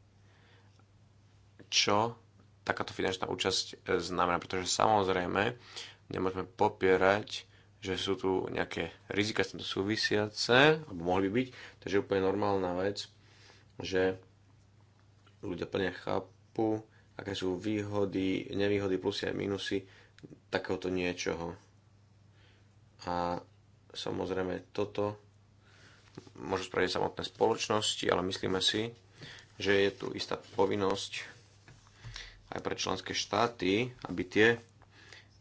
B: čo takáto finančná účasť e, znamená. Pretože samozrejme, Nemôžeme popierať, že sú tu nejaké rizika s tým súvisiace, alebo mohli by byť, takže je úplne normálna vec, že ľudia plne chápu, aké sú výhody, nevýhody, plusy aj minusy takéhoto niečoho. A samozrejme toto môžu spraviť samotné spoločnosti, ale myslíme si, že je tu istá povinnosť aj pre členské štáty, aby tie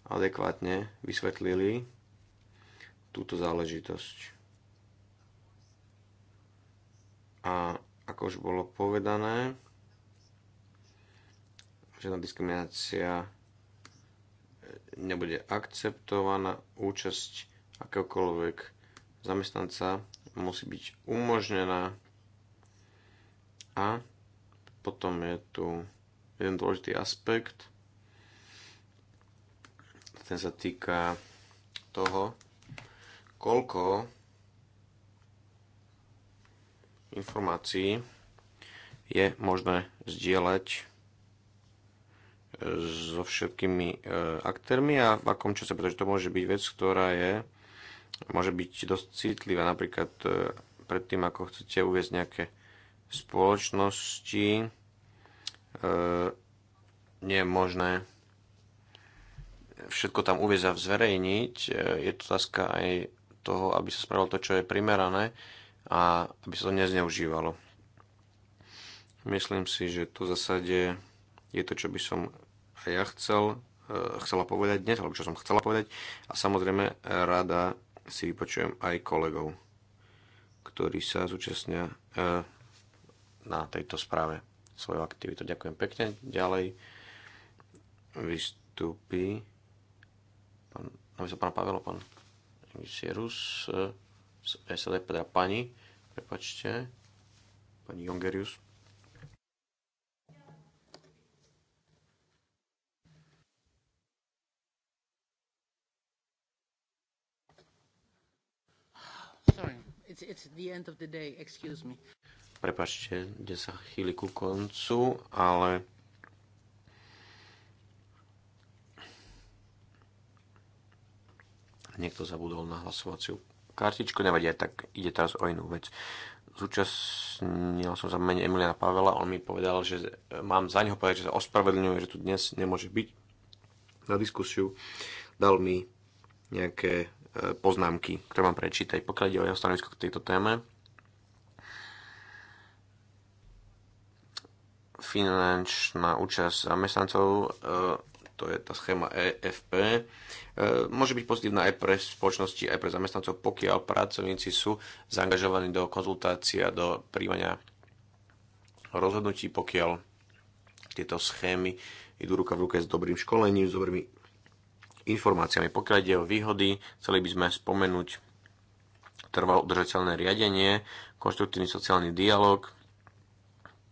B: adekvátne vysvetlili túto záležitosť. A ako už bolo povedané, žiadna diskriminácia nebude akceptovaná, účasť akéhokoľvek zamestnanca musí byť umožnená a potom je tu jeden dôležitý aspekt, ten sa týka toho, koľko informácií je možné zdieľať e, so všetkými e, aktérmi a v akom čase, pretože to môže byť vec, ktorá je, môže byť dosť citlivá. Napríklad e, predtým, ako chcete uviezť nejaké spoločnosti, nie je možné všetko tam uviezť a zverejniť. E, je to otázka aj toho, aby sa spravilo to, čo je primerané a aby sa to nezneužívalo. Myslím si, že to v zásade je to, čo by som aj ja chcel, e, chcela povedať dnes, alebo čo som chcela povedať. A samozrejme rada si vypočujem aj kolegov, ktorí sa zúčastnia e, na tejto správe svojho aktivitu. Ďakujem pekne. Ďalej vystúpi aby sa pán Pavel, pán Sierus e, z SLD, teda pani, prepačte, pani Jongerius.
A: Sorry, it's, it's the end of the day, excuse me.
B: Prepačte, kde sa chýli ku koncu, ale niekto zabudol na hlasovaciu kartičku, nevadí, tak ide teraz o inú vec. Zúčastnil som sa mene Emiliana Pavela, on mi povedal, že mám za neho povedať, že sa ospravedlňuje, že tu dnes nemôže byť na diskusiu. Dal mi nejaké e, poznámky, ktoré mám prečítať, pokiaľ ide o jeho stanovisko k tejto téme. Finančná účasť zamestnancov e, to je tá schéma EFP, e, môže byť pozitívna aj pre spoločnosti, aj pre zamestnancov, pokiaľ pracovníci sú zaangažovaní do konzultácia, do príjmania rozhodnutí, pokiaľ tieto schémy idú ruka v ruke s dobrým školením, s dobrými informáciami. Pokiaľ ide o výhody, chceli by sme spomenúť trvalo udržateľné riadenie, konštruktívny sociálny dialog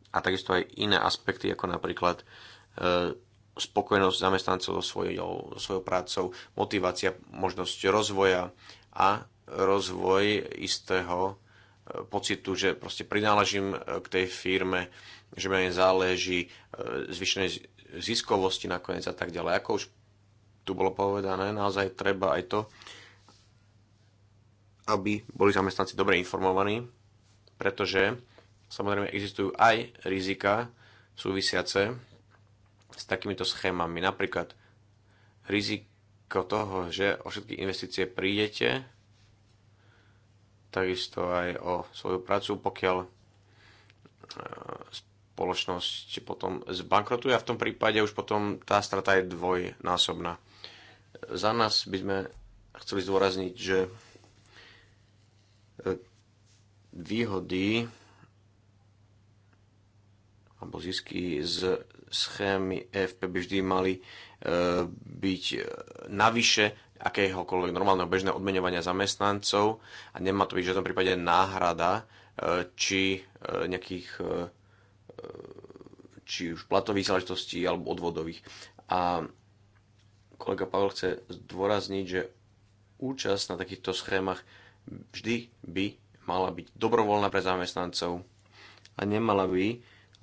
B: a takisto aj iné aspekty, ako napríklad e, spokojnosť zamestnancov so svojou, so svojou prácou, motivácia, možnosť rozvoja a rozvoj istého e, pocitu, že proste prináležím e, k tej firme, že mi záleží e, zvyšnej ziskovosti nakoniec a tak ďalej. Ako už tu bolo povedané, naozaj treba aj to, aby boli zamestnanci dobre informovaní, pretože samozrejme existujú aj rizika súvisiace s takýmito schémami. Napríklad riziko toho, že o všetky investície prídete, takisto aj o svoju prácu, pokiaľ e, spoločnosť potom zbankrotuje a v tom prípade už potom tá strata je dvojnásobná. Za nás by sme chceli zdôrazniť, že e, výhody alebo zisky z schémy EFP by vždy mali e, byť e, navyše akéhokoľvek normálneho bežného odmeňovania zamestnancov a nemá to byť v žiadnom prípade náhrada e, či nejakých či už platových záležitostí alebo odvodových. A kolega Pavel chce zdôrazniť, že účasť na takýchto schémach vždy by mala byť dobrovoľná pre zamestnancov a nemala by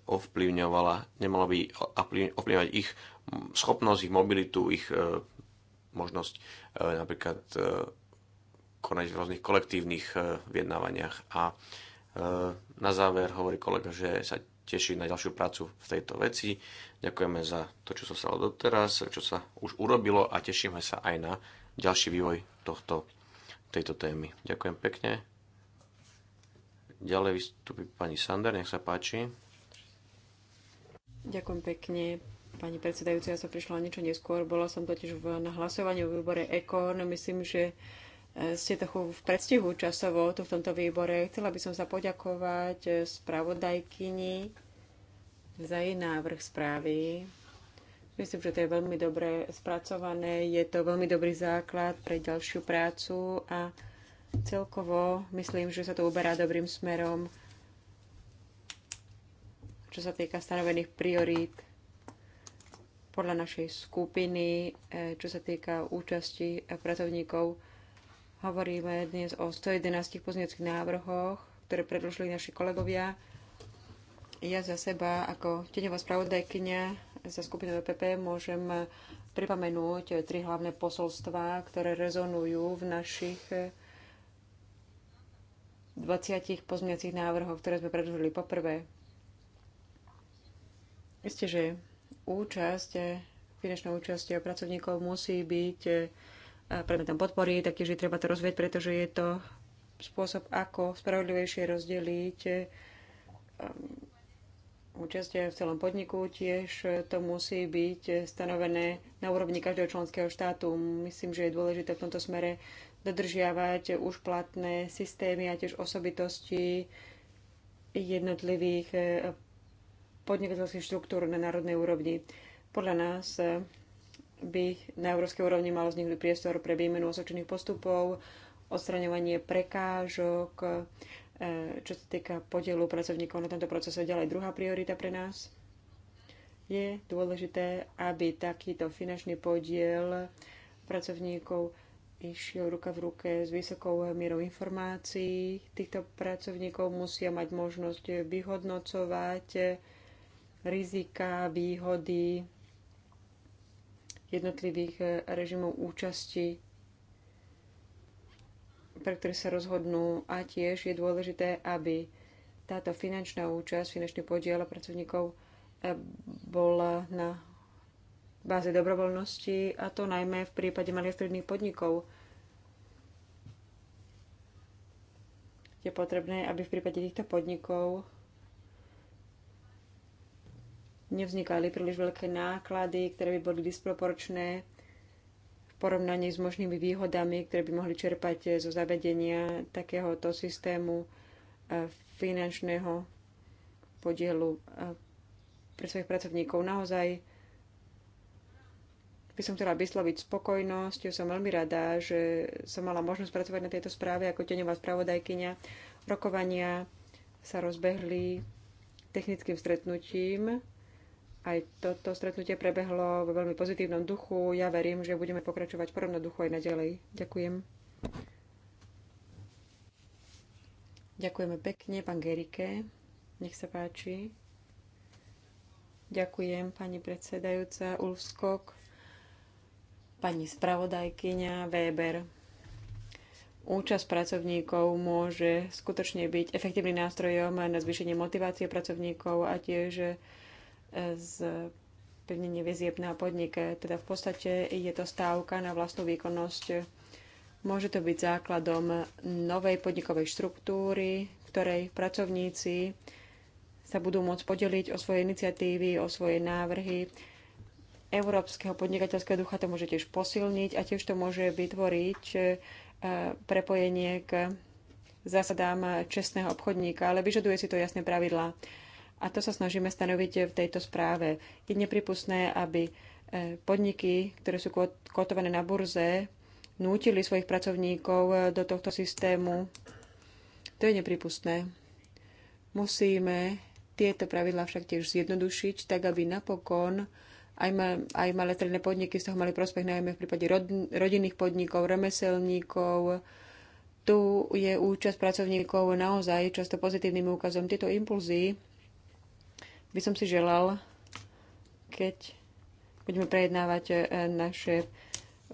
B: ovplyvňovala, nemala by ovplyvňovať ich schopnosť, ich mobilitu, ich e, možnosť e, napríklad e, konať v rôznych kolektívnych e, vyjednávaniach. A e, na záver hovorí kolega, že sa teší na ďalšiu prácu v tejto veci. Ďakujeme za to, čo sa stalo doteraz, čo sa už urobilo a tešíme sa aj na ďalší vývoj tohto, tejto témy. Ďakujem pekne. Ďalej vystúpi pani Sander, nech sa páči.
C: Ďakujem pekne. Pani predsedajúca, ja som prišla niečo neskôr. Bola som totiž v, na hlasovaní v výbore No Myslím, že e, ste trochu v predstihu časovo tu v tomto výbore. Chcela by som sa poďakovať e, spravodajkyni za jej návrh správy. Myslím, že to je veľmi dobre spracované. Je to veľmi dobrý základ pre ďalšiu prácu a celkovo myslím, že sa to uberá dobrým smerom čo sa týka stanovených priorít podľa našej skupiny, e, čo sa týka účasti pracovníkov. Hovoríme dnes o 111 pozniackých návrhoch, ktoré predložili naši kolegovia. Ja za seba ako tenevá spravodajkynia za skupinu EPP môžem pripomenúť tri hlavné posolstvá, ktoré rezonujú v našich 20 pozmiacich návrhoch, ktoré sme predložili. Poprvé, Isté, že účasť, finančná účasť pracovníkov musí byť eh, predmetom podpory, taktiež je treba to rozvieť, pretože je to spôsob, ako spravodlivejšie rozdeliť eh, um, účasť v celom podniku. Tiež to musí byť stanovené na úrovni každého členského štátu. Myslím, že je dôležité v tomto smere dodržiavať už platné systémy a tiež osobitosti jednotlivých eh, podnikateľských štruktúr na národnej úrovni. Podľa nás eh, by na európskej úrovni malo vzniknúť priestor pre výmenu osočených postupov, odstraňovanie prekážok, eh, čo sa týka podielu pracovníkov na tento procese. Ďalej druhá priorita pre nás je dôležité, aby takýto finančný podiel pracovníkov išiel ruka v ruke s vysokou mierou informácií. Týchto pracovníkov musia mať možnosť vyhodnocovať rizika, výhody jednotlivých eh, režimov účasti, pre ktoré sa rozhodnú. A tiež je dôležité, aby táto finančná účasť, finančný podiel pracovníkov eh, bola na báze dobrovoľnosti, a to najmä v prípade malých stredných podnikov. Je potrebné, aby v prípade týchto podnikov nevznikali príliš veľké náklady, ktoré by boli disproporčné v porovnaní s možnými výhodami, ktoré by mohli čerpať eh, zo zavedenia takéhoto systému eh, finančného podielu eh, pre svojich pracovníkov. Naozaj by som chcela vysloviť spokojnosť. Som veľmi rada, že som mala možnosť pracovať na tejto správe ako teňová spravodajkyňa. Rokovania sa rozbehli technickým stretnutím aj toto stretnutie prebehlo vo veľmi pozitívnom duchu. Ja verím, že budeme pokračovať v podobnom duchu aj naďalej. Ďakujem. Ďakujeme pekne, pán Gerike. Nech sa páči. Ďakujem, pani predsedajúca Ulfskok, pani spravodajkyňa Weber. Účasť pracovníkov môže skutočne byť efektívnym nástrojom na zvýšenie motivácie pracovníkov a tiež z pevne väzieb na podnike. Teda v podstate je to stávka na vlastnú výkonnosť. Môže to byť základom novej podnikovej štruktúry, ktorej pracovníci sa budú môcť podeliť o svoje iniciatívy, o svoje návrhy. Európskeho podnikateľského ducha to môže tiež posilniť a tiež to môže vytvoriť e, prepojenie k zásadám čestného obchodníka, ale vyžaduje si to jasné pravidlá. A to sa snažíme stanoviť v tejto správe. Je nepripustné, aby e, podniky, ktoré sú kotované na burze, nútili svojich pracovníkov e, do tohto systému. To je nepripustné. Musíme tieto pravidlá však tiež zjednodušiť, tak aby napokon aj, ma, aj malé stredné podniky z toho mali prospech, najmä v prípade rod, rodinných podnikov, remeselníkov. Tu je účasť pracovníkov naozaj často pozitívnym úkazom. Tieto impulzy by som si želal, keď budeme prejednávať e, naše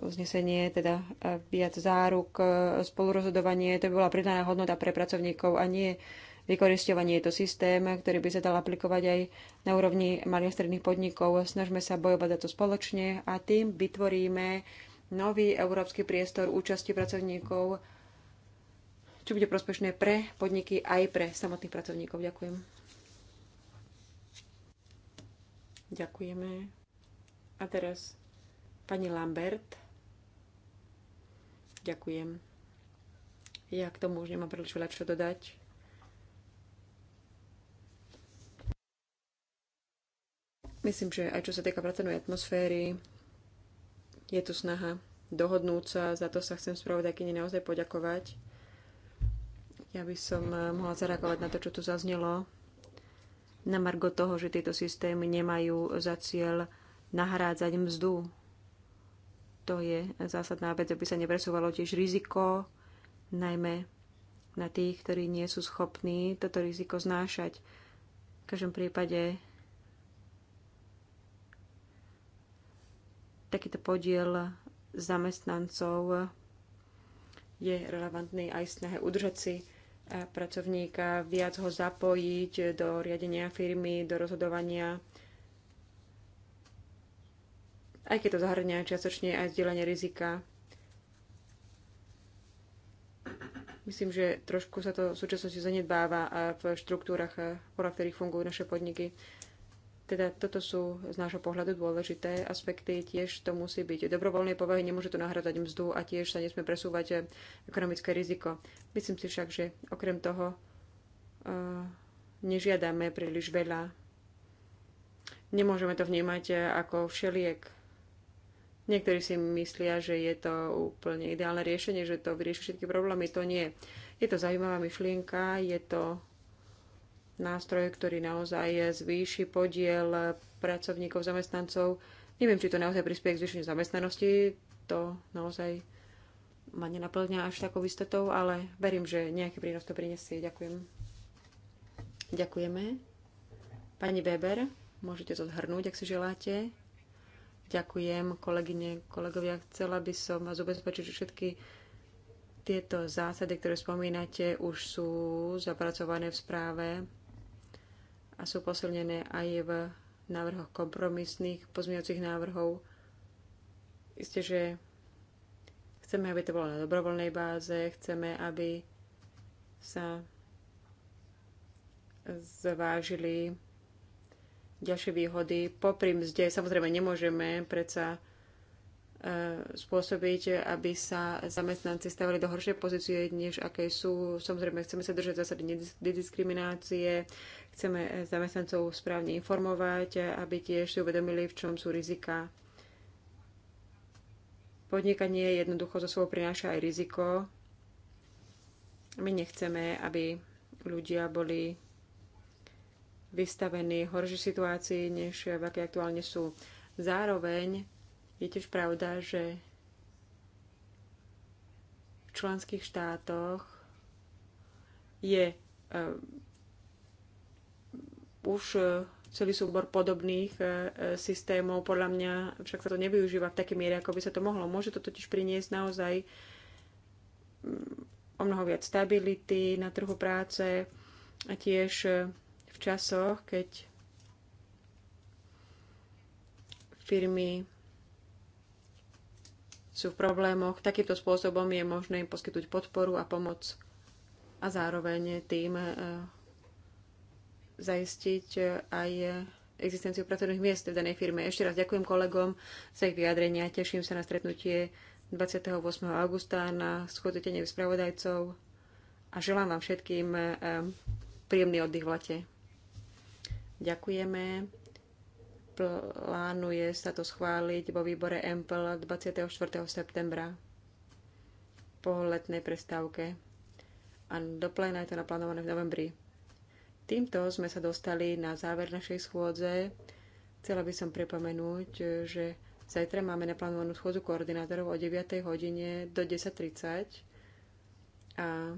C: uznesenie, teda e, viac záruk, e, spolurozhodovanie, to by bola pridaná hodnota pre pracovníkov a nie vykoristovanie. Je to systém, ktorý by sa dal aplikovať aj na úrovni malých a stredných podnikov. Snažme sa bojovať za to spoločne a tým vytvoríme nový európsky priestor účasti pracovníkov, čo bude prospešné pre podniky aj pre samotných pracovníkov. Ďakujem. Ďakujeme. A teraz pani Lambert. Ďakujem. Ja k tomu už nemám príliš veľa čo dodať. Myslím, že aj čo sa týka pracovnej atmosféry, je tu snaha dohodnúť sa, za to sa chcem spravodajkyni naozaj poďakovať. Ja by som eh, mohla zareagovať na to, čo tu zaznelo na margo toho, že tieto systémy nemajú za cieľ nahrádzať mzdu. To je zásadná vec, aby sa nepresúvalo tiež riziko, najmä na tých, ktorí nie sú schopní toto riziko znášať. V každom prípade takýto podiel zamestnancov je relevantný aj snahe udržať si pracovníka, viac ho zapojiť do riadenia firmy, do rozhodovania, aj keď to zahrňa čiastočne aj zdieľanie rizika. Myslím, že trošku sa to v súčasnosti zanedbáva v štruktúrach, eh, podľa ktorých fungujú naše podniky. Teda toto sú z nášho pohľadu dôležité aspekty, tiež to musí byť dobrovoľnej povahy, nemôže to nahradať mzdu a tiež sa nesme presúvať eh, ekonomické riziko. Myslím si však, že okrem toho eh, nežiadame príliš veľa. Nemôžeme to vnímať eh, ako všeliek. Niektorí si myslia, že je to úplne ideálne riešenie, že to vyrieši všetky problémy. To nie. Je to zaujímavá myšlienka, je to nástroj, ktorý naozaj zvýši podiel pracovníkov, zamestnancov. Neviem, či to naozaj prispieje k zvýšeniu zamestnanosti, to naozaj ma nenaplňa až takou istotou, ale verím, že nejaký prínos to prinesie. Ďakujem. Ďakujeme. Pani Beber, môžete to zhrnúť, ak si želáte. Ďakujem, kolegyne, kolegovia. Chcela by som vás ubezpečiť, že všetky tieto zásady, ktoré spomínate, už sú zapracované v správe a sú posilnené aj v návrhoch kompromisných pozmeňujúcich návrhov. Isté, že chceme, aby to bolo na dobrovoľnej báze, chceme, aby sa zvážili ďalšie výhody popri mzde. Samozrejme, nemôžeme predsa e, spôsobiť, aby sa zamestnanci stavili do horšej pozície, než aké sú. Samozrejme, chceme sa držať zásady nediskriminácie, Chceme eh, zamestnancov správne informovať, eh, aby tiež si uvedomili, v čom sú rizika. Podnikanie jednoducho zo svojho prináša aj riziko. My nechceme, aby ľudia boli vystavení horšej situácii, než eh, v aké aktuálne sú. Zároveň je tiež pravda, že v členských štátoch je už e, celý súbor podobných e, e, systémov. Podľa mňa však sa to nevyužíva v takej miere, ako by sa to mohlo. Môže to totiž priniesť naozaj mm, o mnoho viac stability na trhu práce a tiež v časoch, keď firmy sú v problémoch. Takýmto spôsobom je možné im poskytnúť podporu a pomoc a zároveň tým zaistiť e, aj existenciu pracovných miest v danej firme. Ešte raz ďakujem kolegom za ich vyjadrenia. Teším sa na stretnutie 28. augusta na schôdze spravodajcov a želám vám všetkým e, príjemný oddych v lete. Ďakujeme. Plánuje sa to schváliť vo výbore EMPL 24. septembra po letnej prestávke. A do pléna je to naplánované v novembri. Týmto sme sa dostali na záver našej schôdze. Chcela by som pripomenúť, že zajtra máme naplánovanú schôdzu koordinátorov o 9. hodine do 10.30. A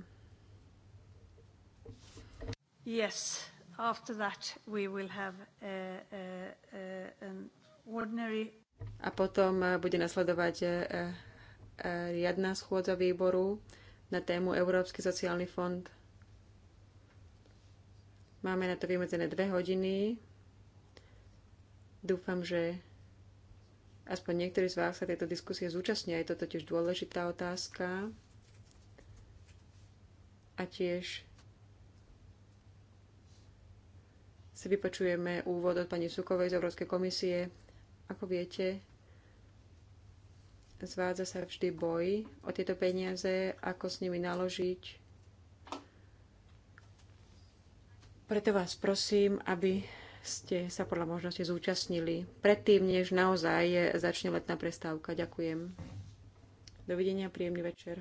A: Yes, after that we will have a, a, a, an ordinary...
C: A potom e, bude nasledovať e, e, riadna schôdza výboru na tému Európsky sociálny fond Máme na to vymedzené dve hodiny. Dúfam, že aspoň niektorí z vás sa tejto diskusie zúčastnia. Je to totiž dôležitá otázka. A tiež si vypočujeme úvod od pani Sukovej z Európskej komisie. Ako viete, zvádza sa vždy boj o tieto peniaze, ako s nimi naložiť, Preto vás prosím, aby ste sa podľa možnosti zúčastnili predtým, než naozaj začne letná prestávka. Ďakujem. Dovidenia, príjemný večer.